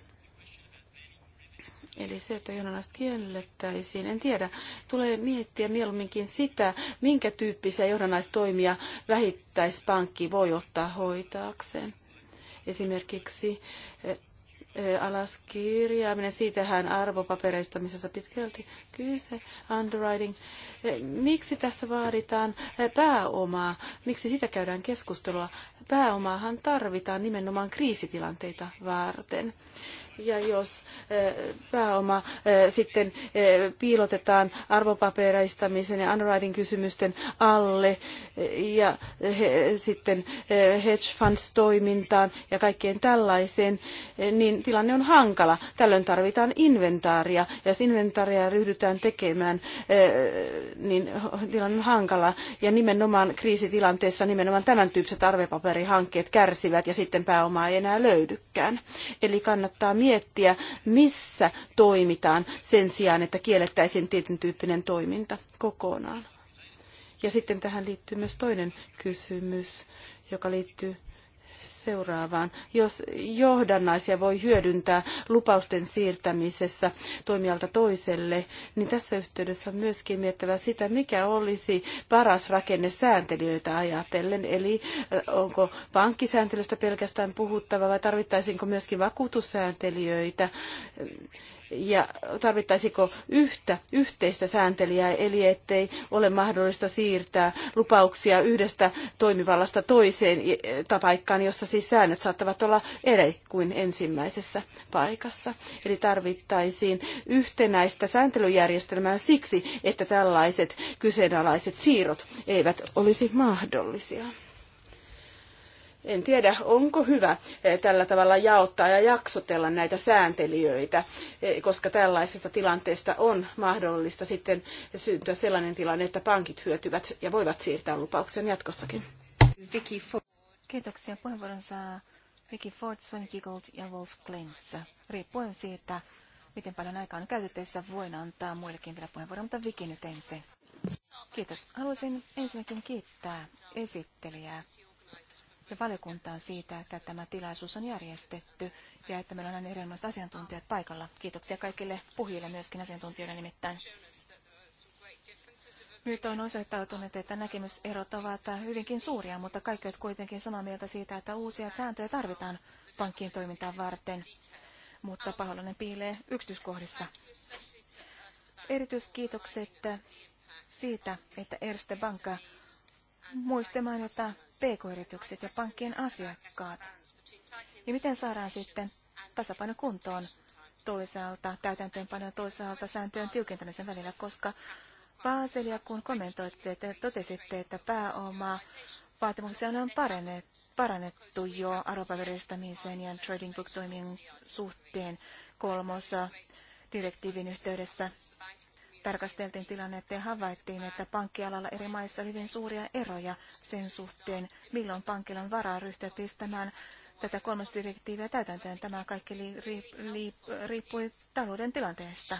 Eli se, että jonalaiset kiellettäisiin, en tiedä. Tulee miettiä mieluumminkin sitä, minkä tyyppisiä johdannaistoimia vähittäispankki voi ottaa hoitaakseen. Esimerkiksi alas kirjaaminen, siitähän se pitkälti kyse, underwriting. Miksi tässä vaaditaan pääomaa? Miksi sitä käydään keskustelua? Pääomaahan tarvitaan nimenomaan kriisitilanteita varten. Ja jos eh, pääoma eh, sitten eh, piilotetaan arvopapereistamisen ja underwriting kysymysten alle ja he, sitten hedge funds toimintaan ja kaikkeen tällaiseen, niin tilanne on hankala. Tällöin tarvitaan inventaaria. Ja jos inventaaria ryhdytään tekemään, niin tilanne on hankala. Ja nimenomaan kriisitilanteessa nimenomaan tämän tyyppiset arvopaperihankkeet kärsivät ja sitten pääomaa ei enää löydykään. Eli kannattaa miettiä miettiä, missä toimitaan sen sijaan, että kiellettäisiin tietyn tyyppinen toiminta kokonaan. Ja sitten tähän liittyy myös toinen kysymys, joka liittyy seuraavaan. Jos johdannaisia voi hyödyntää lupausten siirtämisessä toimialta toiselle, niin tässä yhteydessä on myöskin miettävä sitä, mikä olisi paras rakenne sääntelijöitä ajatellen. Eli onko pankkisääntelystä pelkästään puhuttava vai tarvittaisinko myöskin vakuutussääntelijöitä? ja tarvittaisiko yhtä yhteistä sääntelijää, eli ettei ole mahdollista siirtää lupauksia yhdestä toimivallasta toiseen paikkaan, jossa siis säännöt saattavat olla eri kuin ensimmäisessä paikassa. Eli tarvittaisiin yhtenäistä sääntelyjärjestelmää siksi, että tällaiset kyseenalaiset siirrot eivät olisi mahdollisia en tiedä, onko hyvä eh, tällä tavalla jaottaa ja jaksotella näitä sääntelijöitä, eh, koska tällaisessa tilanteesta on mahdollista sitten syntyä sellainen tilanne, että pankit hyötyvät ja voivat siirtää lupauksen jatkossakin. Vicky Ford. Kiitoksia. Puheenvuoron saa Vicky Ford, Sven Giggold ja Wolf Klintz. Riippuen siitä, miten paljon aikaa on käytettävissä, voin antaa muillekin vielä puheenvuoron, mutta Vicky nyt ensin. Kiitos. Haluaisin ensinnäkin kiittää esittelijää ja valiokuntaan siitä, että tämä tilaisuus on järjestetty ja että meillä on aina erinomaiset asiantuntijat paikalla. Kiitoksia kaikille puhujille myöskin asiantuntijoille nimittäin. Nyt on osoittautunut, että näkemyserot ovat hyvinkin suuria, mutta kaikki ovat kuitenkin samaa mieltä siitä, että uusia sääntöjä tarvitaan pankkien toimintaan varten, mutta paholainen piilee yksityiskohdissa. Erityiskiitokset siitä, että Erste Banka muisti mainita pk-yritykset ja pankkien asiakkaat. Ja miten saadaan sitten tasapaino kuntoon toisaalta täytäntöönpanon toisaalta sääntöjen tiukentamisen välillä, koska Baselia, kun kommentoitte, että totesitte, että pääomaa vaatimuksia on parannettu jo arvopaperistamisen ja trading book toimien suhteen kolmosa direktiivin yhteydessä tarkasteltiin tilannetta ja havaittiin, että pankkialalla eri maissa oli hyvin suuria eroja sen suhteen, milloin pankilla on varaa ryhtyä pistämään tätä kolmas direktiiviä täytäntöön. Tämä kaikki li, ri, li, riippui talouden tilanteesta.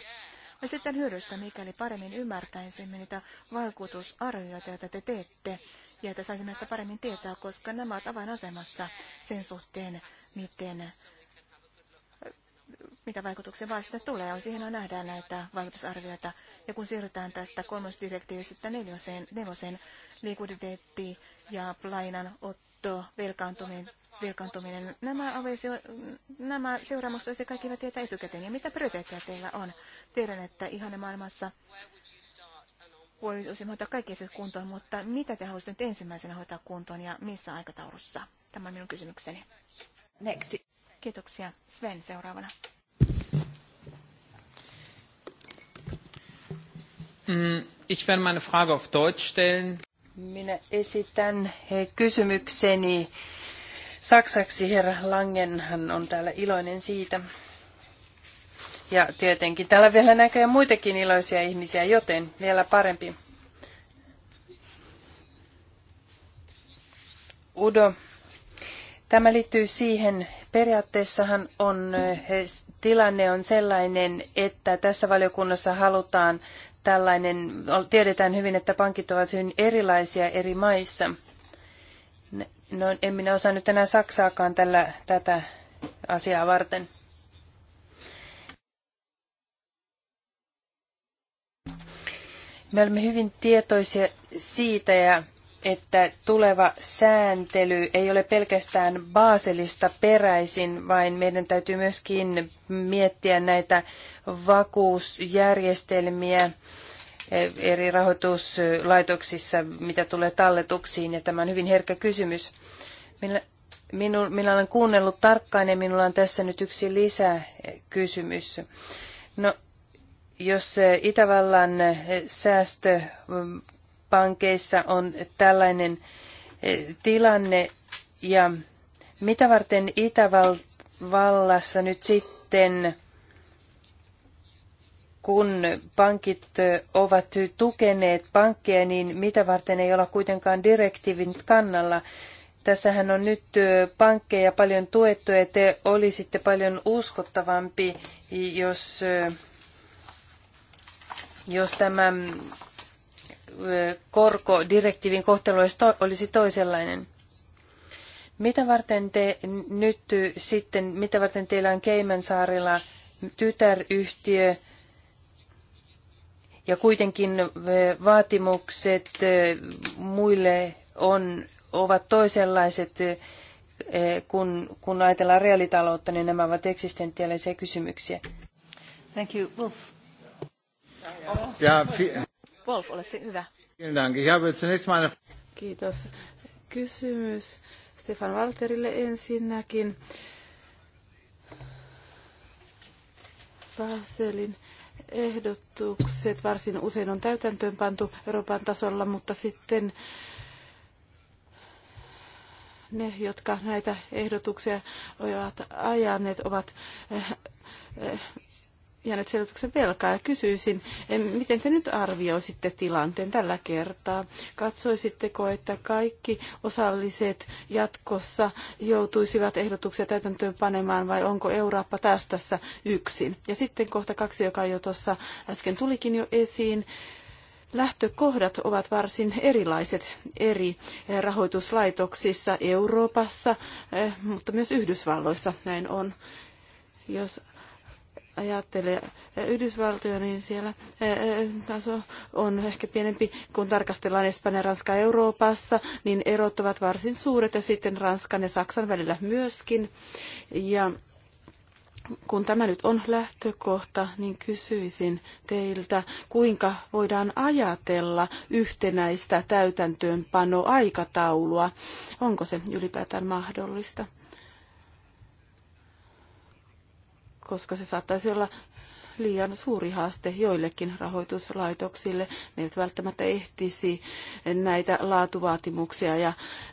Ja sitten hyödystä, mikäli paremmin ymmärtäisimme niitä vaikutusarvioita, joita te teette, ja että saisimme sitä paremmin tietää, koska nämä ovat avainasemassa sen suhteen, miten mitä vaikutuksia vaan tulee. On siihen on nähdään näitä vaikutusarvioita. Ja kun siirrytään tästä kolmosdirektiivistä neljoseen, neljoseen likviditeetti ja lainan otto, velkaantuminen, velkaantuminen. Nämä, avisi, nämä seuraamassa se kaikki hyvä tietää etukäteen. Ja mitä prioriteetteja teillä on? Tiedän, että ihanne maailmassa voisi hoitaa kaikki asiat kuntoon, mutta mitä te haluaisitte nyt ensimmäisenä hoitaa kuntoon ja missä aikataulussa? Tämä on minun kysymykseni. Next. Kiitoksia. Sven seuraavana. Mm, ich werde meine Frage auf Deutsch stellen. Minä esitän eh, kysymykseni saksaksi. Herra Hän on täällä iloinen siitä. Ja tietenkin täällä vielä näköjään muitakin iloisia ihmisiä, joten vielä parempi. Udo, tämä liittyy siihen, periaatteessahan on, eh, tilanne on sellainen, että tässä valiokunnassa halutaan tällainen, tiedetään hyvin, että pankit ovat hyvin erilaisia eri maissa. No, en minä osaa nyt enää Saksaakaan tällä, tätä asiaa varten. Me olemme hyvin tietoisia siitä ja että tuleva sääntely ei ole pelkästään Baaselista peräisin, vaan meidän täytyy myöskin miettiä näitä vakuusjärjestelmiä eh, eri rahoituslaitoksissa, mitä tulee talletuksiin, ja tämä on hyvin herkkä kysymys. Minä, minu, minä olen kuunnellut tarkkaan, ja minulla on tässä nyt yksi lisäkysymys. No, jos eh, Itävallan eh, säästö mm, pankeissa on tällainen eh, tilanne ja mitä varten Itävallassa nyt sitten, kun pankit eh, ovat tukeneet pankkeja, niin mitä varten ei olla kuitenkaan direktiivin kannalla? Tässähän on nyt eh, pankkeja paljon tuettu ja te olisitte paljon uskottavampi, jos, jos tämä korkodirektiivin kohtelu olisi toisenlainen. Mitä varten te nyt sitten, mitä varten teillä on Keimansaarilla tytäryhtiö ja kuitenkin eh, vaatimukset eh, muille on, ovat toisenlaiset, eh, kun, kun ajatellaan reaalitaloutta, niin nämä ovat eksistentiaalisia kysymyksiä. Thank you. Wolf. Wolf, ole se hyvä. Kiitos. Kysymys Stefan Walterille ensinnäkin. Baselin ehdotukset varsin usein on täytäntöönpantu Euroopan tasolla, mutta sitten ne, jotka näitä ehdotuksia ovat ajaneet, ovat eh, eh, jäänyt selityksen velkaa ja kysyisin, miten te nyt arvioisitte tilanteen tällä kertaa? Katsoisitteko, että kaikki osalliset jatkossa joutuisivat ehdotuksia täytäntöön panemaan vai onko Eurooppa tässä, tässä yksin? Ja sitten kohta kaksi, joka jo tuossa äsken tulikin jo esiin. Lähtökohdat ovat varsin erilaiset eri eh, rahoituslaitoksissa Euroopassa, eh, mutta myös Yhdysvalloissa näin on. Jos ajattelee Yhdysvaltoja, niin siellä taso on ehkä pienempi, kun tarkastellaan Espanja Ranska Euroopassa, niin erot ovat varsin suuret ja sitten Ranskan ja Saksan välillä myöskin. Ja kun tämä nyt on lähtökohta, niin kysyisin teiltä, kuinka voidaan ajatella yhtenäistä täytäntöönpanoaikataulua? Onko se ylipäätään mahdollista? koska se saattaisi olla liian suuri haaste joillekin rahoituslaitoksille. Ne eivät välttämättä ehtisi näitä laatuvaatimuksia ja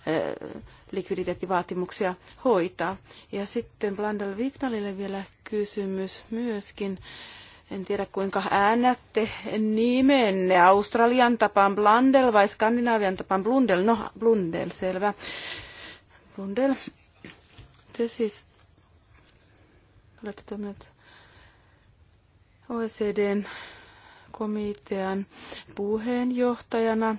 eh, likviditeettivaatimuksia hoitaa. Ja sitten Blandal Vignalille vielä kysymys myöskin. En tiedä kuinka äänätte nimenne. Australian tapaan Blandel vai Skandinaavian tapaan Blundel? No, Blundel, selvä. Blundel. Te siis olette toimineet OECDn komitean puheenjohtajana,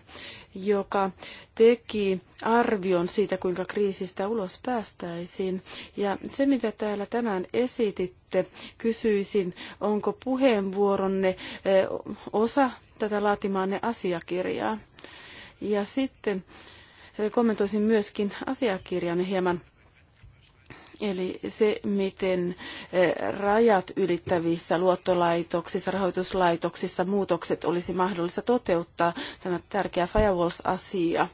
joka teki arvion siitä, kuinka kriisistä ulos päästäisiin. Ja se, mitä täällä tänään esititte, kysyisin, onko puheenvuoronne eh, osa tätä laatimaanne asiakirjaa. Ja sitten eh, kommentoisin myöskin asiakirjanne hieman Eli se, miten eh, rajat ylittävissä luottolaitoksissa, rahoituslaitoksissa muutokset olisi mahdollista toteuttaa, tämä tärkeä firewalls-asia,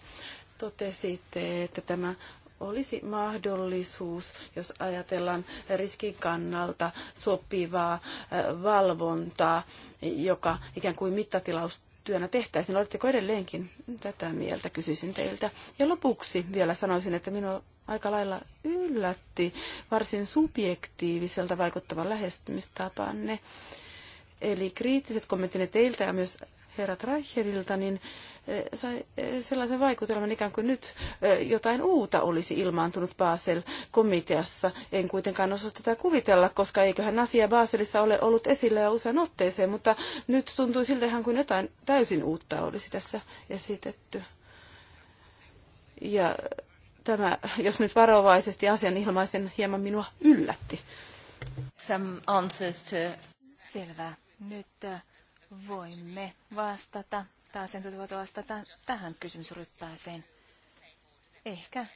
totesitte, että tämä olisi mahdollisuus, jos ajatellaan riskin kannalta sopivaa eh, valvontaa, joka ikään kuin mittatilaus työnä tehtäisiin. Oletteko edelleenkin tätä mieltä, kysyisin teiltä. Ja lopuksi vielä sanoisin, että minua aika lailla yllätti varsin subjektiiviselta vaikuttavan lähestymistapanne. Eli kriittiset kommenttinne teiltä ja myös herra Reicherilta, niin e, sai e, sellaisen vaikutelman ikään kuin nyt e, jotain uutta olisi ilmaantunut Basel-komiteassa. En kuitenkaan osaa tätä kuvitella, koska eiköhän asia Baselissa ole ollut esillä jo usein otteeseen, mutta nyt tuntuu siltä ihan kuin jotain täysin uutta olisi tässä esitetty. Ja tämä, jos nyt varovaisesti asian ilmaisen, hieman minua yllätti. Some answers to... Selvä. Nyt äh, voimme vastata, tai asiantuntijat voivat vastata tähän kysymysryppääseen. Ehkä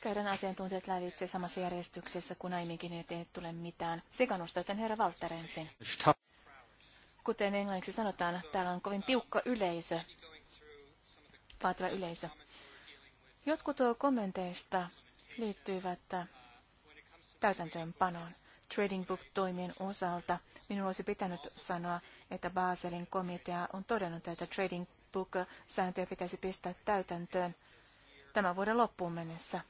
käydään asiantuntijat lävitse samassa järjestyksessä kuin aiemminkin, ettei tule mitään Sekanusta, joten herra Valtteri Kuten englanniksi sanotaan, täällä on kovin tiukka yleisö, vaativa yleisö. Jotkut kommenteista liittyivät täytäntöönpanoon. Trading Book-toimien osalta minun olisi pitänyt sanoa, että Baselin komitea on todennut, että Trading Book-sääntöjä pitäisi pistää täytäntöön tämän vuoden loppuun mennessä.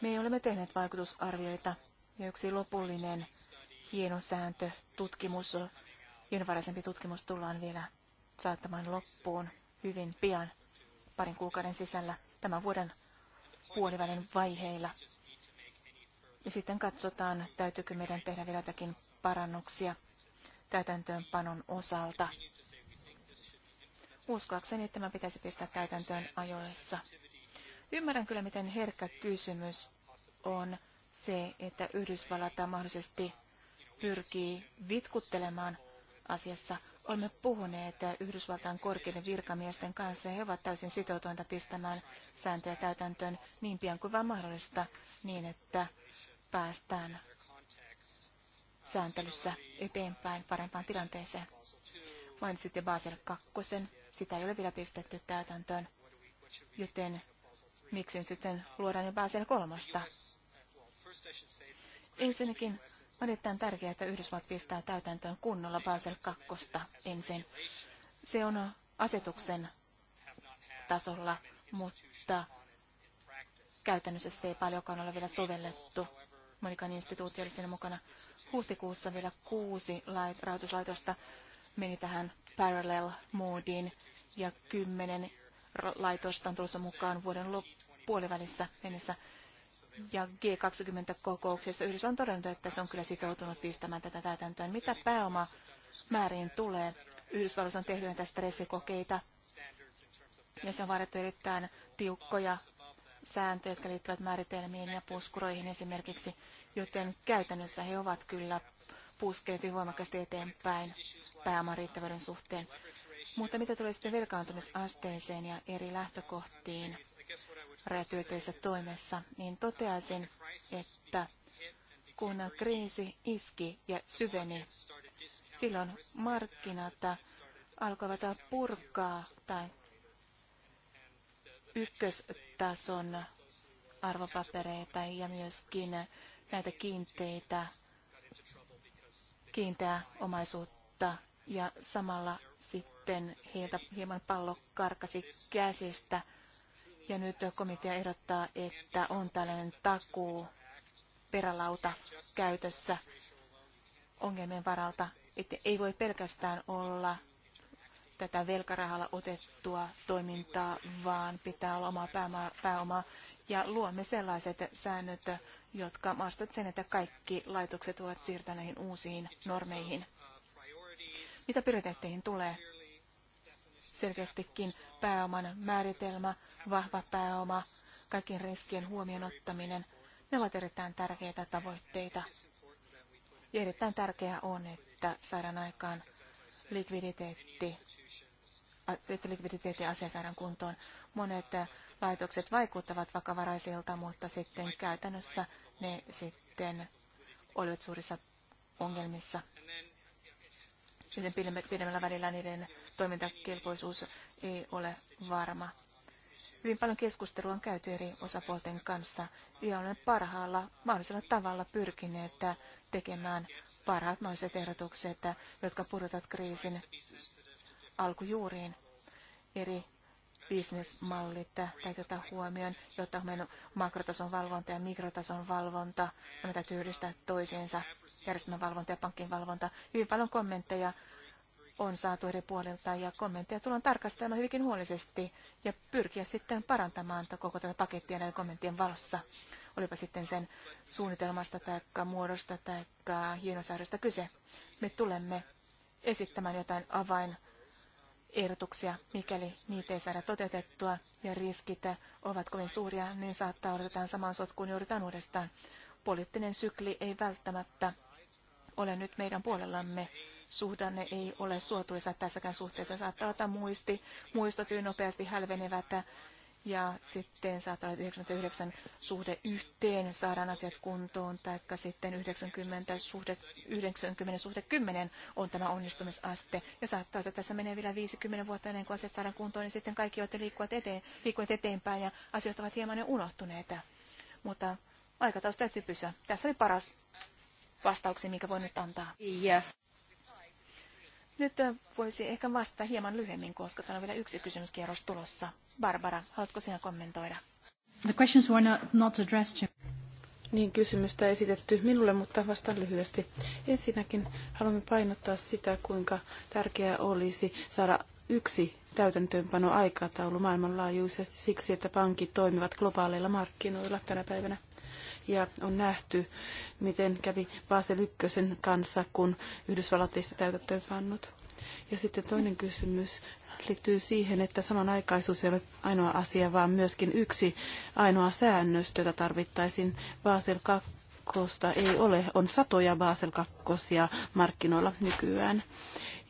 Me olemme tehneet vaikutusarvioita ja yksi lopullinen hieno sääntö, tutkimus, hienovaraisempi tutkimus tullaan vielä saattamaan loppuun hyvin pian, parin kuukauden sisällä, tämän vuoden puolivälin vaiheilla. Ja sitten katsotaan, täytyykö meidän tehdä vielä jotakin parannuksia täytäntöönpanon osalta. Uskoakseni tämä pitäisi pistää täytäntöön ajoissa. Ymmärrän kyllä, miten herkkä kysymys on se, että Yhdysvallat mahdollisesti pyrkii vitkuttelemaan asiassa. Olemme puhuneet Yhdysvaltain korkeiden virkamiesten kanssa ja he ovat täysin sitoutuneita pistämään sääntöjä täytäntöön niin pian kuin vain mahdollista niin, että päästään sääntelyssä eteenpäin parempaan tilanteeseen. Mainitsitte Basel 2, sitä ei ole vielä pistetty täytäntöön, joten miksi nyt sitten luodaan jo Basel 3? Ensinnäkin on erittäin tärkeää, että Yhdysvallat pistää täytäntöön kunnolla Basel 2 ensin. Se on asetuksen tasolla, mutta käytännössä sitä ei paljonkaan ole vielä sovellettu. Monikan instituutio oli siinä mukana. Huhtikuussa vielä kuusi lait, rahoituslaitosta meni tähän parallel moodiin ja kymmenen laitosta on tulossa mukaan vuoden lop- puolivälissä mennessä ja G20-kokouksessa Yhdysvallan on todennut, että se on kyllä sitoutunut pistämään tätä täytäntöön. Mitä pääoma määriin tulee? Yhdysvalloissa on tehty näitä stressikokeita ja se on vaadittu erittäin tiukkoja sääntöjä, jotka liittyvät määritelmiin ja puskuroihin esimerkiksi, joten käytännössä he ovat kyllä puskeet hyvin voimakkaasti eteenpäin pääoman riittävyyden suhteen. Mutta mitä tulee sitten velkaantumisasteeseen ja eri lähtökohtiin rajatyöteissä toimessa, niin toteaisin, että kun kriisi iski ja syveni, silloin markkinat alkoivat purkaa tai ykköstason arvopapereita ja myöskin näitä kiinteitä, kiinteää omaisuutta ja samalla sitten sitten heiltä hieman pallo karkasi käsistä. Ja nyt komitea ehdottaa, että on tällainen takuu perälauta käytössä ongelmien varalta, että ei voi pelkästään olla tätä velkarahalla otettua toimintaa, vaan pitää olla omaa pääomaa, pääomaa. ja luomme sellaiset säännöt, jotka maastat sen, että kaikki laitokset voivat siirtää näihin uusiin normeihin. Mitä prioriteetteihin tulee? selkeästikin pääoman määritelmä, vahva pääoma, kaikkien riskien huomioon ottaminen. Ne ovat erittäin tärkeitä tavoitteita. Ja erittäin tärkeää on, että saadaan aikaan likviditeetti, että likviditeetti asia saadaan kuntoon. Monet laitokset vaikuttavat vakavaraisilta, mutta sitten käytännössä ne sitten olivat suurissa ongelmissa. Sitten pidemmällä välillä niiden toimintakelpoisuus ei ole varma. Hyvin paljon keskustelua on käyty eri osapuolten kanssa ja olemme parhaalla mahdollisella tavalla pyrkineet tekemään parhaat mahdolliset ehdotukset, jotka pudotat kriisin alkujuuriin. Eri bisnesmallit täytyy ottaa huomioon, jotta meidän makrotason valvonta ja mikrotason valvonta, nämä täytyy yhdistää toisiinsa, järjestelmän valvonta ja pankin valvonta. Hyvin paljon kommentteja on saatu eri puolilta ja kommentteja tullaan tarkastelemaan hyvinkin huolellisesti ja pyrkiä sitten parantamaan koko tätä pakettia näiden kommenttien valossa. Olipa sitten sen suunnitelmasta tai muodosta tai hienosäädöstä kyse. Me tulemme esittämään jotain avain ehdotuksia, mikäli niitä ei saada toteutettua ja riskit ovat kovin suuria, niin saattaa odotetaan samaan sotkuun joudutaan uudestaan. Poliittinen sykli ei välttämättä ole nyt meidän puolellamme suhdanne ei ole suotuisa tässäkään suhteessa. Saattaa olla muisti, muistot nopeasti hälvenevät ja sitten saattaa olla 99 suhde yhteen saadaan asiat kuntoon, taikka sitten 90 suhde, 90 suhde 10 on tämä onnistumisaste. Ja saattaa, että tässä menee vielä 50 vuotta ennen kuin asiat saadaan kuntoon, niin sitten kaikki, joiden liikkuvat, eteen, liikkuvat eteenpäin ja asiat ovat hieman unohtuneita. Mutta aikataus täytyy pysyä. Tässä oli paras vastauksia mikä voin nyt antaa. Yeah. Nyt äh, voisi ehkä vastata hieman lyhyemmin, koska täällä on vielä yksi kysymyskierros tulossa. Barbara, haluatko sinä kommentoida? The questions were not addressed to... Niin, kysymystä esitetty minulle, mutta vastaan lyhyesti. Ensinnäkin haluamme painottaa sitä, kuinka tärkeää olisi saada yksi täytäntöönpano aikataulu maailmanlaajuisesti siksi, että pankit toimivat globaaleilla markkinoilla tänä päivänä. Ja on nähty, miten kävi Basel ykkösen kanssa, kun Yhdysvallat ei sitä täytäntöön pannut. Ja sitten toinen kysymys liittyy siihen, että samanaikaisuus ei ole ainoa asia, vaan myöskin yksi ainoa säännöstö, jota tarvittaisiin Basel 2 kakkosta ei ole. On satoja Basel kakkosia markkinoilla nykyään.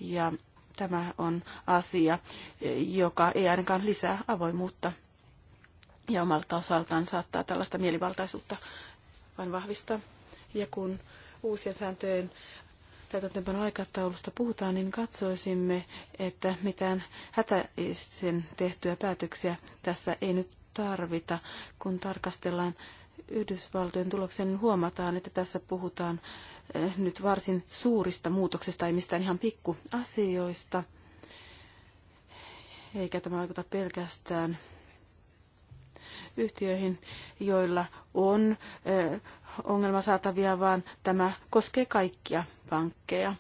Ja tämä on asia, joka ei ainakaan lisää avoimuutta ja omalta osaltaan saattaa tällaista mielivaltaisuutta vain vahvistaa. Ja kun uusien sääntöjen täytäntöönpanon aikataulusta puhutaan, niin katsoisimme, että mitään hätäisen tehtyjä päätöksiä tässä ei nyt tarvita, kun tarkastellaan Yhdysvaltojen tuloksen, niin huomataan, että tässä puhutaan eh, nyt varsin suurista muutoksista, ei mistään ihan pikkuasioista. Eikä tämä vaikuta pelkästään yhtiöihin, joilla on ongelmasaatavia, vaan tämä koskee kaikkia pankkeja.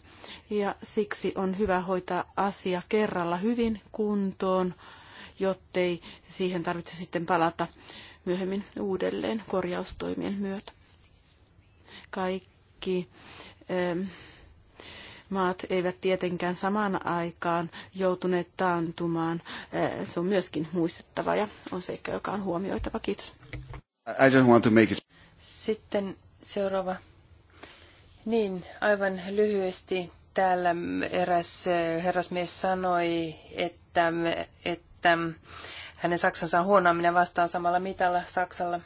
Ja siksi on hyvä hoitaa asia kerralla hyvin kuntoon, jottei siihen tarvitse sitten palata myöhemmin uudelleen korjaustoimien myötä. Kaikki maat eivät tietenkään samaan aikaan joutuneet taantumaan. Eh, se on myöskin muistettava ja on seikka, joka on huomioitava. Kiitos. I just want to make it... Sitten seuraava. Niin, aivan lyhyesti täällä eräs eh, herrasmies sanoi, että, että hänen Saksansa on huonoa, minä vastaan samalla mitalla Saksalla.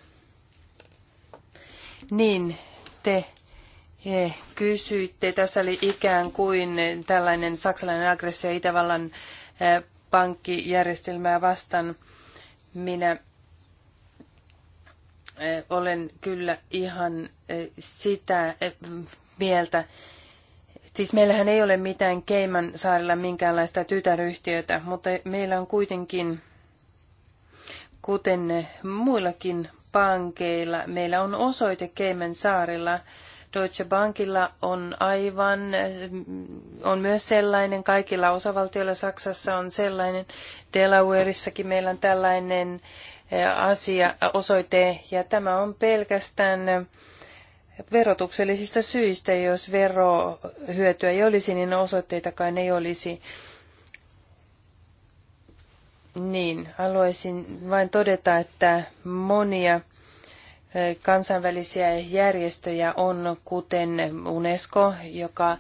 Niin, te kysyitte. Tässä oli ikään kuin tällainen saksalainen aggressio Itävallan pankkijärjestelmää vastaan. Minä olen kyllä ihan sitä mieltä. Siis meillähän ei ole mitään Keiman saarella minkäänlaista tytäryhtiötä, mutta meillä on kuitenkin, kuten muillakin pankeilla, meillä on osoite Keiman saarilla – Deutsche Bankilla on aivan, on myös sellainen, kaikilla osavaltioilla Saksassa on sellainen, Delawareissakin meillä on tällainen eh, asia, eh, osoite, ja tämä on pelkästään eh, verotuksellisista syistä, jos verohyötyä ei olisi, niin osoitteitakaan ei olisi. Niin, haluaisin vain todeta, että monia kansainvälisiä järjestöjä on, kuten UNESCO, joka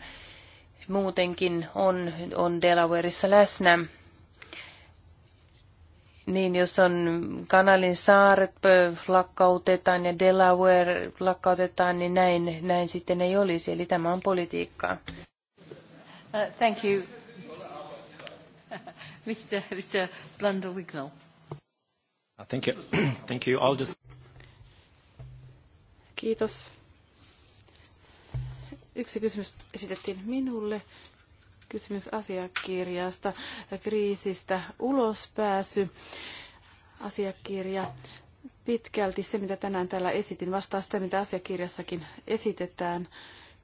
muutenkin on, on Delawareissa läsnä. Niin, jos on Kanalin saaret lakkautetaan ja Delaware lakkautetaan, niin näin, näin sitten ei olisi. Eli tämä on politiikkaa. Uh, thank you. Mr. Mr. Uh, thank you. Thank you. I'll just... Kiitos. Yksi kysymys esitettiin minulle. Kysymys asiakirjasta, kriisistä ulospääsy. Asiakirja pitkälti se, mitä tänään täällä esitin, vastaa sitä, mitä asiakirjassakin esitetään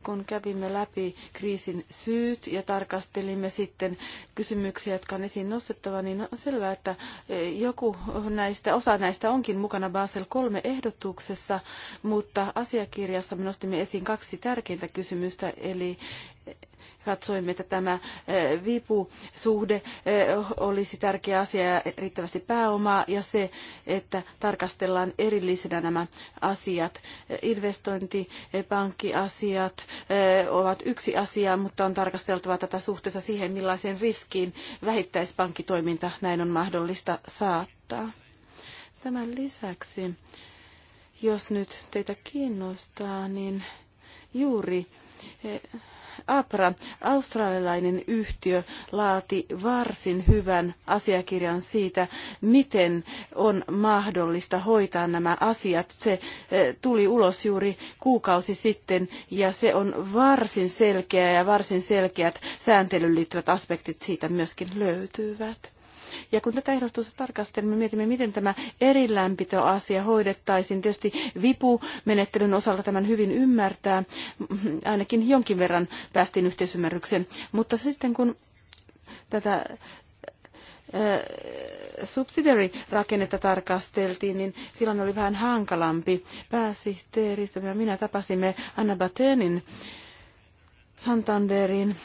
kun kävimme läpi kriisin syyt ja tarkastelimme sitten kysymyksiä, jotka on esiin nostettava, niin on selvää, että e, joku näistä, osa näistä onkin mukana Basel 3 ehdotuksessa, mutta asiakirjassa me nostimme esiin kaksi tärkeintä kysymystä, eli katsoimme, että tämä eh, vipusuhde eh, olisi tärkeä asia ja riittävästi pääomaa ja se, että tarkastellaan erillisenä nämä asiat. Investointipankkiasiat eh, ovat yksi asia, mutta on tarkasteltava tätä suhteessa siihen, millaiseen riskiin vähittäispankkitoiminta näin on mahdollista saattaa. Tämän lisäksi, jos nyt teitä kiinnostaa, niin juuri Apra, australialainen yhtiö, laati varsin hyvän asiakirjan siitä, miten on mahdollista hoitaa nämä asiat. Se eh, tuli ulos juuri kuukausi sitten ja se on varsin selkeä ja varsin selkeät sääntelyyn liittyvät aspektit siitä myöskin löytyvät. Ja kun tätä ehdotusta tarkastelemme, me mietimme, miten tämä erilämpitoasia hoidettaisiin. Tietysti vipumenettelyn osalta tämän hyvin ymmärtää, ainakin jonkin verran päästiin yhteisymmärrykseen. Mutta sitten kun tätä eh, subsidiary-rakennetta tarkasteltiin, niin tilanne oli vähän hankalampi. Pääsihteeristö ja minä tapasimme Anna Batenin Santanderin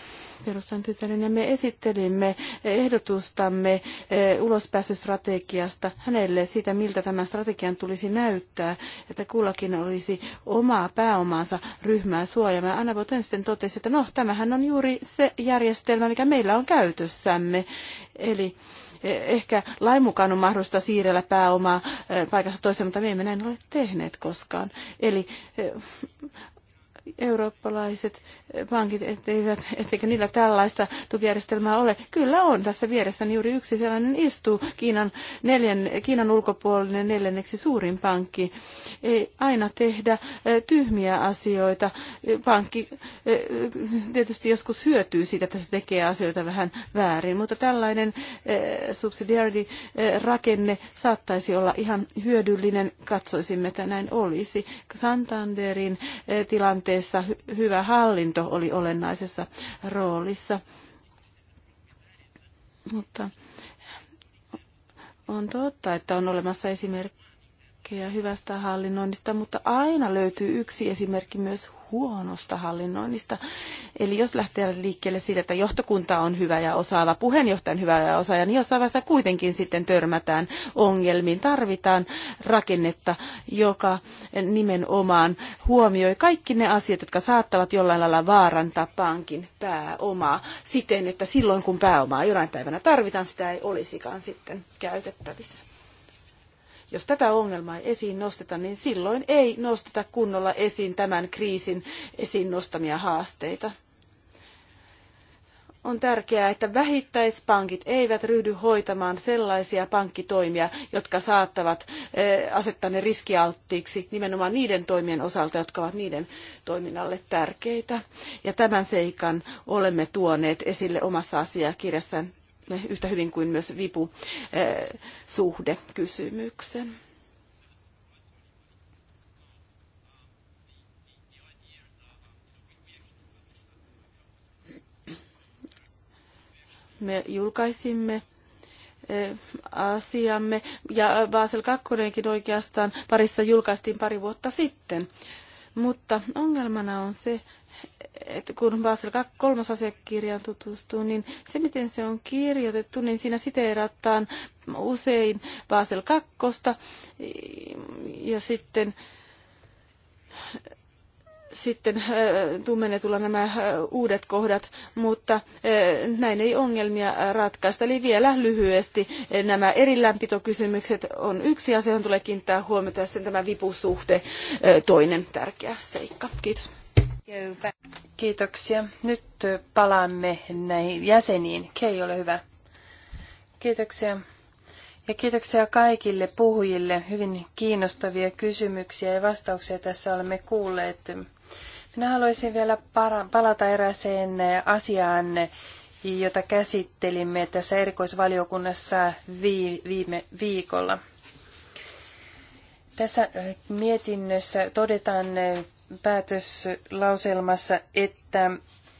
perustan tytären ja me esittelimme ehdotustamme eh, ulospääsystrategiasta hänelle siitä, miltä tämän strategian tulisi näyttää, että kullakin olisi omaa pääomaansa ryhmää suojaamaan. Anna Boten sitten totesi, että no tämähän on juuri se järjestelmä, mikä meillä on käytössämme. Eli eh, ehkä lain mukaan on mahdollista siirrellä pääomaa eh, paikassa toiseen, mutta me emme näin ole tehneet koskaan. Eli eurooppalaiset pankit, etteivät, etteikö niillä tällaista tukijärjestelmää ole. Kyllä on. Tässä vieressä juuri yksi sellainen istuu, Kiinan, neljän, Kiinan ulkopuolinen neljänneksi suurin pankki. Ei aina tehdä e, tyhmiä asioita. E, pankki e, tietysti joskus hyötyy siitä, että se tekee asioita vähän väärin, mutta tällainen subsidiarity-rakenne saattaisi olla ihan hyödyllinen. Katsoisimme, että näin olisi. Santanderin tilanteen tilanteessa hyvä hallinto oli olennaisessa roolissa. Mutta on totta, että on olemassa esimerkki esimerkkejä hyvästä hallinnoinnista, mutta aina löytyy yksi esimerkki myös huonosta hallinnoinnista. Eli jos lähtee liikkeelle siitä, että johtokunta on hyvä ja osaava, puheenjohtajan hyvä ja osaaja, niin jossain vaiheessa kuitenkin sitten törmätään ongelmiin. Tarvitaan rakennetta, joka nimenomaan huomioi kaikki ne asiat, jotka saattavat jollain lailla vaarantaa pankin pääomaa siten, että silloin kun pääomaa jonain päivänä tarvitaan, sitä ei olisikaan sitten käytettävissä. Jos tätä ongelmaa ei esiin nosteta, niin silloin ei nosteta kunnolla esiin tämän kriisin esiin nostamia haasteita. On tärkeää, että vähittäispankit eivät ryhdy hoitamaan sellaisia pankkitoimia, jotka saattavat eh, asettaa ne riskialttiiksi nimenomaan niiden toimien osalta, jotka ovat niiden toiminnalle tärkeitä. Ja tämän seikan olemme tuoneet esille omassa asiakirjassaan yhtä hyvin kuin myös vipusuhdekysymyksen. Eh, me julkaisimme eh, asiamme. Ja Basel 2 oikeastaan parissa julkaistiin pari vuotta sitten. Mutta ongelmana on se, että kun Basel kolmas asiakirjaan tutustuu, niin se miten se on kirjoitettu, niin siinä siteerataan usein Basel kakkosta Ja sitten, sitten äh, tummennetulla nämä äh, uudet kohdat, mutta äh, näin ei ongelmia ratkaista. Eli vielä lyhyesti nämä erilämpitokysymykset on yksi asia, johon tulee kiinnittää huomiota, ja sitten tämä vipusuhde toinen tärkeä seikka. Kiitos. Kiitoksia. Nyt palaamme näihin jäseniin. Kei, ole hyvä. Kiitoksia. Ja kiitoksia kaikille puhujille. Hyvin kiinnostavia kysymyksiä ja vastauksia tässä olemme kuulleet. Minä haluaisin vielä palata erääseen asiaan, jota käsittelimme tässä erikoisvaliokunnassa viime viikolla. Tässä mietinnössä todetaan päätöslauselmassa, että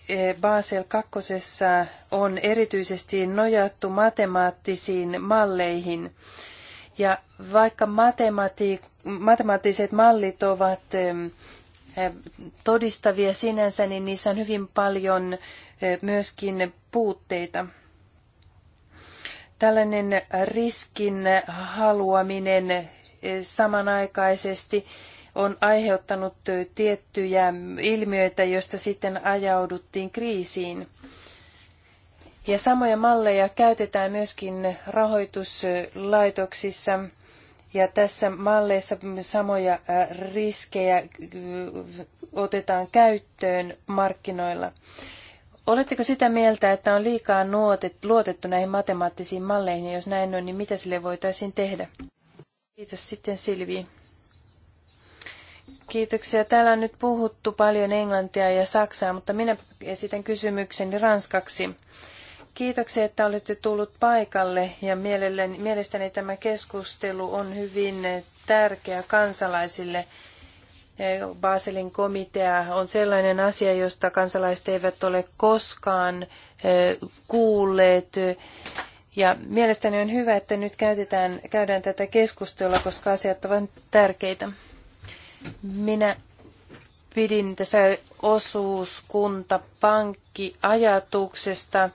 e, Basel kakkosessa on erityisesti nojattu matemaattisiin malleihin. Ja vaikka matemati- matemaattiset mallit ovat e, e, todistavia sinänsä, niin niissä on hyvin paljon myöskin puutteita. Tällainen riskin haluaminen samanaikaisesti on aiheuttanut tiettyjä ilmiöitä, joista sitten ajauduttiin kriisiin. Ja samoja malleja käytetään myöskin rahoituslaitoksissa. Ja tässä malleissa samoja riskejä otetaan käyttöön markkinoilla. Oletteko sitä mieltä, että on liikaa luotettu näihin matemaattisiin malleihin, ja jos näin on, niin mitä sille voitaisiin tehdä? Kiitos sitten Silvi. Kiitoksia. Täällä on nyt puhuttu paljon englantia ja saksaa, mutta minä esitän kysymykseni ranskaksi. Kiitoksia, että olette tullut paikalle ja mielestäni tämä keskustelu on hyvin tärkeä kansalaisille. Baselin komitea on sellainen asia, josta kansalaiset eivät ole koskaan eh, kuulleet. Ja mielestäni on hyvä, että nyt käytetään, käydään tätä keskustelua, koska asiat ovat tärkeitä. Minä pidin tässä osuuskunta pankkiajatuksesta,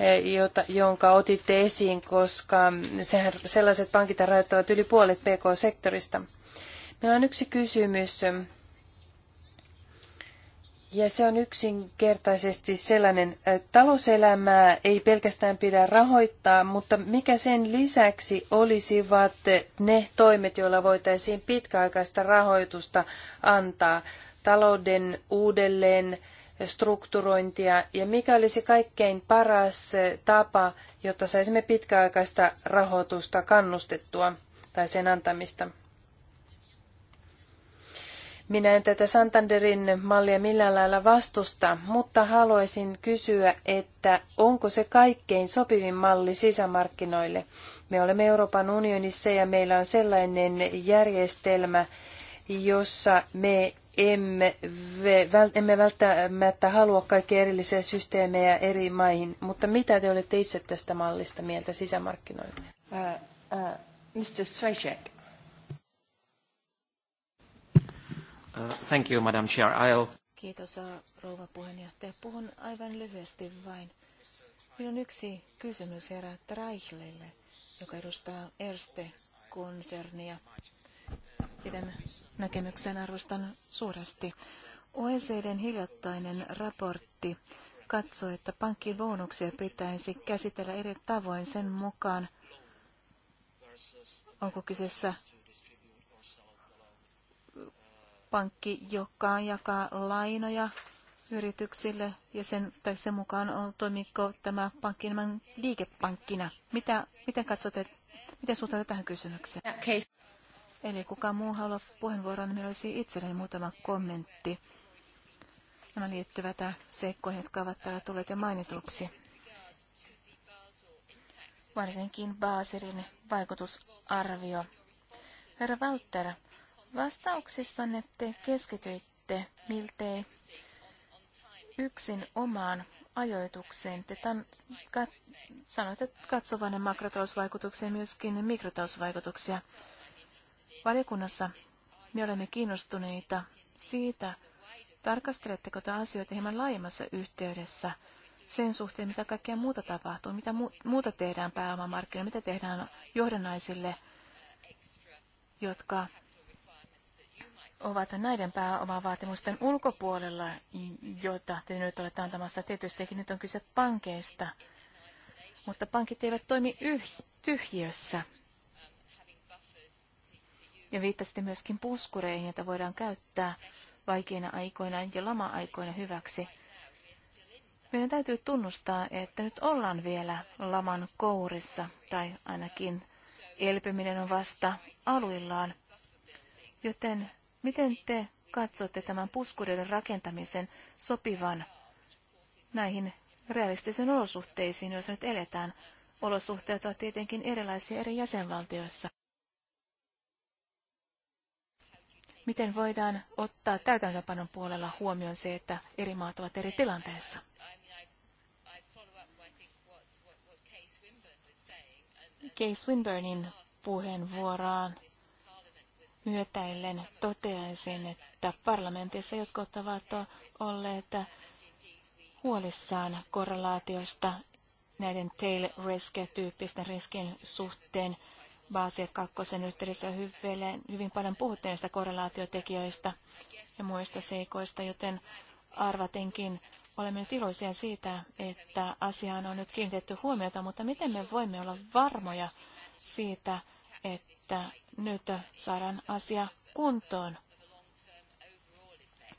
eh, jota, jonka otitte esiin, koska sehän, sellaiset pankit rajoittavat yli puolet PK-sektorista. Meillä on yksi kysymys, ja se on yksinkertaisesti sellainen, että talouselämää ei pelkästään pidä rahoittaa, mutta mikä sen lisäksi olisivat ne toimet, joilla voitaisiin pitkäaikaista rahoitusta antaa, talouden uudelleen strukturointia ja mikä olisi kaikkein paras tapa, jotta saisimme pitkäaikaista rahoitusta kannustettua tai sen antamista. Minä en tätä Santanderin mallia millään lailla vastusta, mutta haluaisin kysyä, että onko se kaikkein sopivin malli sisämarkkinoille? Me olemme Euroopan unionissa ja meillä on sellainen järjestelmä, jossa me emme, emme välttämättä halua kaikkia erillisiä systeemejä eri maihin, mutta mitä te olette itse tästä mallista mieltä sisämarkkinoille? Uh, uh, Mr. Strejček. Uh, thank you, Madam Chair. I'll... Kiitos, uh, rouva puheenjohtaja. Puhun aivan lyhyesti vain. Minun yksi kysymys herää Reichlille, joka edustaa Erste-konsernia. Pidän näkemyksen arvostan suuresti. OECDn hiljattainen raportti katsoo, että pankkibonuksia pitäisi käsitellä eri tavoin sen mukaan, onko kyseessä pankki, joka jakaa lainoja yrityksille ja sen, tai sen mukaan on, toimiko tämä pankki enemmän liikepankkina. Mitä, miten katsotte, miten suhtaudut tähän kysymykseen? Okay. Eli kuka muu haluaa puheenvuoron, niin meillä olisi itselleni muutama kommentti. Nämä liittyvät seikkoihin, jotka ovat täällä tulleet jo mainituksi. Varsinkin Baaserin vaikutusarvio. Herra Walter Vastauksissanne te keskityitte miltei yksin omaan ajoitukseen. Te kat, sanoitte katsovanne makrotalousvaikutuksia ja myöskin mikrotalousvaikutuksia. Valiokunnassa me olemme kiinnostuneita siitä, tarkasteletteko te asioita hieman laajemmassa yhteydessä sen suhteen, mitä kaikkea muuta tapahtuu, mitä mu- muuta tehdään pääomamarkkinoilla, mitä tehdään johdannaisille, jotka ovat näiden pääomavaatimusten ulkopuolella, joita te nyt olette antamassa. Tietystikin nyt on kyse pankeista, mutta pankit eivät toimi yh- tyhjiössä. Ja viittasitte myöskin puskureihin, joita voidaan käyttää vaikeina aikoina ja lama-aikoina hyväksi. Meidän täytyy tunnustaa, että nyt ollaan vielä laman kourissa, tai ainakin elpyminen on vasta aluillaan. Joten Miten te katsotte tämän puskureiden rakentamisen sopivan näihin realistisiin olosuhteisiin, joissa nyt eletään? Olosuhteet ovat tietenkin erilaisia eri jäsenvaltioissa. Miten voidaan ottaa täytäntöpanon puolella huomioon se, että eri maat ovat eri tilanteessa? Case Swinburnin puheenvuoroon myötäillen toteaisin, että parlamentissa jotkut ovat olleet huolissaan korrelaatiosta näiden tail risk-tyyppisten riskin suhteen. Baasia kakkosen yhteydessä hyville, hyvin paljon puhuttiin näistä korrelaatiotekijöistä ja muista seikoista, joten arvatenkin olemme nyt iloisia siitä, että asiaan on nyt kiinnitetty huomiota, mutta miten me voimme olla varmoja siitä, että että nyt saadaan asia kuntoon,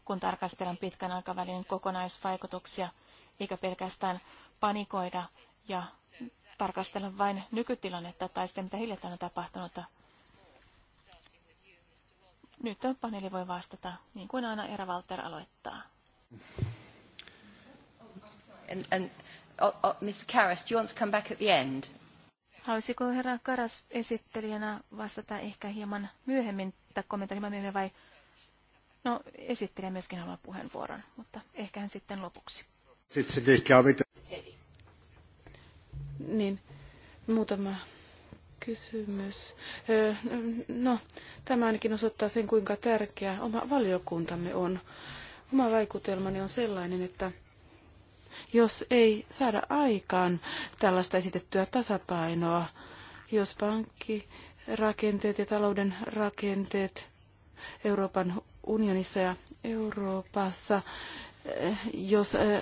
kun tarkastellaan pitkän aikavälin kokonaisvaikutuksia, eikä pelkästään panikoida ja tarkastella vain nykytilannetta tai sitä, mitä hiljattain on tapahtunut. Nyt paneeli voi vastata, niin kuin aina Era Walter aloittaa. And, and, oh, oh, Mr. Karras, do you want to come back at the end? Haluaisiko herra Karas esittelijänä vastata ehkä hieman myöhemmin tai kommentoida hieman myöhemmin vai No, esittelijä myöskin haluaa puheenvuoron, mutta ehkä hän sitten lopuksi. Sitten, Niin, muutama kysymys. No, tämä ainakin osoittaa sen, kuinka tärkeä oma valiokuntamme on. Oma vaikutelmani on sellainen, että jos ei saada aikaan tällaista esitettyä tasapainoa, jos pankkirakenteet ja talouden rakenteet Euroopan unionissa ja Euroopassa, eh, jos eh,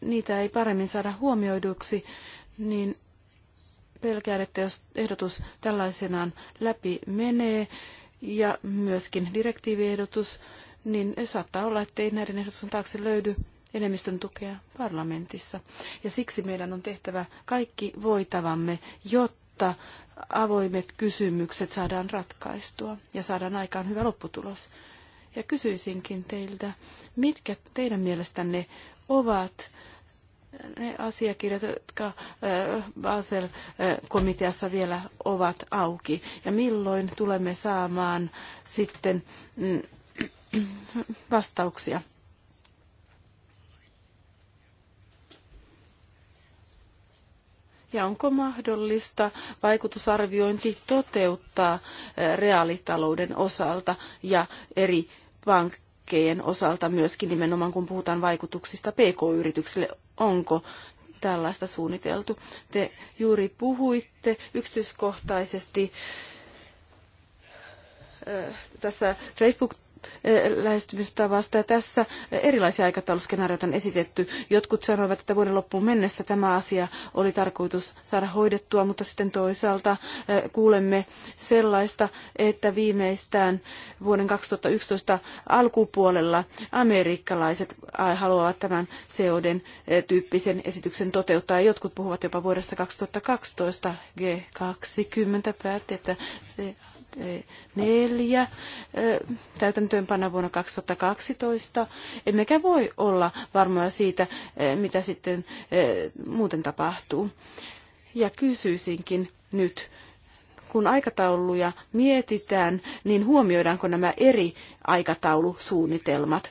niitä ei paremmin saada huomioiduksi, niin pelkään, että jos ehdotus tällaisenaan läpi menee ja myöskin direktiiviehdotus, niin saattaa olla, että ei näiden ehdotusten taakse löydy enemmistön tukea parlamentissa. Ja siksi meidän on tehtävä kaikki voitavamme, jotta avoimet kysymykset saadaan ratkaistua ja saadaan aikaan hyvä lopputulos. Ja kysyisinkin teiltä, mitkä teidän mielestänne ovat ne asiakirjat, jotka äh, Basel-komiteassa äh, vielä ovat auki, ja milloin tulemme saamaan sitten mm, vastauksia ja onko mahdollista vaikutusarviointi toteuttaa eh, reaalitalouden osalta ja eri pankkien osalta myöskin nimenomaan kun puhutaan vaikutuksista pk-yrityksille, onko tällaista suunniteltu. Te juuri puhuitte yksityiskohtaisesti eh, tässä Facebook lähestymistavasta. Ja tässä erilaisia aikatauluskenaarioita on esitetty. Jotkut sanoivat, että vuoden loppuun mennessä tämä asia oli tarkoitus saada hoidettua, mutta sitten toisaalta kuulemme sellaista, että viimeistään vuoden 2011 alkupuolella amerikkalaiset haluavat tämän cod tyyppisen esityksen toteuttaa. Jotkut puhuvat jopa vuodesta 2012 G20 päätti, että se neljä täytäntöönpana vuonna 2012. Emmekä voi olla varmoja siitä, mitä sitten muuten tapahtuu. Ja kysyisinkin nyt, kun aikatauluja mietitään, niin huomioidaanko nämä eri aikataulusuunnitelmat,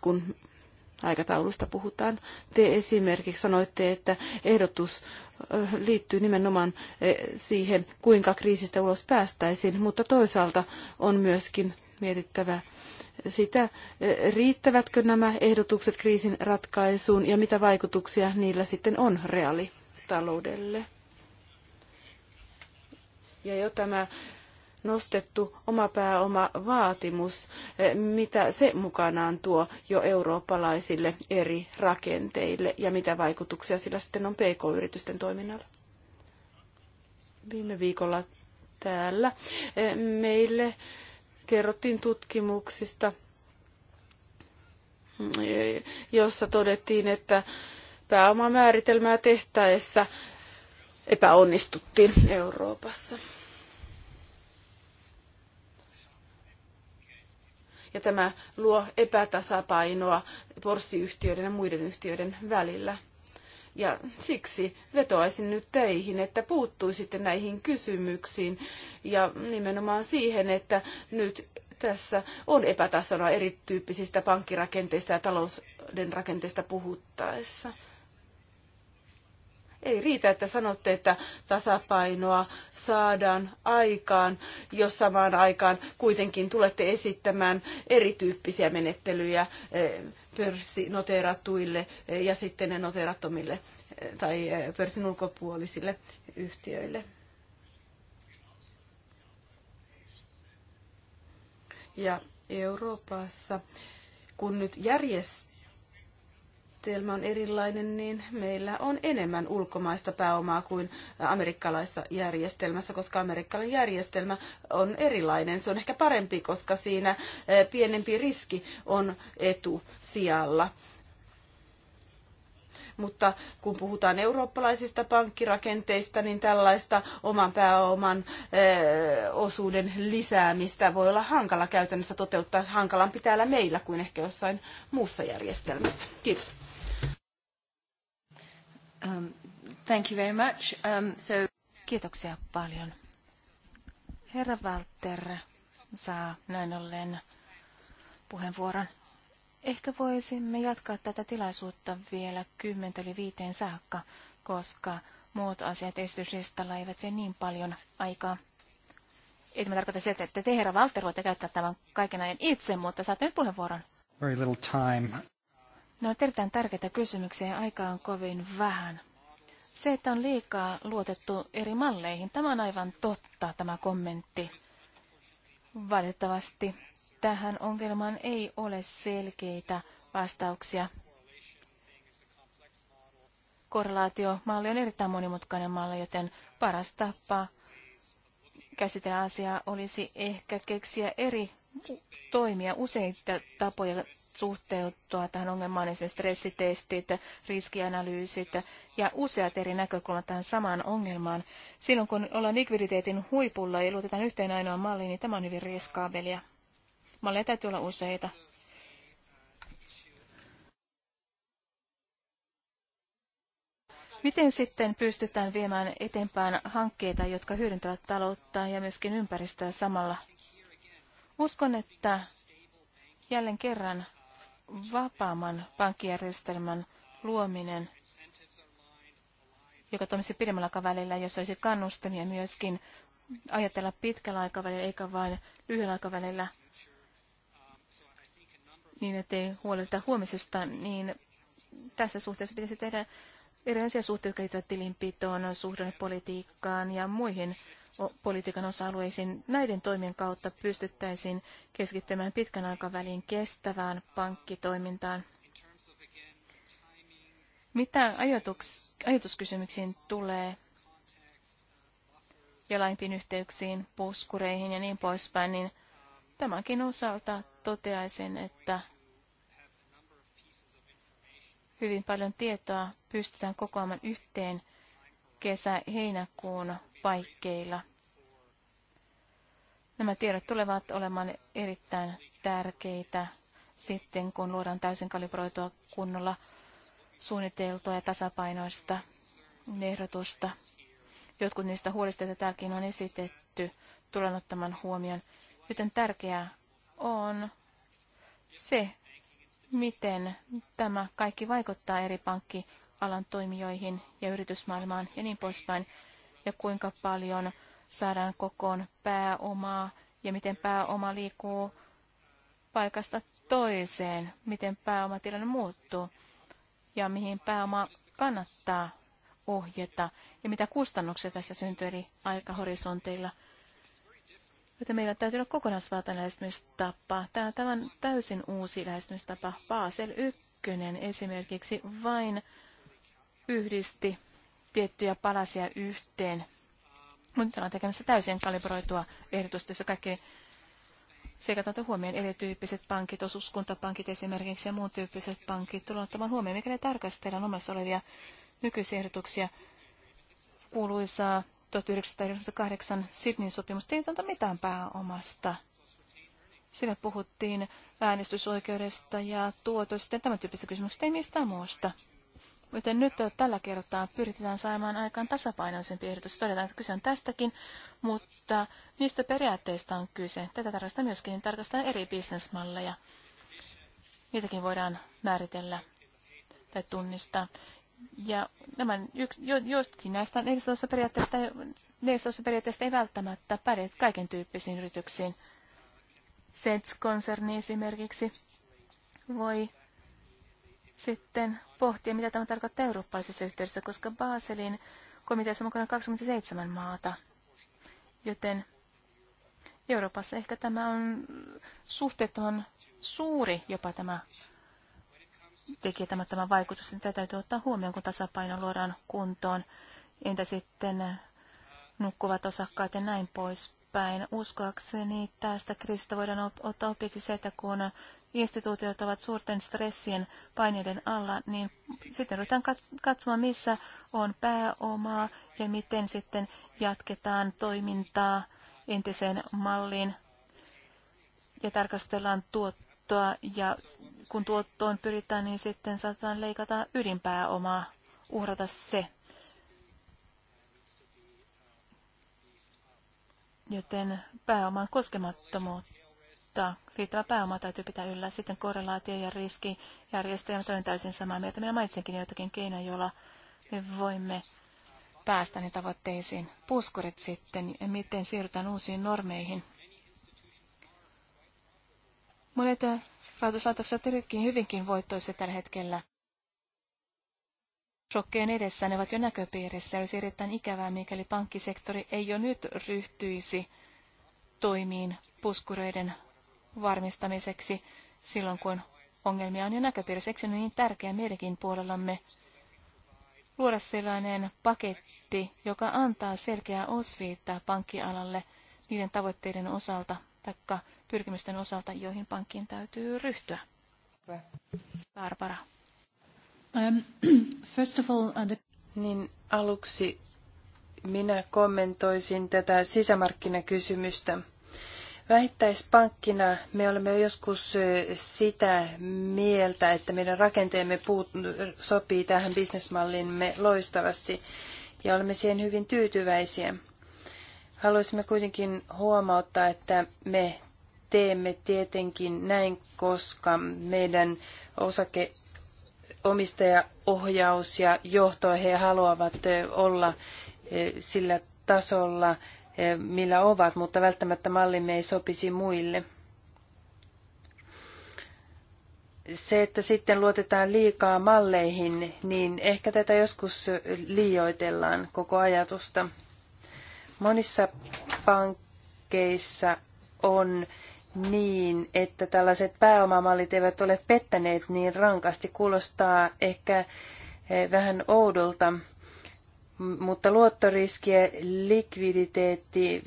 kun aikataulusta puhutaan. Te esimerkiksi sanoitte, että ehdotus liittyy nimenomaan siihen, kuinka kriisistä ulos päästäisiin, mutta toisaalta on myöskin mietittävä sitä, riittävätkö nämä ehdotukset kriisin ratkaisuun ja mitä vaikutuksia niillä sitten on reaalitaloudelle. Ja jo tämä nostettu oma pääoma vaatimus, eh, mitä se mukanaan tuo jo eurooppalaisille eri rakenteille ja mitä vaikutuksia sillä sitten on pk-yritysten toiminnalla. Viime viikolla täällä eh, meille kerrottiin tutkimuksista, eh, jossa todettiin, että pääomamääritelmää tehtäessä epäonnistuttiin Euroopassa. ja tämä luo epätasapainoa pörssiyhtiöiden ja muiden yhtiöiden välillä. Ja siksi vetoaisin nyt teihin, että puuttuisitte näihin kysymyksiin ja nimenomaan siihen, että nyt tässä on epätasona erityyppisistä pankkirakenteista ja talouden rakenteista puhuttaessa. Ei riitä, että sanotte, että tasapainoa saadaan aikaan, jos samaan aikaan kuitenkin tulette esittämään erityyppisiä menettelyjä eh, pörssinoteerattuille eh, ja sitten ne noteerattomille eh, tai pörssin ulkopuolisille yhtiöille. Ja Euroopassa, kun nyt järjestetään järjestelmä on erilainen, niin meillä on enemmän ulkomaista pääomaa kuin amerikkalaisessa järjestelmässä, koska amerikkalainen järjestelmä on erilainen. Se on ehkä parempi, koska siinä eh, pienempi riski on etu sijalla mutta kun puhutaan eurooppalaisista pankkirakenteista, niin tällaista oman pääoman eh, osuuden lisäämistä voi olla hankala käytännössä toteuttaa. Hankalampi täällä meillä kuin ehkä jossain muussa järjestelmässä. Kiitos. Um, thank you very much. Um, so... Kiitoksia paljon. Herra Walter saa näin ollen puheenvuoron. Ehkä voisimme jatkaa tätä tilaisuutta vielä 10 yli viiteen saakka, koska muut asiat esityslistalla eivät vie niin paljon aikaa. Et mä tarkoita sitä, että te herra Walter voitte käyttää tämän kaiken ajan itse, mutta saatte nyt puheenvuoron. Very little time. Ne ovat erittäin tärkeitä kysymyksiä ja aikaa on kovin vähän. Se, että on liikaa luotettu eri malleihin, tämä on aivan totta, tämä kommentti. Valitettavasti tähän ongelmaan ei ole selkeitä vastauksia. Korrelaatiomalli on erittäin monimutkainen malli, joten paras tapa käsitellä asiaa olisi ehkä keksiä eri toimia, useita tapoja suhteuttua tähän ongelmaan, esimerkiksi stressitestit, riskianalyysit ja useat eri näkökulmat tähän samaan ongelmaan. Silloin kun ollaan likviditeetin huipulla ja luotetaan yhteen ainoaan malliin, niin tämä on hyvin riskaabelia. Malleja täytyy olla useita. Miten sitten pystytään viemään eteenpäin hankkeita, jotka hyödyntävät taloutta ja myöskin ympäristöä samalla? Uskon, että jälleen kerran vapaamman pankkijärjestelmän luominen, joka toimisi pidemmällä aikavälillä, jos olisi kannustamia myöskin ajatella pitkällä aikavälillä eikä vain lyhyellä aikavälillä, niin ettei huolita huomisesta, niin tässä suhteessa pitäisi tehdä erilaisia suhteita, jotka liittyvät tilinpitoon, suhdannepolitiikkaan ja muihin politiikan osa-alueisiin. Näiden toimien kautta pystyttäisiin keskittymään pitkän aikavälin kestävään pankkitoimintaan. Mitä ajoituks, ajatuskysymyksiin tulee ja laimpiin yhteyksiin, puskureihin ja niin poispäin, niin tämänkin osalta toteaisin, että hyvin paljon tietoa pystytään kokoamaan yhteen kesä-heinäkuun paikkeilla. Nämä tiedot tulevat olemaan erittäin tärkeitä sitten, kun luodaan täysin kalibroitua kunnolla suunniteltua ja tasapainoista ehdotusta. Jotkut niistä huolista, joita täälläkin on esitetty, tulen ottamaan huomioon. Joten tärkeää on se, miten tämä kaikki vaikuttaa eri pankkialan toimijoihin ja yritysmaailmaan ja niin poispäin ja kuinka paljon saadaan kokoon pääomaa ja miten pääoma liikkuu paikasta toiseen, miten pääomatilanne muuttuu ja mihin pääoma kannattaa ohjata ja mitä kustannuksia tässä syntyy eri aikahorisonteilla. Joten meillä täytyy olla kokonaisvaltainen lähestymistapa. Tämä on tämän täysin uusi lähestymistapa. Basel 1 esimerkiksi vain yhdisti tiettyjä palasia yhteen. Mutta nyt ollaan tekemässä täysin kalibroitua ehdotusta, jossa kaikki sekä otetaan huomioon erityyppiset pankit, osuuskuntapankit esimerkiksi ja muun tyyppiset pankit tullaan ottamaan huomioon, mikä ne tarkastellaan omassa olevia nykyisiä ehdotuksia. Kuuluisaa 1998 Sydneyn sopimusta ei anta mitään pääomasta. Sillä puhuttiin äänestysoikeudesta ja tuotoista ja tämän tyyppistä kysymyksistä, ei mistään muusta. Joten nyt tällä kertaa pyritään saamaan aikaan tasapainoisempi ehdotus. Todetaan, että kyse on tästäkin, mutta mistä periaatteista on kyse? Tätä tarkastetaan myöskin niin tarkastetaan eri bisnesmalleja. Niitäkin voidaan määritellä tai tunnistaa. Ja nämä joistakin näistä 14 periaatteista, 14 periaatteista ei välttämättä päde kaiken tyyppisiin yrityksiin. Sets-konserni esimerkiksi voi sitten pohtia, mitä tämä tarkoittaa eurooppalaisessa yhteydessä, koska Baselin komiteassa on mukana 27 maata, joten Euroopassa ehkä tämä on suhteettoman suuri jopa tämä tekijä, tämä, tämä vaikutus, tätä täytyy ottaa huomioon, kun tasapaino luodaan kuntoon. Entä sitten nukkuvat osakkaat ja näin poispäin. Uskoakseni tästä kriisistä voidaan ottaa opiksi se, että kun instituutiot ovat suurten stressien paineiden alla, niin sitten ruvetaan katsomaan, missä on pääomaa ja miten sitten jatketaan toimintaa entiseen malliin ja tarkastellaan tuottoa. Ja kun tuottoon pyritään, niin sitten saatetaan leikata ydinpääomaa, uhrata se. Joten pääoman koskemattomuutta mutta riittävä pääoma täytyy pitää yllä. Sitten korrelaatio ja riski järjestelmät on täysin samaa mieltä. Minä mainitsinkin joitakin keinoja, joilla me voimme päästä niin tavoitteisiin. Puskurit sitten, miten siirrytään uusiin normeihin. Monet rahoituslaitokset ovat hyvinkin voittoisia tällä hetkellä. Shokkeen edessä ne ovat jo näköpiirissä olisi erittäin ikävää, mikäli pankkisektori ei jo nyt ryhtyisi toimiin puskureiden varmistamiseksi silloin, kun ongelmia on jo näköpiirissä. Eikö se ole niin tärkeää meidänkin puolellamme luoda sellainen paketti, joka antaa selkeää osviittaa pankkialalle niiden tavoitteiden osalta tai pyrkimysten osalta, joihin pankkiin täytyy ryhtyä? Barbara. Um, first of all, uh, the... Niin aluksi minä kommentoisin tätä sisämarkkinakysymystä. Vähittäispankkina me olemme joskus sitä mieltä, että meidän rakenteemme puut, sopii tähän bisnesmallimme loistavasti ja olemme siihen hyvin tyytyväisiä. Haluaisimme kuitenkin huomauttaa, että me teemme tietenkin näin, koska meidän osakeomistajaohjaus ja johto, he haluavat olla sillä tasolla, Eh, millä ovat, mutta välttämättä mallimme ei sopisi muille. Se, että sitten luotetaan liikaa malleihin, niin ehkä tätä joskus liioitellaan koko ajatusta. Monissa pankkeissa on niin, että tällaiset pääomamallit eivät ole pettäneet niin rankasti, kuulostaa ehkä eh, vähän oudolta, mutta luottoriski ja likviditeetti,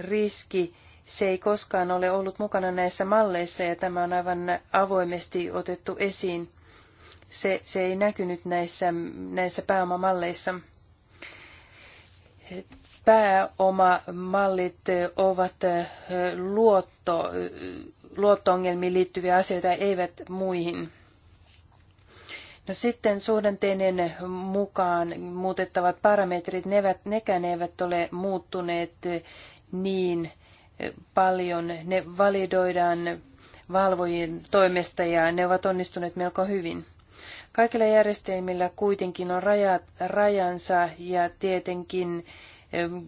riski, se ei koskaan ole ollut mukana näissä malleissa ja tämä on aivan avoimesti otettu esiin. Se, se ei näkynyt näissä, näissä pääomamalleissa. Pääomamallit ovat luotto, luottoongelmiin liittyviä asioita, eivät muihin. No sitten suhdanteiden mukaan muutettavat parametrit, nevät, nekään eivät ole muuttuneet niin paljon. Ne validoidaan valvojien toimesta ja ne ovat onnistuneet melko hyvin. Kaikilla järjestelmillä kuitenkin on rajat, rajansa ja tietenkin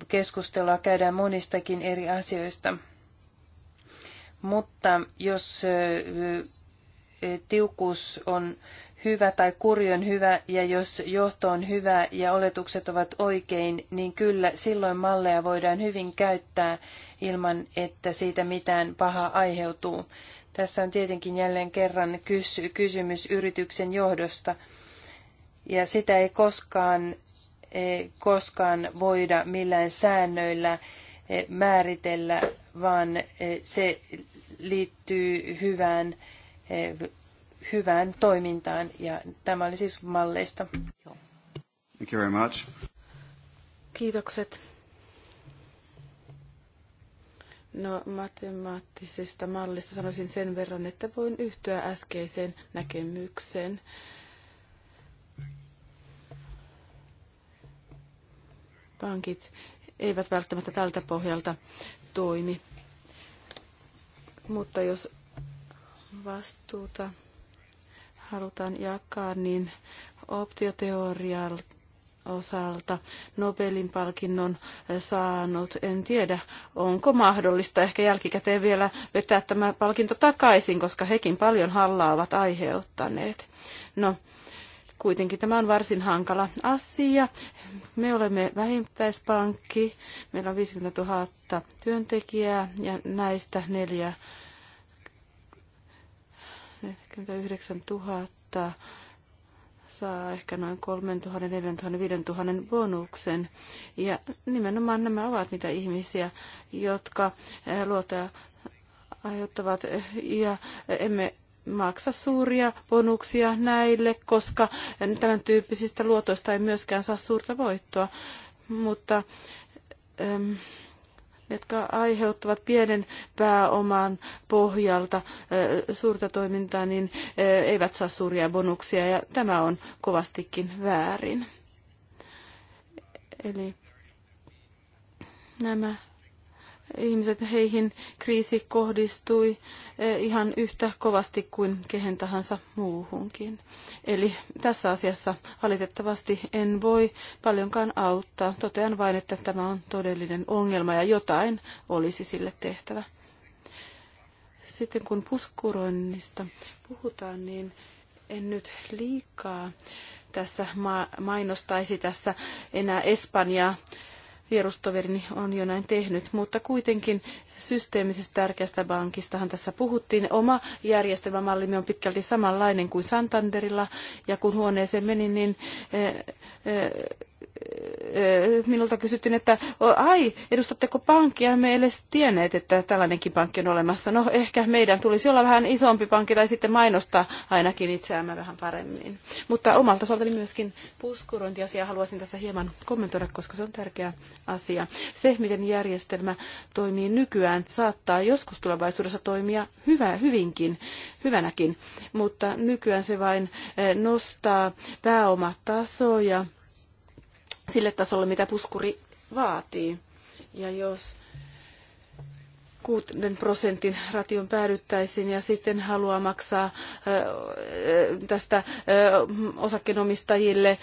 keskustelua käydään monistakin eri asioista. Mutta jos tiukkuus on hyvä tai kuri on hyvä ja jos johto on hyvä ja oletukset ovat oikein, niin kyllä silloin malleja voidaan hyvin käyttää ilman, että siitä mitään pahaa aiheutuu. Tässä on tietenkin jälleen kerran kysymys yrityksen johdosta. Ja sitä ei koskaan, koskaan voida millään säännöillä eh, määritellä, vaan eh, se liittyy hyvään eh, hyvään toimintaan. Ja tämä oli siis malleista. Thank you very much. Kiitokset. No matemaattisesta mallista sanoisin sen verran, että voin yhtyä äskeiseen näkemykseen. Pankit eivät välttämättä tältä pohjalta toimi. Mutta jos vastuuta halutaan jakaa, niin optioteorian osalta Nobelin palkinnon saanut. En tiedä, onko mahdollista ehkä jälkikäteen vielä vetää tämä palkinto takaisin, koska hekin paljon hallaa ovat aiheuttaneet. No, kuitenkin tämä on varsin hankala asia. Me olemme vähintäispankki, meillä on 50 000 työntekijää ja näistä neljä 49 000 saa ehkä noin 3 000, 4 000, 5 000 bonuksen. Ja nimenomaan nämä ovat niitä ihmisiä, jotka eh, luotaja aiheuttavat eh, ja emme maksa suuria bonuksia näille, koska tämän tyyppisistä luotoista ei myöskään saa suurta voittoa. Mutta äm, jotka aiheuttavat pienen pääoman pohjalta suurta toimintaa, niin eivät saa suuria bonuksia ja tämä on kovastikin väärin. Eli nämä ihmiset, heihin kriisi kohdistui eh, ihan yhtä kovasti kuin kehen tahansa muuhunkin. Eli tässä asiassa valitettavasti en voi paljonkaan auttaa. Totean vain, että tämä on todellinen ongelma ja jotain olisi sille tehtävä. Sitten kun puskuroinnista puhutaan, niin en nyt liikaa tässä mainostaisi tässä enää Espanjaa vierustoverini on jo näin tehnyt, mutta kuitenkin systeemisestä tärkeästä pankistahan tässä puhuttiin. Oma järjestelmämallimme on pitkälti samanlainen kuin Santanderilla, ja kun huoneeseen menin, niin eh, eh, minulta kysyttiin, että ai, edustatteko pankkia? Me ei edes tienneet, että tällainenkin pankki on olemassa. No ehkä meidän tulisi olla vähän isompi pankki tai sitten mainostaa ainakin itseämme vähän paremmin. Mutta omalta osaltani myöskin puskurointiasia haluaisin tässä hieman kommentoida, koska se on tärkeä asia. Se, miten järjestelmä toimii nykyään, saattaa joskus tulevaisuudessa toimia hyvä, hyvinkin, hyvänäkin, mutta nykyään se vain nostaa pääomatasoja sille tasolle, mitä puskuri vaatii. Ja jos 6 prosentin ration päädyttäisiin ja sitten haluaa maksaa tästä osakkeenomistajille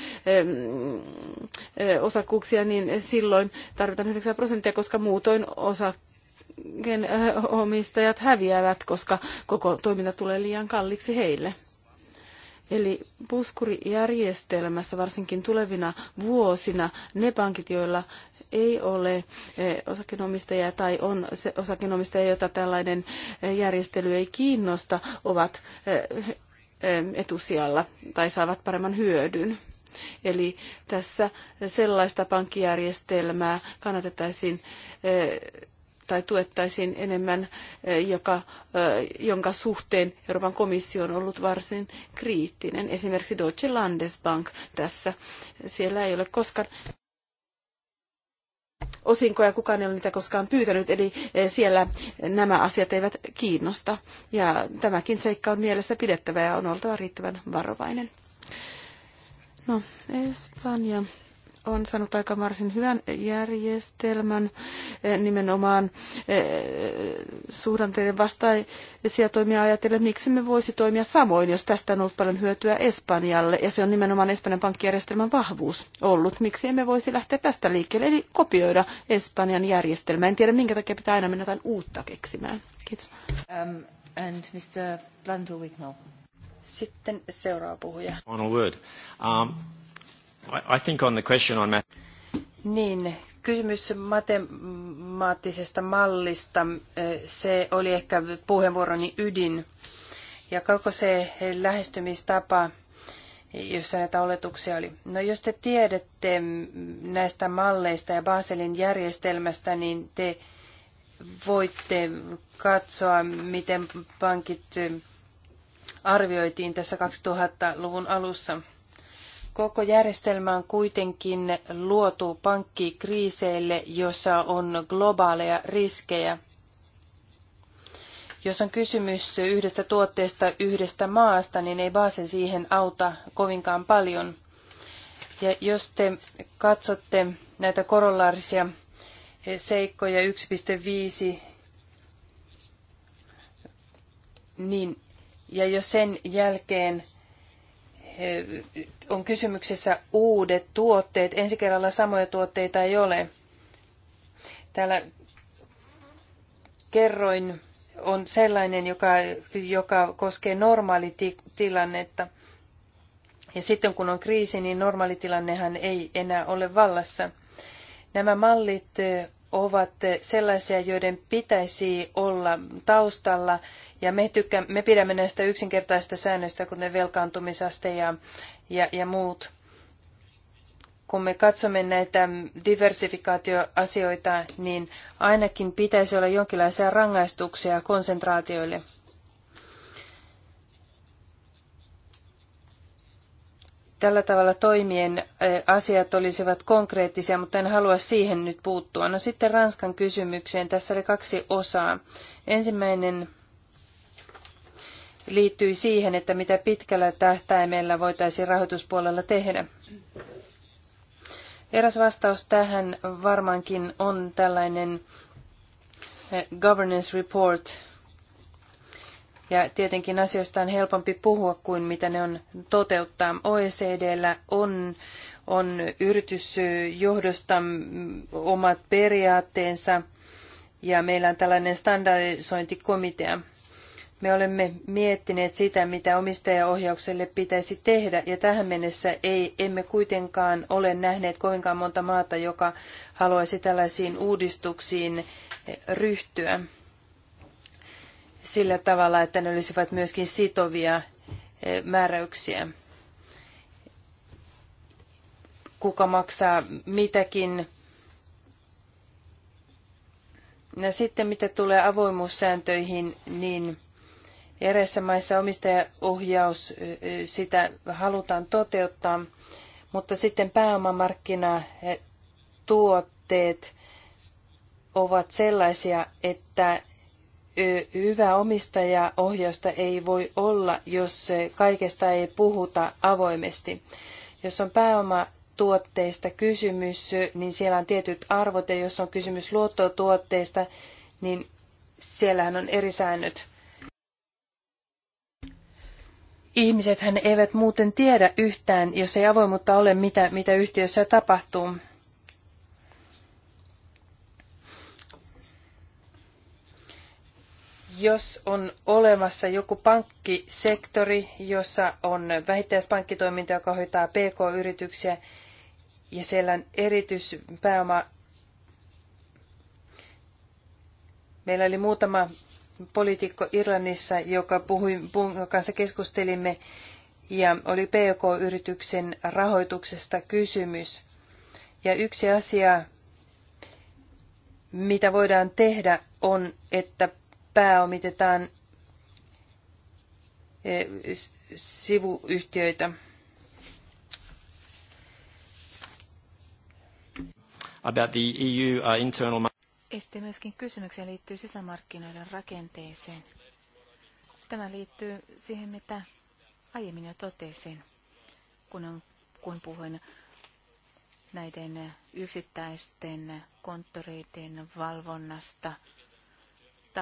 osakkuuksia, niin silloin tarvitaan 9 prosenttia, koska muutoin osakkeenomistajat häviävät, koska koko toiminta tulee liian kalliiksi heille. Eli puskurijärjestelmässä varsinkin tulevina vuosina ne pankit, joilla ei ole eh, osakenomistajia tai on osakenomistajia, jota tällainen eh, järjestely ei kiinnosta, ovat eh, etusijalla tai saavat paremman hyödyn. Eli tässä sellaista pankkijärjestelmää kannatettaisiin tai tuettaisiin enemmän, eh, joka, eh, jonka suhteen Euroopan komissio on ollut varsin kriittinen. Esimerkiksi Deutsche Landesbank tässä. Siellä ei ole koskaan osinkoja, kukaan ei ole niitä koskaan pyytänyt, eli eh, siellä nämä asiat eivät kiinnosta. Ja tämäkin seikka on mielessä pidettävä ja on oltava riittävän varovainen. No, Espanja on saanut aika varsin hyvän järjestelmän eh, nimenomaan eh, suhdanteiden vastaisia toimia ajatellen, miksi me voisi toimia samoin, jos tästä on ollut paljon hyötyä Espanjalle, ja se on nimenomaan Espanjan pankkijärjestelmän vahvuus ollut. Miksi emme voisi lähteä tästä liikkeelle, eli kopioida Espanjan järjestelmää. En tiedä, minkä takia pitää aina mennä jotain uutta keksimään. Kiitos. Um, and Mr. Sitten seuraava puhuja. Final word. Um, I think on the question on Niin, kysymys matemaattisesta mallista, se oli ehkä puheenvuoroni ydin. Ja koko se lähestymistapa, jossa näitä oletuksia oli. No jos te tiedätte näistä malleista ja Baselin järjestelmästä, niin te voitte katsoa, miten pankit arvioitiin tässä 2000-luvun alussa. Koko järjestelmä on kuitenkin luotu pankkikriiseille, jossa on globaaleja riskejä. Jos on kysymys yhdestä tuotteesta yhdestä maasta, niin ei Basel siihen auta kovinkaan paljon. Ja jos te katsotte näitä korollaarisia seikkoja 1.5, niin, ja jo sen jälkeen Eh, on kysymyksessä uudet tuotteet. Ensi kerralla samoja tuotteita ei ole. Täällä kerroin on sellainen, joka, joka koskee normaalitilannetta. Ja sitten kun on kriisi, niin normaalitilannehan ei enää ole vallassa. Nämä mallit eh, ovat sellaisia, joiden pitäisi olla taustalla. Ja me, tykkä, me pidämme näistä yksinkertaisista säännöistä, kuten velkaantumisaste ja, ja, ja muut. Kun me katsomme näitä diversifikaatioasioita, niin ainakin pitäisi olla jonkinlaisia rangaistuksia konsentraatioille. tällä tavalla toimien asiat olisivat konkreettisia, mutta en halua siihen nyt puuttua. No sitten Ranskan kysymykseen. Tässä oli kaksi osaa. Ensimmäinen liittyi siihen, että mitä pitkällä tähtäimellä voitaisiin rahoituspuolella tehdä. Eräs vastaus tähän varmaankin on tällainen governance report, ja tietenkin asioista on helpompi puhua kuin mitä ne on toteuttaa. OECDllä on, on yritysjohdosta omat periaatteensa ja meillä on tällainen standardisointikomitea. Me olemme miettineet sitä, mitä omistajaohjaukselle pitäisi tehdä, ja tähän mennessä ei, emme kuitenkaan ole nähneet kovinkaan monta maata, joka haluaisi tällaisiin uudistuksiin ryhtyä sillä tavalla, että ne olisivat myöskin sitovia eh, määräyksiä. Kuka maksaa mitäkin. Ja no sitten mitä tulee avoimuussääntöihin, niin eräissä maissa omistajaohjaus eh, eh, sitä halutaan toteuttaa, mutta sitten pääomamarkkinatuotteet ovat sellaisia, että hyvää omistajaohjausta ei voi olla, jos kaikesta ei puhuta avoimesti. Jos on pääoma tuotteista kysymys, niin siellä on tietyt arvot, ja jos on kysymys luottotuotteista, niin siellähän on eri säännöt. Ihmisethän eivät muuten tiedä yhtään, jos ei avoimuutta ole, mitä, mitä yhtiössä tapahtuu. jos on olemassa joku pankkisektori, jossa on vähittäispankkitoiminta, joka hoitaa PK-yrityksiä, ja siellä on erityispääoma. Meillä oli muutama poliitikko Irlannissa, joka puhui, kanssa keskustelimme, ja oli PK-yrityksen rahoituksesta kysymys. Ja yksi asia, mitä voidaan tehdä, on, että pääomitetaan eh, sivuyhtiöitä. About the EU, uh, internal... Este myöskin kysymykseen liittyy sisämarkkinoiden rakenteeseen. Tämä liittyy siihen, mitä aiemmin jo totesin, kun, on, kun puhuin näiden yksittäisten konttoreiden valvonnasta –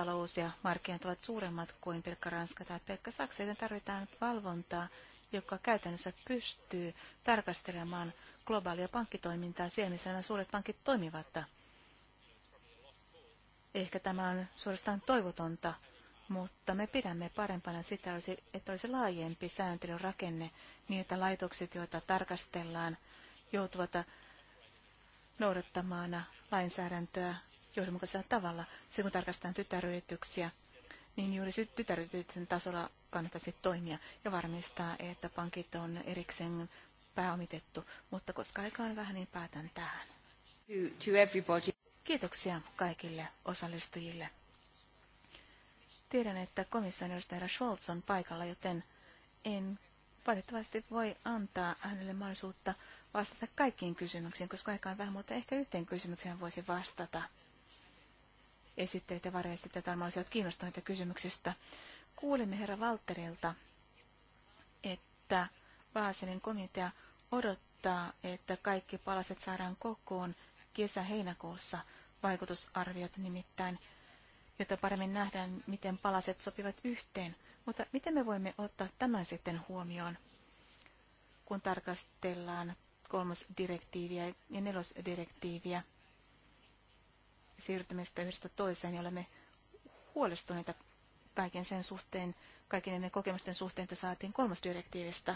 talous ja markkinat ovat suuremmat kuin pelkkä Ranska tai pelkkä Saksa, joten tarvitaan valvontaa, joka käytännössä pystyy tarkastelemaan globaalia pankkitoimintaa siellä, missä nämä suuret pankit toimivat. Ehkä tämä on suorastaan toivotonta, mutta me pidämme parempana sitä, että olisi laajempi sääntelyrakenne niin, että laitokset, joita tarkastellaan, joutuvat noudattamaan lainsäädäntöä johdonmukaisella tavalla, se kun tarkastetaan tytäryrityksiä, niin juuri tytäryritysten tasolla kannattaisi toimia ja varmistaa, että pankit on erikseen pääomitettu, mutta koska aika on vähän, niin päätän tähän. Kiitoksia kaikille osallistujille. Tiedän, että komission herra Scholz on paikalla, joten en valitettavasti voi antaa hänelle mahdollisuutta vastata kaikkiin kysymyksiin, koska aika on vähän, mutta ehkä yhteen kysymykseen voisi vastata esittelit ja tätä varmaan olisivat kiinnostuneita kysymyksestä. Kuulimme herra Valterilta, että Vaaselin komitea odottaa, että kaikki palaset saadaan kokoon kesä-heinäkuussa vaikutusarviot nimittäin, jotta paremmin nähdään, miten palaset sopivat yhteen. Mutta miten me voimme ottaa tämän sitten huomioon, kun tarkastellaan kolmosdirektiiviä ja nelosdirektiiviä? siirtymistä yhdestä toiseen, ja niin olemme huolestuneita kaiken sen suhteen, kaiken ne kokemusten suhteen, että saatiin kolmas direktiivistä.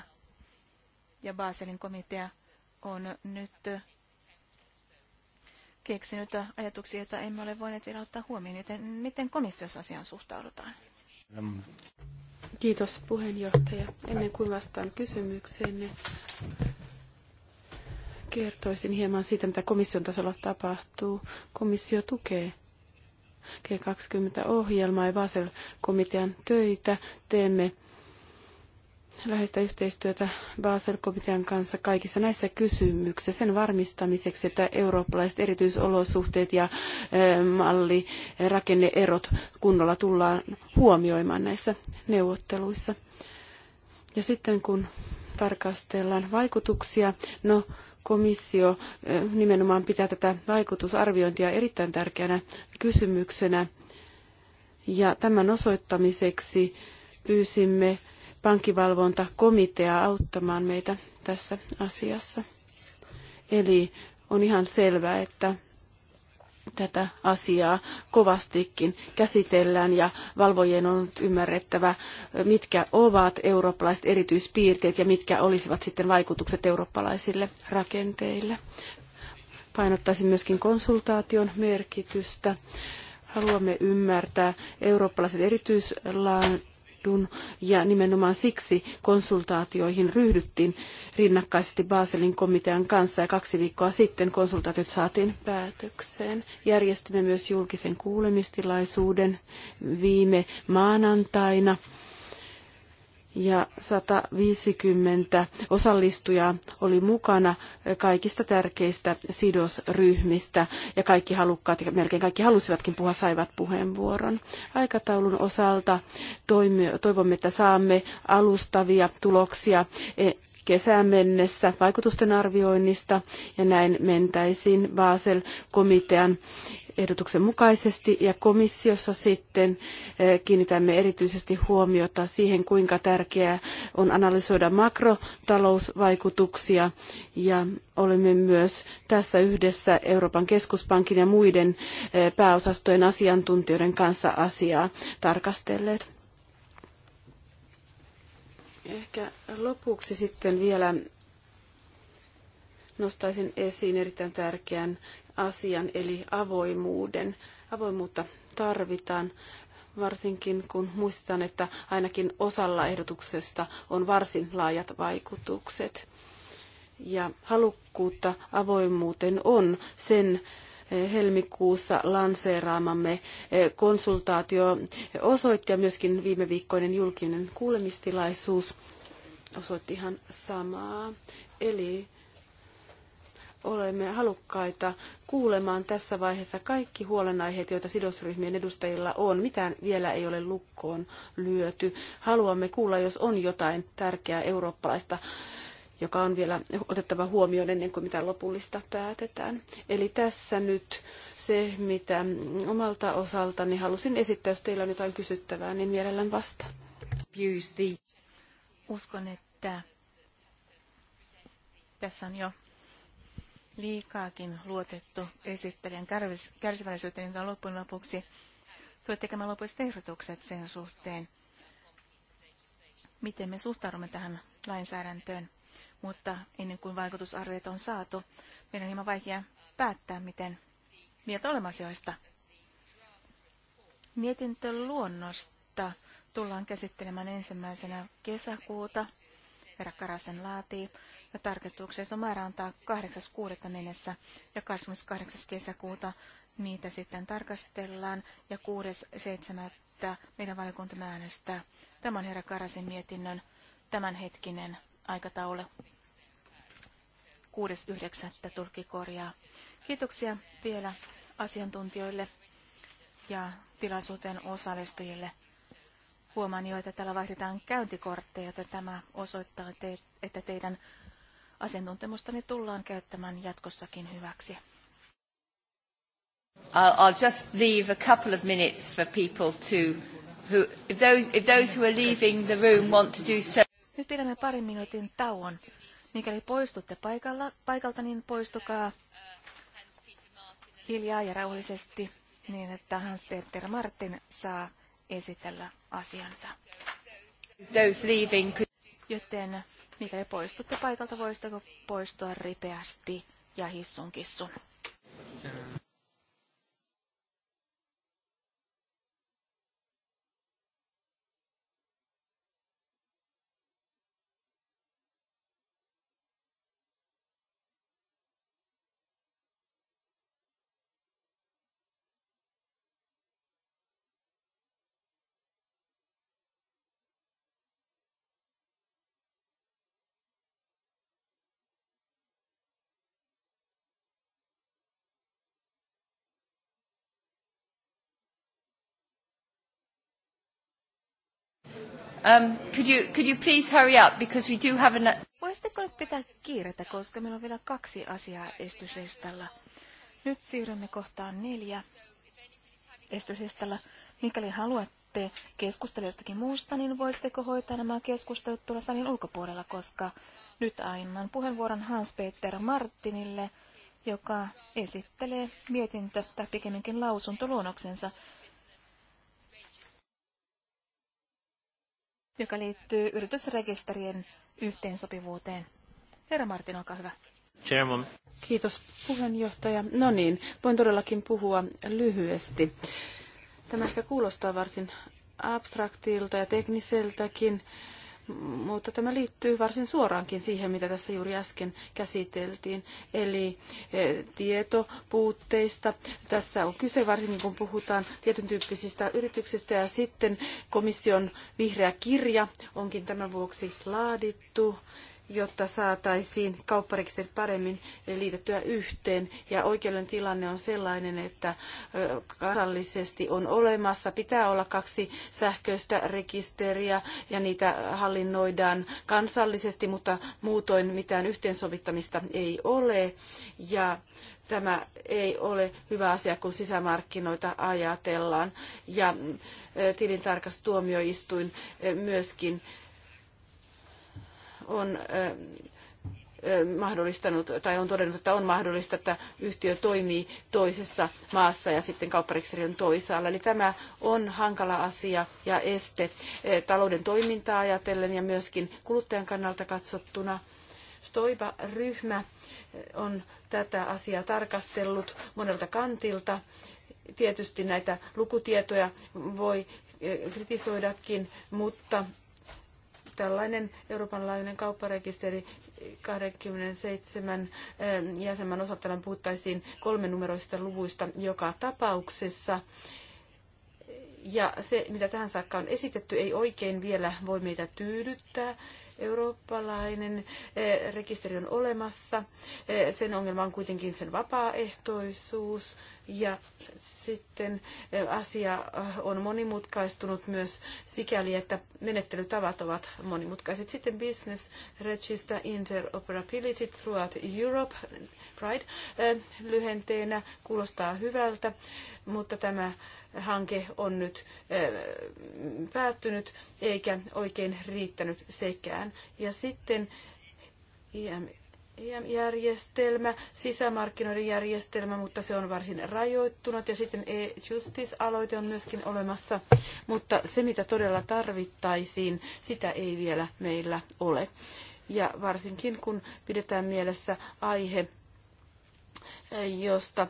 Ja Baselin komitea on nyt keksinyt ajatuksia, joita emme ole voineet vielä ottaa huomioon, joten miten komissiossa asiaan suhtaudutaan? Kiitos puheenjohtaja. Ennen kuin vastaan kysymykseenne, kertoisin hieman siitä, mitä komission tasolla tapahtuu. Komissio tukee G20-ohjelmaa ja Basel-komitean töitä. Teemme läheistä yhteistyötä Basel-komitean kanssa kaikissa näissä kysymyksissä sen varmistamiseksi, että eurooppalaiset erityisolosuhteet ja eh, malli, eh, rakenneerot kunnolla tullaan huomioimaan näissä neuvotteluissa. Ja sitten kun tarkastellaan vaikutuksia. No, komissio eh, nimenomaan pitää tätä vaikutusarviointia erittäin tärkeänä kysymyksenä. Ja tämän osoittamiseksi pyysimme pankkivalvontakomiteaa auttamaan meitä tässä asiassa. Eli on ihan selvää, että tätä asiaa kovastikin käsitellään ja valvojien on nyt ymmärrettävä, mitkä ovat eurooppalaiset erityispiirteet ja mitkä olisivat sitten vaikutukset eurooppalaisille rakenteille. Painottaisin myöskin konsultaation merkitystä. Haluamme ymmärtää eurooppalaiset erityislait todetun, ja nimenomaan siksi konsultaatioihin ryhdyttiin rinnakkaisesti Baselin komitean kanssa, ja kaksi viikkoa sitten konsultaatiot saatiin päätökseen. Järjestimme myös julkisen kuulemistilaisuuden viime maanantaina ja 150 osallistujaa oli mukana kaikista tärkeistä sidosryhmistä ja kaikki halukkaat, ja melkein kaikki halusivatkin puhua, saivat puheenvuoron. Aikataulun osalta toivomme, että saamme alustavia tuloksia e, kesään mennessä vaikutusten arvioinnista ja näin mentäisiin Basel-komitean ehdotuksen mukaisesti ja komissiossa sitten eh, kiinnitämme erityisesti huomiota siihen, kuinka tärkeää on analysoida makrotalousvaikutuksia ja olemme myös tässä yhdessä Euroopan keskuspankin ja muiden eh, pääosastojen asiantuntijoiden kanssa asiaa tarkastelleet. Ehkä lopuksi sitten vielä nostaisin esiin erittäin tärkeän asian eli avoimuuden. Avoimuutta tarvitaan varsinkin kun muistetaan, että ainakin osalla ehdotuksesta on varsin laajat vaikutukset. Ja halukkuutta avoimuuteen on sen eh, helmikuussa lanseeraamamme eh, konsultaatio eh, osoitti ja myöskin viime viikkoinen julkinen kuulemistilaisuus osoitti ihan samaa. Eli olemme halukkaita kuulemaan tässä vaiheessa kaikki huolenaiheet, joita sidosryhmien edustajilla on. Mitään vielä ei ole lukkoon lyöty. Haluamme kuulla, jos on jotain tärkeää eurooppalaista joka on vielä otettava huomioon ennen kuin mitään lopullista päätetään. Eli tässä nyt se, mitä omalta osaltani halusin esittää. Jos teillä on jotain kysyttävää, niin mielellään vasta. Uskon, että tässä on jo liikaakin luotettu esittelijän kärsivällisyyteen, niin loppujen lopuksi tulet tekemään lopulliset ehdotukset sen suhteen, miten me suhtaudumme tähän lainsäädäntöön. Mutta ennen kuin vaikutusarviot on saatu, meidän on hieman vaikea päättää, miten mieltä olemme asioista. Mietintöluonnosta tullaan käsittelemään ensimmäisenä kesäkuuta. Herra Karasen laatii ja tarkoituksessa on määrä antaa 8.6. mennessä ja 28. kesäkuuta niitä sitten tarkastellaan ja 6.7. meidän valiokuntamme äänestää. Tämä on herra Karasin mietinnön tämänhetkinen aikataulu. 6.9. tulkki korjaa. Kiitoksia vielä asiantuntijoille ja tilaisuuteen osallistujille. Huomaan jo, että täällä vaihdetaan käyntikortteja, joten tämä osoittaa, te, että teidän asiantuntemustani tullaan käyttämään jatkossakin hyväksi. I'll just leave a couple of minutes for people to, who, if those, if those who are leaving the room want to do so. Nyt pidämme parin minuutin tauon. Mikäli poistutte paikalla, paikalta, niin poistukaa hiljaa ja rauhallisesti niin, että Hans-Peter Martin saa esitellä asiansa. Joten Mikäli poistutte paikalta, voisitteko poistua ripeästi ja hissun kissun? Um, could you, could you please hurry up, because we do have Voisitteko nyt pitää kiirettä, koska meillä on vielä kaksi asiaa estyslistalla. Nyt siirrymme kohtaan neljä estyslistalla. Mikäli haluatte keskustella jostakin muusta, niin voisitteko hoitaa nämä keskustelut tuolla salin ulkopuolella, koska nyt annan puheenvuoron Hans-Peter Martinille, joka esittelee mietintö tai pikemminkin lausuntoluonnoksensa, joka liittyy yritysrekisterien yhteensopivuuteen. Herra Martin, olkaa hyvä. Chairman. Kiitos puheenjohtaja. No niin, voin todellakin puhua lyhyesti. Tämä ehkä kuulostaa varsin abstraktilta ja tekniseltäkin, mutta tämä liittyy varsin suoraankin siihen, mitä tässä juuri äsken käsiteltiin, eli eh, tietopuutteista. Tässä on kyse varsinkin, kun puhutaan tietyn tyyppisistä yrityksistä, ja sitten komission vihreä kirja onkin tämän vuoksi laadittu, jotta saataisiin kaupparekisterit paremmin liitettyä yhteen. Ja oikeuden tilanne on sellainen, että kansallisesti on olemassa, pitää olla kaksi sähköistä rekisteriä ja niitä hallinnoidaan kansallisesti, mutta muutoin mitään yhteensovittamista ei ole. Ja tämä ei ole hyvä asia, kun sisämarkkinoita ajatellaan. Ja tilintarkastustuomioistuin myöskin on mahdollistanut tai on todennut, että on mahdollista, että yhtiö toimii toisessa maassa ja sitten kaupparekisteri on toisaalla. Eli tämä on hankala asia ja este talouden toimintaa ajatellen ja myöskin kuluttajan kannalta katsottuna. Stoiba-ryhmä on tätä asiaa tarkastellut monelta kantilta. Tietysti näitä lukutietoja voi kritisoidakin, mutta tällainen Euroopan laajuinen kaupparekisteri 27 ähm, jäsenmaan osalta puhuttaisiin kolmenumeroisista luvuista joka tapauksessa. Ja se, mitä tähän saakka on esitetty, ei oikein vielä voi meitä tyydyttää. Eurooppalainen eh, rekisteri on olemassa. Eh, sen ongelma on kuitenkin sen vapaaehtoisuus. Ja sitten eh, asia on monimutkaistunut myös sikäli, että menettelytavat ovat monimutkaiset. Sitten Business Register Interoperability Throughout Europe, Pride, lyhenteenä kuulostaa hyvältä, mutta tämä hanke on nyt päättynyt eikä oikein riittänyt sekään. Ja sitten IM järjestelmä sisämarkkinoiden järjestelmä, mutta se on varsin rajoittunut. Ja sitten e-justice-aloite on myöskin olemassa, mutta se mitä todella tarvittaisiin, sitä ei vielä meillä ole. Ja varsinkin kun pidetään mielessä aihe, josta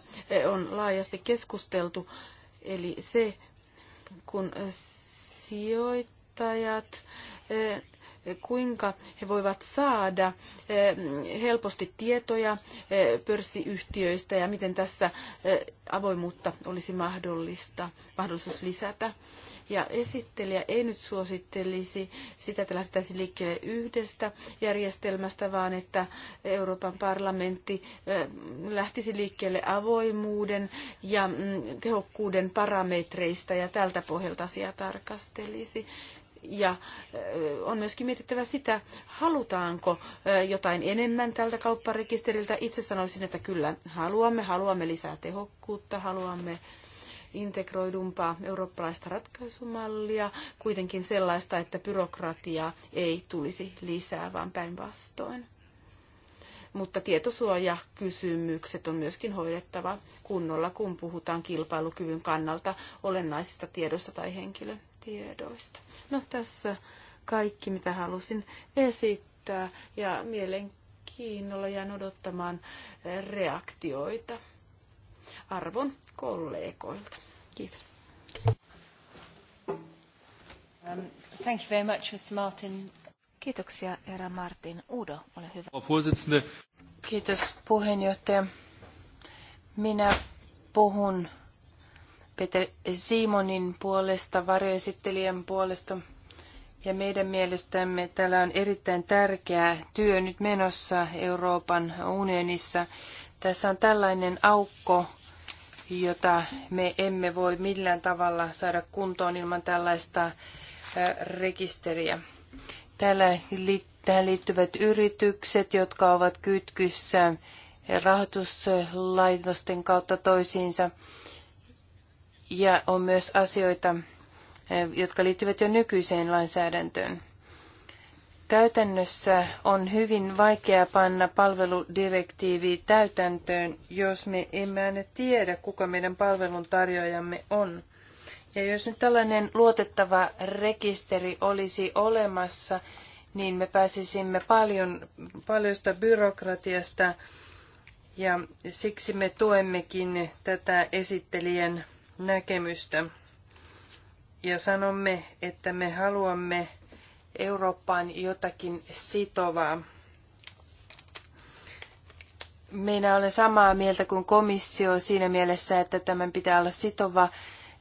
on laajasti keskusteltu, Eli se, kun sijoittajat eh, kuinka he voivat saada eh, helposti tietoja eh, pörssiyhtiöistä ja miten tässä eh, avoimuutta olisi mahdollista, mahdollisuus lisätä. Ja esittelijä ei nyt suosittelisi sitä, että lähdettäisiin liikkeelle yhdestä järjestelmästä, vaan että Euroopan parlamentti lähtisi liikkeelle avoimuuden ja mm, tehokkuuden parametreista ja tältä pohjalta asiaa tarkastelisi. Ja on myöskin mietittävä sitä, halutaanko jotain enemmän tältä kaupparekisteriltä. Itse sanoisin, että kyllä haluamme, haluamme lisää tehokkuutta, haluamme integroidumpaa eurooppalaista ratkaisumallia, kuitenkin sellaista, että byrokratia ei tulisi lisää, vaan päinvastoin mutta tietosuojakysymykset on myöskin hoidettava kunnolla, kun puhutaan kilpailukyvyn kannalta olennaisista tiedoista tai henkilötiedoista. No tässä kaikki, mitä halusin esittää ja mielenkiinnolla jään odottamaan reaktioita arvon kollegoilta. Kiitos. Um, thank you very much, Mr. Martin. Kiitoksia, herra Martin. Udo, ole hyvä. Kiitos, puheenjohtaja. Minä puhun Peter Simonin puolesta, varjoesittelijän puolesta. Ja meidän mielestämme täällä on erittäin tärkeä työ nyt menossa Euroopan unionissa. Tässä on tällainen aukko, jota me emme voi millään tavalla saada kuntoon ilman tällaista rekisteriä. Täällä tähän liittyvät yritykset, jotka ovat kytkyssä rahoituslaitosten kautta toisiinsa. Ja on myös asioita, eh, jotka liittyvät jo nykyiseen lainsäädäntöön. Käytännössä on hyvin vaikea panna palveludirektiivi täytäntöön, jos me emme aina tiedä, kuka meidän palveluntarjoajamme on. Ja jos nyt tällainen luotettava rekisteri olisi olemassa, niin me pääsisimme paljon, paljosta byrokratiasta ja siksi me tuemmekin tätä esittelijän näkemystä. Ja sanomme, että me haluamme Eurooppaan jotakin sitovaa. Minä olen samaa mieltä kuin komissio siinä mielessä, että tämän pitää olla sitova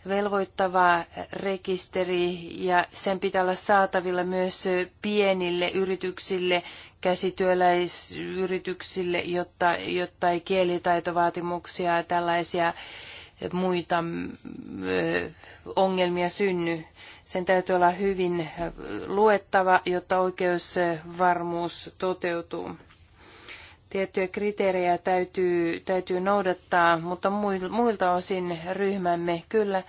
velvoittava rekisteri ja sen pitää olla saatavilla myös pienille yrityksille, käsityöläisyrityksille, jotta, jotta ei kielitaitovaatimuksia ja tällaisia muita ongelmia synny. Sen täytyy olla hyvin luettava, jotta oikeusvarmuus toteutuu. Tiettyjä kriteerejä täytyy, täytyy noudattaa, mutta muilta osin ryhmämme kyllä,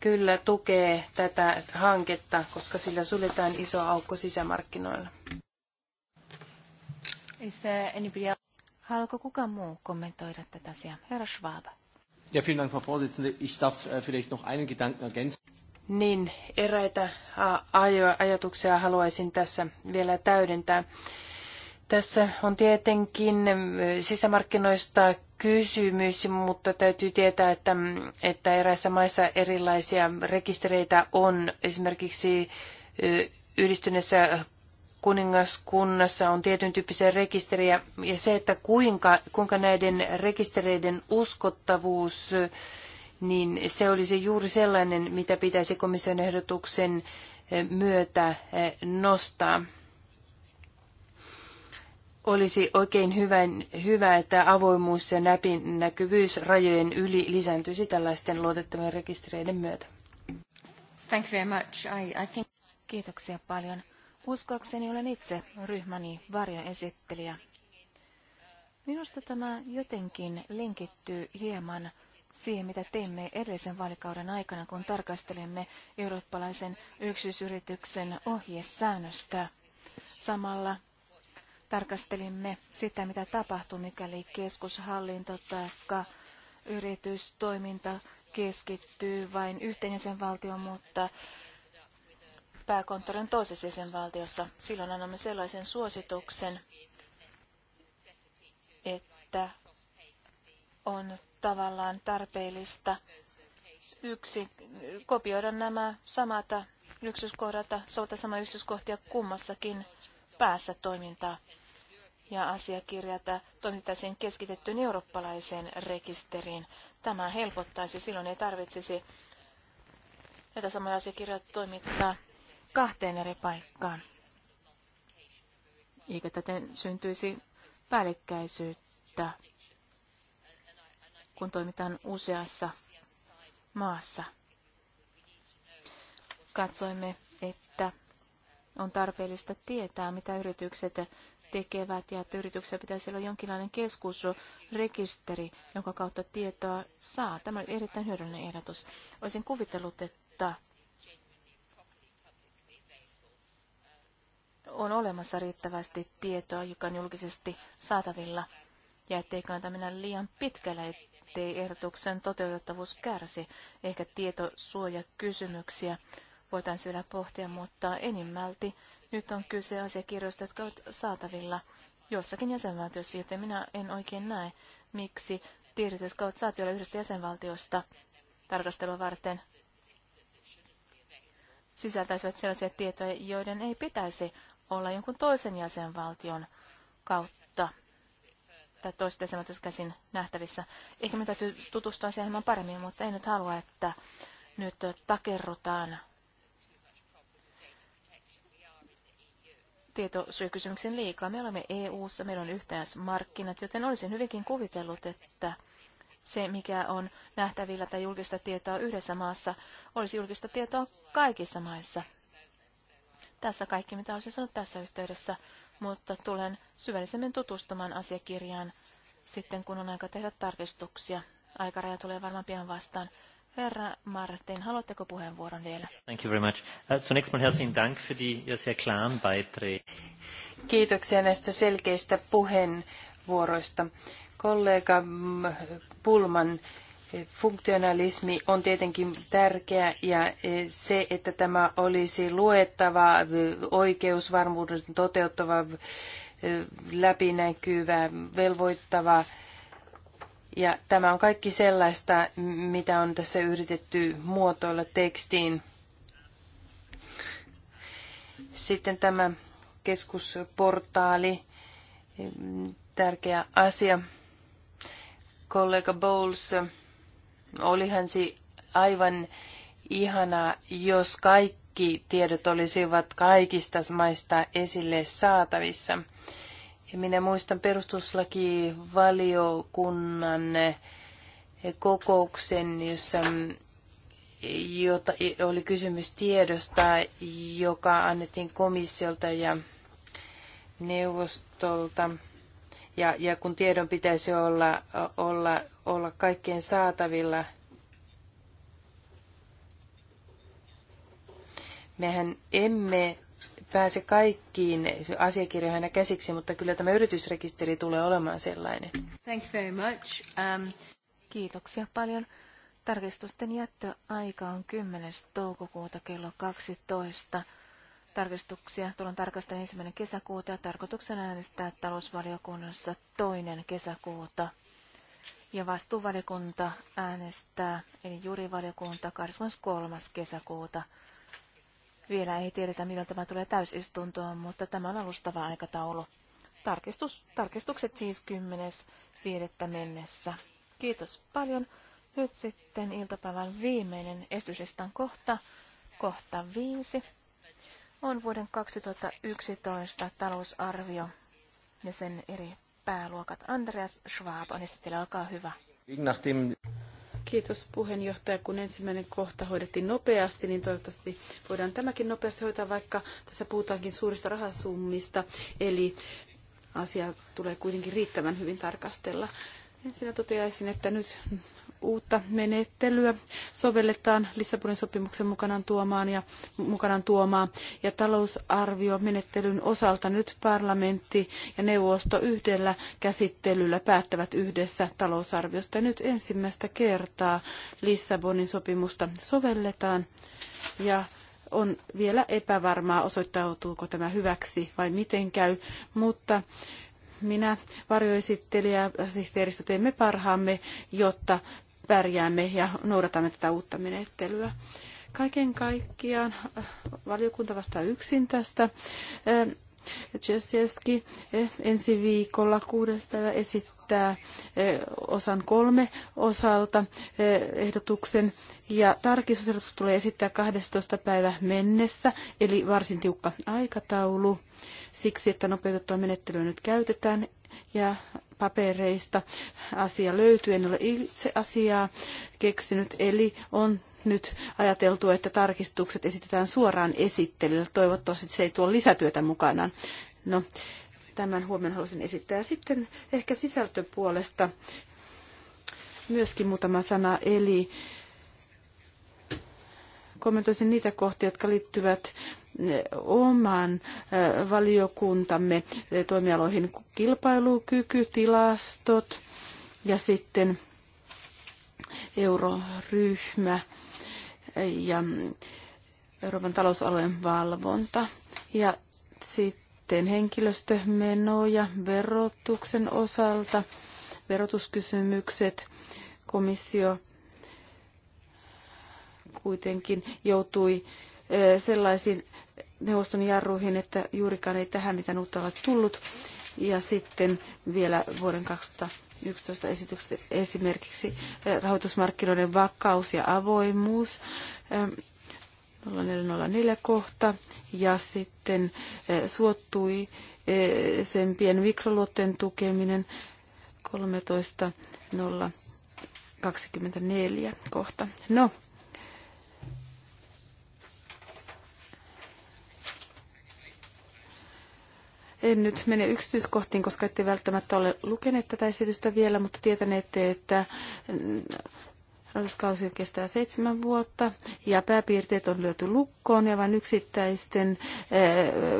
kyllä tukee tätä hanketta, koska sillä suljetaan iso aukko sisämarkkinoilla. Haluatko kukaan muu kommentoida tätä asiaa? Herra Schwab. Ja, vielen Dank, Frau Vorsitzende. Ich darf äh, vielleicht noch einen Gedanken ergänzen. Niin, eräitä äh, ajatuksia haluaisin tässä vielä täydentää. Tässä on tietenkin mm, sisämarkkinoista kysymys, mutta täytyy tietää, että, mm, että eräissä maissa erilaisia rekistereitä on. Esimerkiksi yhdistyneessä kuningaskunnassa on tietyn tyyppisiä rekisteriä ja se, että kuinka, kuinka näiden rekistereiden uskottavuus, niin se olisi juuri sellainen, mitä pitäisi komission ehdotuksen myötä nostaa olisi oikein hyvä, hyvä, että avoimuus ja läpinäkyvyys rajojen yli lisääntyisi tällaisten luotettavien rekistereiden myötä. Thank you very much. I, I think... Kiitoksia paljon. Uskoakseni olen itse ryhmäni varjoesittelijä. Minusta tämä jotenkin linkittyy hieman siihen, mitä teimme edellisen vaalikauden aikana, kun tarkastelimme eurooppalaisen yksityisyrityksen ohjesäännöstä. Samalla tarkastelimme sitä, mitä tapahtuu, mikäli keskushallinto tai yritystoiminta keskittyy vain yhteen jäsenvaltioon, mutta pääkonttorin toisessa jäsenvaltiossa. Silloin annamme sellaisen suosituksen, että on tavallaan tarpeellista yksi, kopioida nämä samat yksityiskohdat, soveltaa sama yksityiskohtia kummassakin päässä toimintaa ja asiakirjat toimittaisiin keskitettyyn eurooppalaiseen rekisteriin. Tämä helpottaisi, silloin ei tarvitsisi näitä samoja asiakirjoja toimittaa kahteen eri paikkaan. Eikä täten syntyisi päällekkäisyyttä, kun toimitaan useassa maassa. Katsoimme, että on tarpeellista tietää, mitä yritykset tekevät ja että yrityksellä pitäisi olla jonkinlainen keskusrekisteri, jonka kautta tietoa saa. Tämä on erittäin hyödyllinen ehdotus. Olisin kuvitellut, että on olemassa riittävästi tietoa, joka on julkisesti saatavilla, ja ettei kannata mennä liian pitkälle, ettei ehdotuksen toteutettavuus kärsi. Ehkä tietosuojakysymyksiä voitaisiin vielä pohtia, mutta enimmälti nyt on kyse asiakirjoista, jotka ovat saatavilla jossakin jäsenvaltiossa, joten minä en oikein näe, miksi tiedot, jotka ovat saatavilla yhdestä jäsenvaltiosta tarkastelua varten, sisältäisivät sellaisia tietoja, joiden ei pitäisi olla jonkun toisen jäsenvaltion kautta tai toista jäsenvaltiossa käsin nähtävissä. Ehkä me täytyy tutustua siihen hieman paremmin, mutta en nyt halua, että nyt takerrutaan tietosyökysymyksen liikaa. Me olemme EU-ssa, meillä on yhteismarkkinat, joten olisin hyvinkin kuvitellut, että se, mikä on nähtävillä tai julkista tietoa yhdessä maassa, olisi julkista tietoa kaikissa maissa. Tässä kaikki, mitä olisin sanonut tässä yhteydessä, mutta tulen syvällisemmin tutustumaan asiakirjaan sitten, kun on aika tehdä tarkistuksia. Aikaraja tulee varmaan pian vastaan. Herra Martin, haluatteko puheenvuoron vielä? Thank you very much. Äh, zunächst mal herzlichen Dank für die ja sehr klaren Beiträge. Kiitoksia näistä selkeistä puheenvuoroista. Kollega Pulman eh, funktionalismi on tietenkin tärkeä ja eh, se, että tämä olisi luettava, eh, oikeusvarmuuden toteuttava, läpinäkyvä, velvoittava ja tämä on kaikki sellaista, mitä on tässä yritetty muotoilla tekstiin. Sitten tämä keskusportaali, tärkeä asia. Kollega Bowles, olihan se aivan ihana, jos kaikki tiedot olisivat kaikista maista esille saatavissa. Ja minä muistan perustuslakivaliokunnan kokouksen, jossa jota, oli kysymys tiedosta, joka annettiin komissiolta ja neuvostolta. Ja, ja kun tiedon pitäisi olla, olla, olla kaikkien saatavilla, mehän emme pääse kaikkiin asiakirjoihin käsiksi, mutta kyllä tämä yritysrekisteri tulee olemaan sellainen. Thank you very much. Um... Kiitoksia paljon. Tarkistusten jättöaika on 10. toukokuuta kello 12. Tarkistuksia tullaan tarkastaa ensimmäinen kesäkuuta ja tarkoituksena äänestää talousvaliokunnassa toinen kesäkuuta. Ja vastuuvaliokunta äänestää, eli jurivaliokunta 23. kesäkuuta. Vielä ei tiedetä, milloin tämä tulee täysistuntoon, mutta tämä on alustava aikataulu. Tarkistus, tarkistukset siis 10.5. mennessä. Kiitos paljon. Nyt sitten iltapäivän viimeinen estysistan kohta, kohta 5, on vuoden 2011 talousarvio ja sen eri pääluokat. Andreas Schwab on esittely, olkaa hyvä. Kiitos puheenjohtaja. Kun ensimmäinen kohta hoidettiin nopeasti, niin toivottavasti voidaan tämäkin nopeasti hoitaa, vaikka tässä puhutaankin suurista rahasummista. Eli asia tulee kuitenkin riittävän hyvin tarkastella. Ensinnä toteaisin, että nyt uutta menettelyä sovelletaan Lissabonin sopimuksen mukanaan tuomaan ja mukanaan tuomaan Ja talousarvio menettelyn osalta nyt parlamentti ja neuvosto yhdellä käsittelyllä päättävät yhdessä talousarviosta. Nyt ensimmäistä kertaa Lissabonin sopimusta sovelletaan ja on vielä epävarmaa, osoittautuuko tämä hyväksi vai miten käy, mutta minä varjoesittelijä ja sihteeristö teemme parhaamme, jotta pärjäämme ja noudatamme tätä uutta menettelyä. Kaiken kaikkiaan äh, valiokunta vastaa yksin tästä. Äh, Czesieski äh, ensi viikolla kuudes päivä esittää osan kolme osalta ehdotuksen ja tarkistusehdotus tulee esittää 12. päivä mennessä, eli varsin tiukka aikataulu siksi, että nopeutettua menettelyä nyt käytetään ja papereista asia löytyy. En ole itse asiaa keksinyt, eli on nyt ajateltu, että tarkistukset esitetään suoraan esittelijälle. Toivottavasti se ei tuo lisätyötä mukanaan. No, tämän huomion halusin esittää. Sitten ehkä sisältöpuolesta myöskin muutama sana, eli kommentoisin niitä kohtia, jotka liittyvät eh, oman eh, valiokuntamme eh, toimialoihin kilpailukyky, tilastot ja sitten euroryhmä ja Euroopan talousalueen valvonta. Ja sitten henkilöstömenoja verotuksen osalta, verotuskysymykset, komissio kuitenkin joutui sellaisiin neuvoston jarruihin, että juurikaan ei tähän mitään uutta ole tullut. Ja sitten vielä vuoden 2011 esitykset esimerkiksi rahoitusmarkkinoiden vakaus ja avoimuus. 0404 kohta ja sitten suottui sen pien mikroluotteen tukeminen 13.024 kohta. No, En nyt mene yksityiskohtiin, koska ette välttämättä ole lukeneet tätä esitystä vielä, mutta tietäneette, että Rahoituskausi kestää seitsemän vuotta ja pääpiirteet on lyöty lukkoon ja vain yksittäisten eh,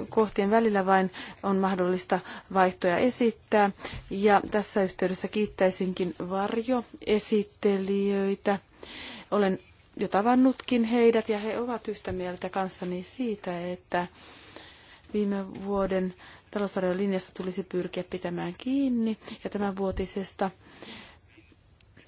kohtien välillä vain on mahdollista vaihtoja esittää. Ja tässä yhteydessä kiittäisinkin varjoesittelijöitä. Olen jo tavannutkin heidät ja he ovat yhtä mieltä kanssani siitä, että viime vuoden talousarvion linjasta tulisi pyrkiä pitämään kiinni ja tämänvuotisesta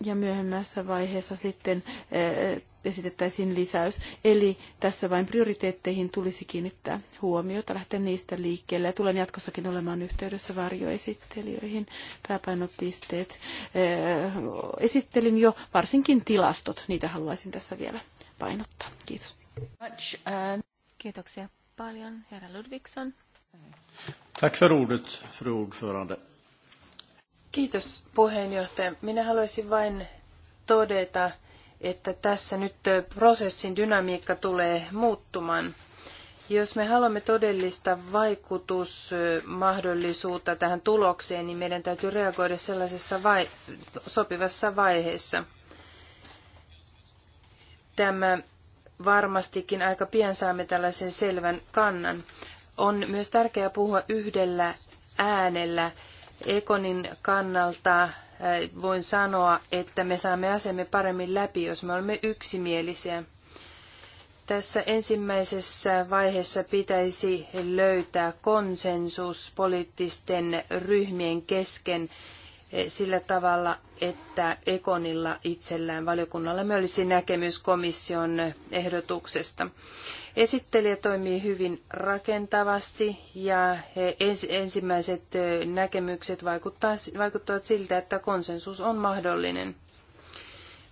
ja myöhemmässä vaiheessa sitten eh, esitettäisiin lisäys. Eli tässä vain prioriteetteihin tulisi kiinnittää huomiota, lähteä niistä liikkeelle. Ja tulen jatkossakin olemaan yhteydessä varjoesittelijöihin. Pääpainopisteet eh, esittelin jo, varsinkin tilastot. Niitä haluaisin tässä vielä painottaa. Kiitos. Uh, Kiitoksia paljon, herra Ludvigson. Tack för ordet, fru ordförande. Kiitos puheenjohtaja. Minä haluaisin vain todeta, että tässä nyt prosessin dynamiikka tulee muuttumaan. Jos me haluamme todellista vaikutusmahdollisuutta tähän tulokseen, niin meidän täytyy reagoida sellaisessa vai- sopivassa vaiheessa. Tämä varmastikin aika pian saamme tällaisen selvän kannan. On myös tärkeää puhua yhdellä äänellä. Ekonin kannalta äh, voin sanoa, että me saamme asemme paremmin läpi, jos me olemme yksimielisiä. Tässä ensimmäisessä vaiheessa pitäisi löytää konsensus poliittisten ryhmien kesken Eh, sillä tavalla, että Ekonilla itsellään valiokunnalla olisi näkemys komission ehdotuksesta. Esittelijä toimii hyvin rakentavasti ja ensimmäiset eh, näkemykset vaikuttavat siltä, että konsensus on mahdollinen.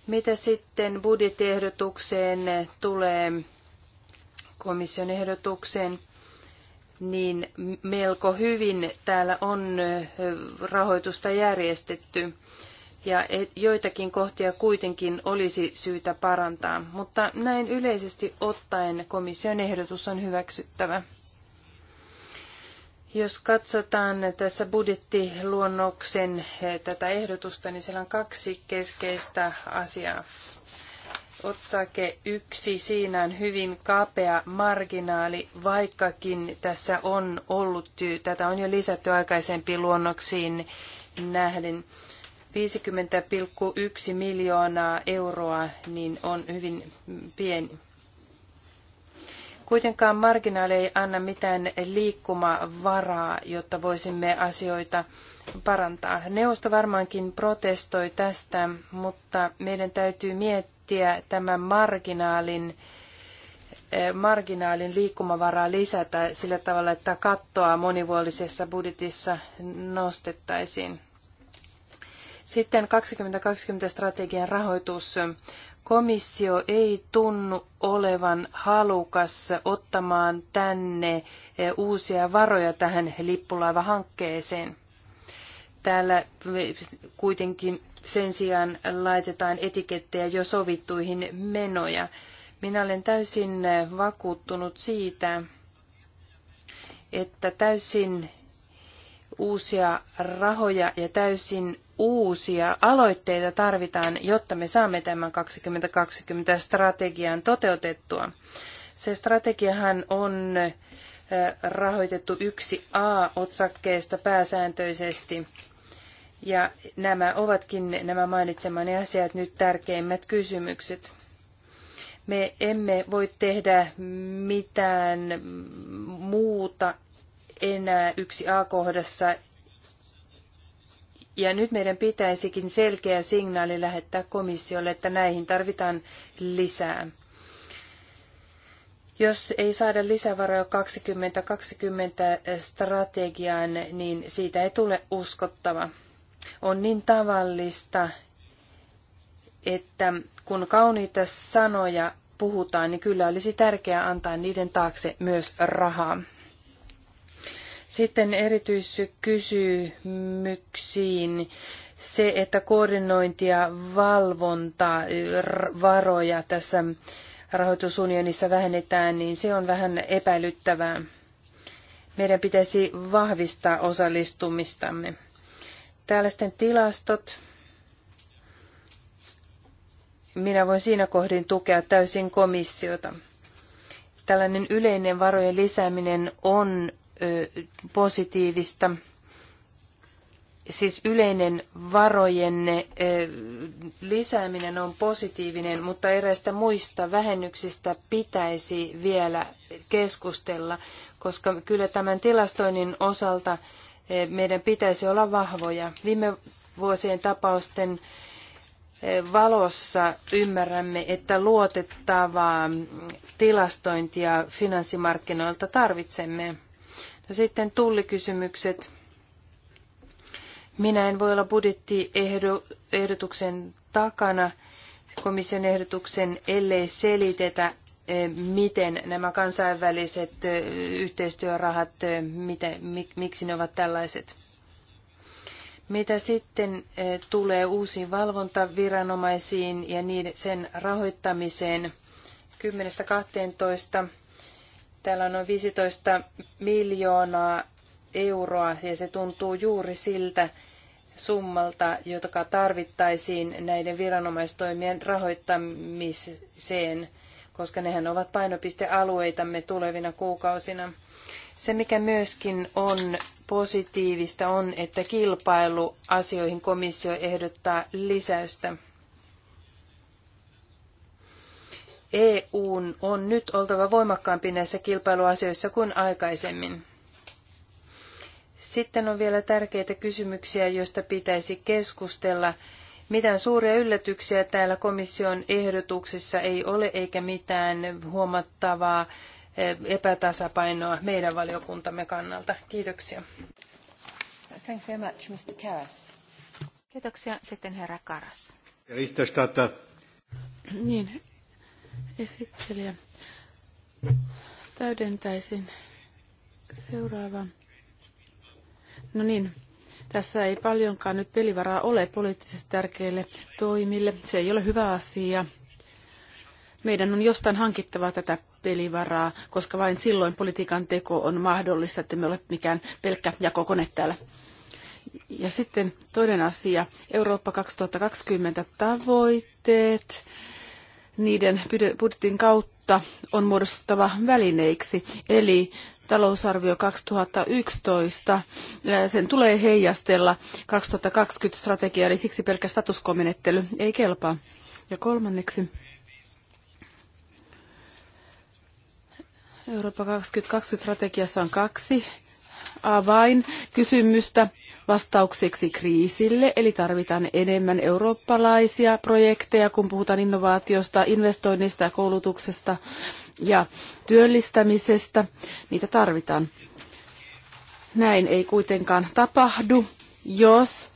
Mitä sitten budjettiehdotukseen tulee komission ehdotukseen? niin melko hyvin täällä on rahoitusta järjestetty. Ja e, joitakin kohtia kuitenkin olisi syytä parantaa, mutta näin yleisesti ottaen komission ehdotus on hyväksyttävä. Jos katsotaan tässä budjettiluonnoksen e, tätä ehdotusta, niin siellä on kaksi keskeistä asiaa otsake yksi, siinä on hyvin kapea marginaali, vaikkakin tässä on ollut, tätä on jo lisätty aikaisempiin luonnoksiin nähden. 50,1 miljoonaa euroa niin on hyvin pieni. Kuitenkaan marginaali ei anna mitään liikkumavaraa, jotta voisimme asioita parantaa. Neuvosto varmaankin protestoi tästä, mutta meidän täytyy miettiä, miettiä tämän marginaalin, eh, marginaalin liikkumavaraa lisätä sillä tavalla, että kattoa monivuolisessa budjetissa nostettaisiin. Sitten 2020-strategian rahoitus. Komissio ei tunnu olevan halukas ottamaan tänne eh, uusia varoja tähän lippulaivahankkeeseen. Täällä kuitenkin sen sijaan laitetaan etikettejä jo sovittuihin menoja. Minä olen täysin vakuuttunut siitä, että täysin uusia rahoja ja täysin uusia aloitteita tarvitaan, jotta me saamme tämän 2020 strategian toteutettua. Se strategiahan on rahoitettu 1A-otsakkeesta pääsääntöisesti ja nämä ovatkin nämä mainitsemani asiat nyt tärkeimmät kysymykset. Me emme voi tehdä mitään muuta enää yksi A-kohdassa. Ja nyt meidän pitäisikin selkeä signaali lähettää komissiolle, että näihin tarvitaan lisää. Jos ei saada lisävaroja 2020 strategiaan, niin siitä ei tule uskottava. On niin tavallista, että kun kauniita sanoja puhutaan, niin kyllä olisi tärkeää antaa niiden taakse myös rahaa. Sitten erityiskysymyksiin se, että koordinointi ja valvonta varoja tässä rahoitusunionissa vähennetään, niin se on vähän epäilyttävää. Meidän pitäisi vahvistaa osallistumistamme. Täällä sitten tilastot. Minä voin siinä kohdin tukea täysin komissiota. Tällainen yleinen varojen lisääminen on ö, positiivista. Siis yleinen varojen ö, lisääminen on positiivinen, mutta eräistä muista vähennyksistä pitäisi vielä keskustella, koska kyllä tämän tilastoinnin osalta – Eh, meidän pitäisi olla vahvoja. Viime vuosien tapausten eh, valossa ymmärrämme, että luotettavaa tilastointia finanssimarkkinoilta tarvitsemme. No sitten tullikysymykset. Minä en voi olla budjettiehdotuksen takana komission ehdotuksen, ellei selitetä miten nämä kansainväliset yhteistyörahat, miten, miksi ne ovat tällaiset. Mitä sitten tulee uusiin valvontaviranomaisiin ja niiden, sen rahoittamiseen 10-12, täällä on noin 15 miljoonaa euroa ja se tuntuu juuri siltä summalta, jota tarvittaisiin näiden viranomaistoimien rahoittamiseen – koska nehän ovat painopistealueitamme tulevina kuukausina. Se, mikä myöskin on positiivista, on, että kilpailuasioihin komissio ehdottaa lisäystä. EUn on nyt oltava voimakkaampi näissä kilpailuasioissa kuin aikaisemmin. Sitten on vielä tärkeitä kysymyksiä, joista pitäisi keskustella mitään suuria yllätyksiä täällä komission ehdotuksissa ei ole, eikä mitään huomattavaa eh, epätasapainoa meidän valiokuntamme kannalta. Kiitoksia. Thank you very much, Mr. Karas. Kiitoksia. Sitten herra Karas. Niin, esittelijä. Täydentäisin seuraava. No niin, tässä ei paljonkaan nyt pelivaraa ole poliittisesti tärkeille toimille. Se ei ole hyvä asia. Meidän on jostain hankittava tätä pelivaraa, koska vain silloin politiikan teko on mahdollista, että me ole mikään pelkkä jakokone täällä. Ja sitten toinen asia, Eurooppa 2020 tavoitteet niiden budjetin kautta on muodostuttava välineiksi. Eli talousarvio 2011, sen tulee heijastella 2020 strategiaa, eli siksi pelkkä statuskomenettely ei kelpaa. Ja kolmanneksi, Eurooppa 2020 strategiassa on kaksi avainkysymystä vastaukseksi kriisille, eli tarvitaan enemmän eurooppalaisia projekteja, kun puhutaan innovaatiosta, investoinnista, koulutuksesta ja työllistämisestä. Niitä tarvitaan. Näin ei kuitenkaan tapahdu, jos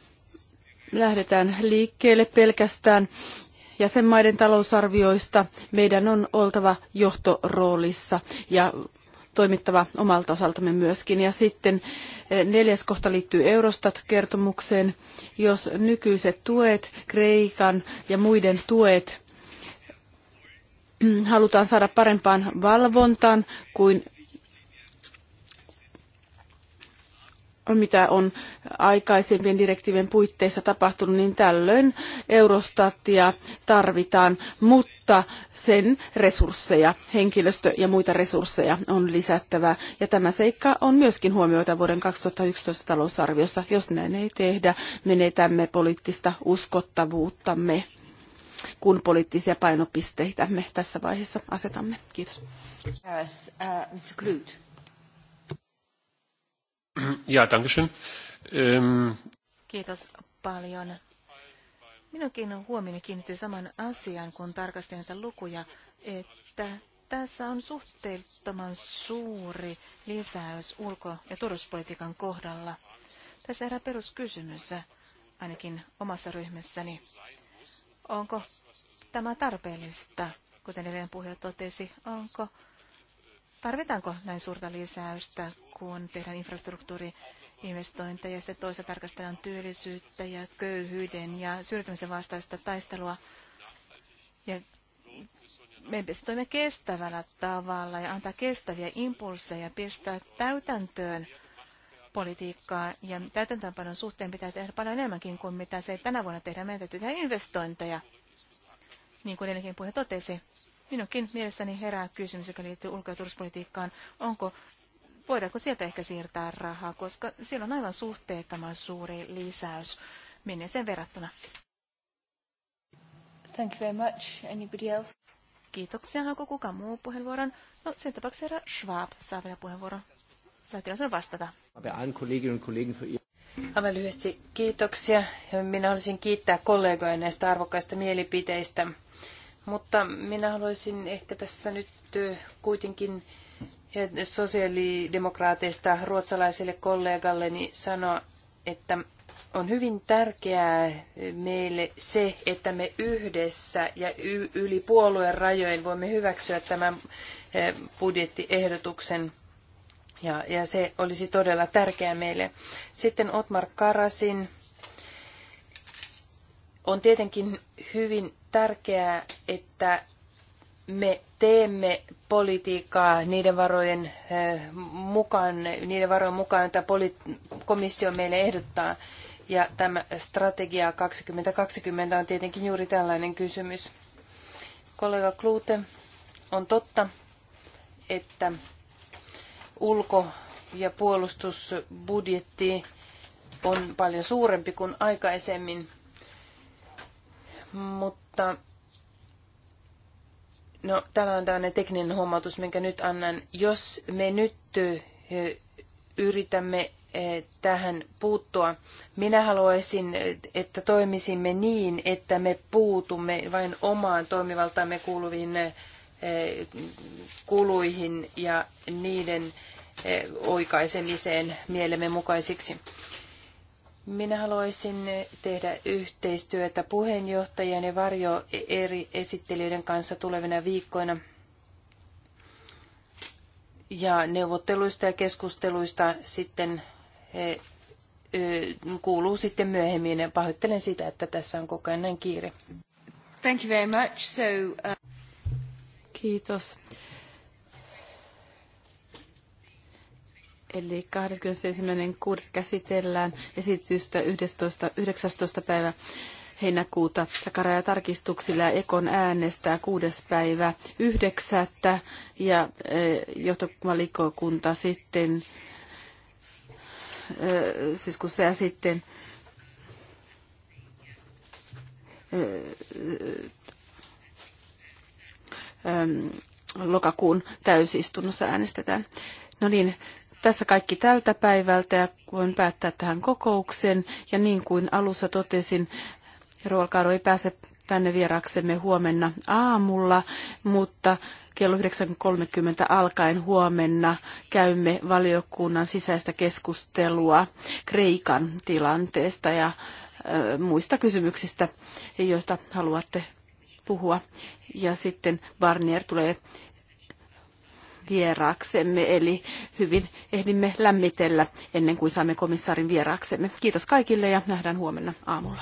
lähdetään liikkeelle pelkästään jäsenmaiden talousarvioista. Meidän on oltava johtoroolissa ja toimittava omalta osaltamme myöskin. Ja sitten eh, neljäs kohta liittyy Eurostat-kertomukseen. Jos nykyiset tuet, Kreikan ja muiden tuet halutaan saada parempaan valvontaan kuin mitä on aikaisempien direktiivien puitteissa tapahtunut, niin tällöin Eurostatia tarvitaan, mutta sen resursseja, henkilöstö ja muita resursseja on lisättävä. Ja tämä seikka on myöskin huomioita vuoden 2011 talousarviossa. Jos näin ei tehdä, menetämme poliittista uskottavuuttamme, kun poliittisia painopisteitä me tässä vaiheessa asetamme. Kiitos. Paris, uh, Mr. Ja, Ähm... Kiitos paljon. Minunkin huomioni kiinnittyy saman asian, kun tarkastin näitä lukuja, että tässä on suhteettoman suuri lisäys ulko- ja turvallisuuspolitiikan kohdalla. Tässä herää peruskysymys, ainakin omassa ryhmässäni. Onko tämä tarpeellista, kuten edellinen puhuja totesi, onko, tarvitaanko näin suurta lisäystä, kun tehdään infrastruktuuriinvestointeja ja sitten toisaalta tarkastellaan työllisyyttä ja köyhyyden ja syrjäytymisen vastaista taistelua. Ja meidän pitäisi toimia kestävällä tavalla ja antaa kestäviä impulseja, pistää täytäntöön politiikkaa ja täytäntöönpanon suhteen pitää tehdä paljon enemmänkin kuin mitä se tänä vuonna tehdä. Meidän täytyy tehdä investointeja, niin kuin edellinen puhe totesi. Minunkin mielessäni herää kysymys, joka liittyy ulko- ja turvallisuuspolitiikkaan. Onko voidaanko sieltä ehkä siirtää rahaa, koska siellä on aivan suhteettoman suuri lisäys menneeseen verrattuna. Thank you very much. Anybody else? Kiitoksia. Haluatko kukaan muu puheenvuoron? No, sen tapauksessa herra Schwab saa vielä puheenvuoron. Saa sinulle vastata. Aivan lyhyesti kiitoksia. Minä haluaisin kiittää kollegoja näistä arvokkaista mielipiteistä. Mutta minä haluaisin ehkä tässä nyt kuitenkin sosiaalidemokraateista ruotsalaiselle kollegalleni sanoa, että on hyvin tärkeää meille se, että me yhdessä ja yli puolueen rajojen voimme hyväksyä tämän eh, budjettiehdotuksen. Ja, ja se olisi todella tärkeää meille. Sitten Otmar Karasin. On tietenkin hyvin tärkeää, että me teemme politiikkaa niiden varojen eh, mukaan, niiden varojen mukaan, joita komissio meille ehdottaa. Ja tämä strategia 2020 on tietenkin juuri tällainen kysymys. Kollega Klute, on totta, että ulko- ja puolustusbudjetti on paljon suurempi kuin aikaisemmin, mutta No, täällä on tällainen tekninen huomautus, minkä nyt annan. Jos me nyt yritämme tähän puuttua, minä haluaisin, että toimisimme niin, että me puutumme vain omaan toimivaltaamme kuuluviin kuluihin ja niiden oikaisemiseen mielemme mukaisiksi. Minä haluaisin tehdä yhteistyötä puheenjohtajien ja varjo eri esittelijöiden kanssa tulevina viikkoina. Ja neuvotteluista ja keskusteluista sitten he, kuuluu sitten myöhemmin. pahoittelen sitä, että tässä on koko ajan näin kiire. Thank you very much. So, uh... Kiitos. Eli 21.6. käsitellään esitystä 11, 19. päivä heinäkuuta takarajatarkistuksilla ja Ekon äänestää 6. päivä 9. ja e, johtovalikokunta sitten e, syyskuussa ja sitten e, lokakuun täysistunnossa äänestetään. No niin, tässä kaikki tältä päivältä ja voin päättää tähän kokouksen. Ja niin kuin alussa totesin, Ruolkaaro ei pääse tänne vieraksemme huomenna aamulla, mutta kello 9.30 alkaen huomenna käymme valiokunnan sisäistä keskustelua Kreikan tilanteesta ja muista kysymyksistä, joista haluatte puhua. Ja sitten Barnier tulee vieraksemme, eli hyvin ehdimme lämmitellä ennen kuin saamme komissaarin vieraksemme. Kiitos kaikille ja nähdään huomenna aamulla.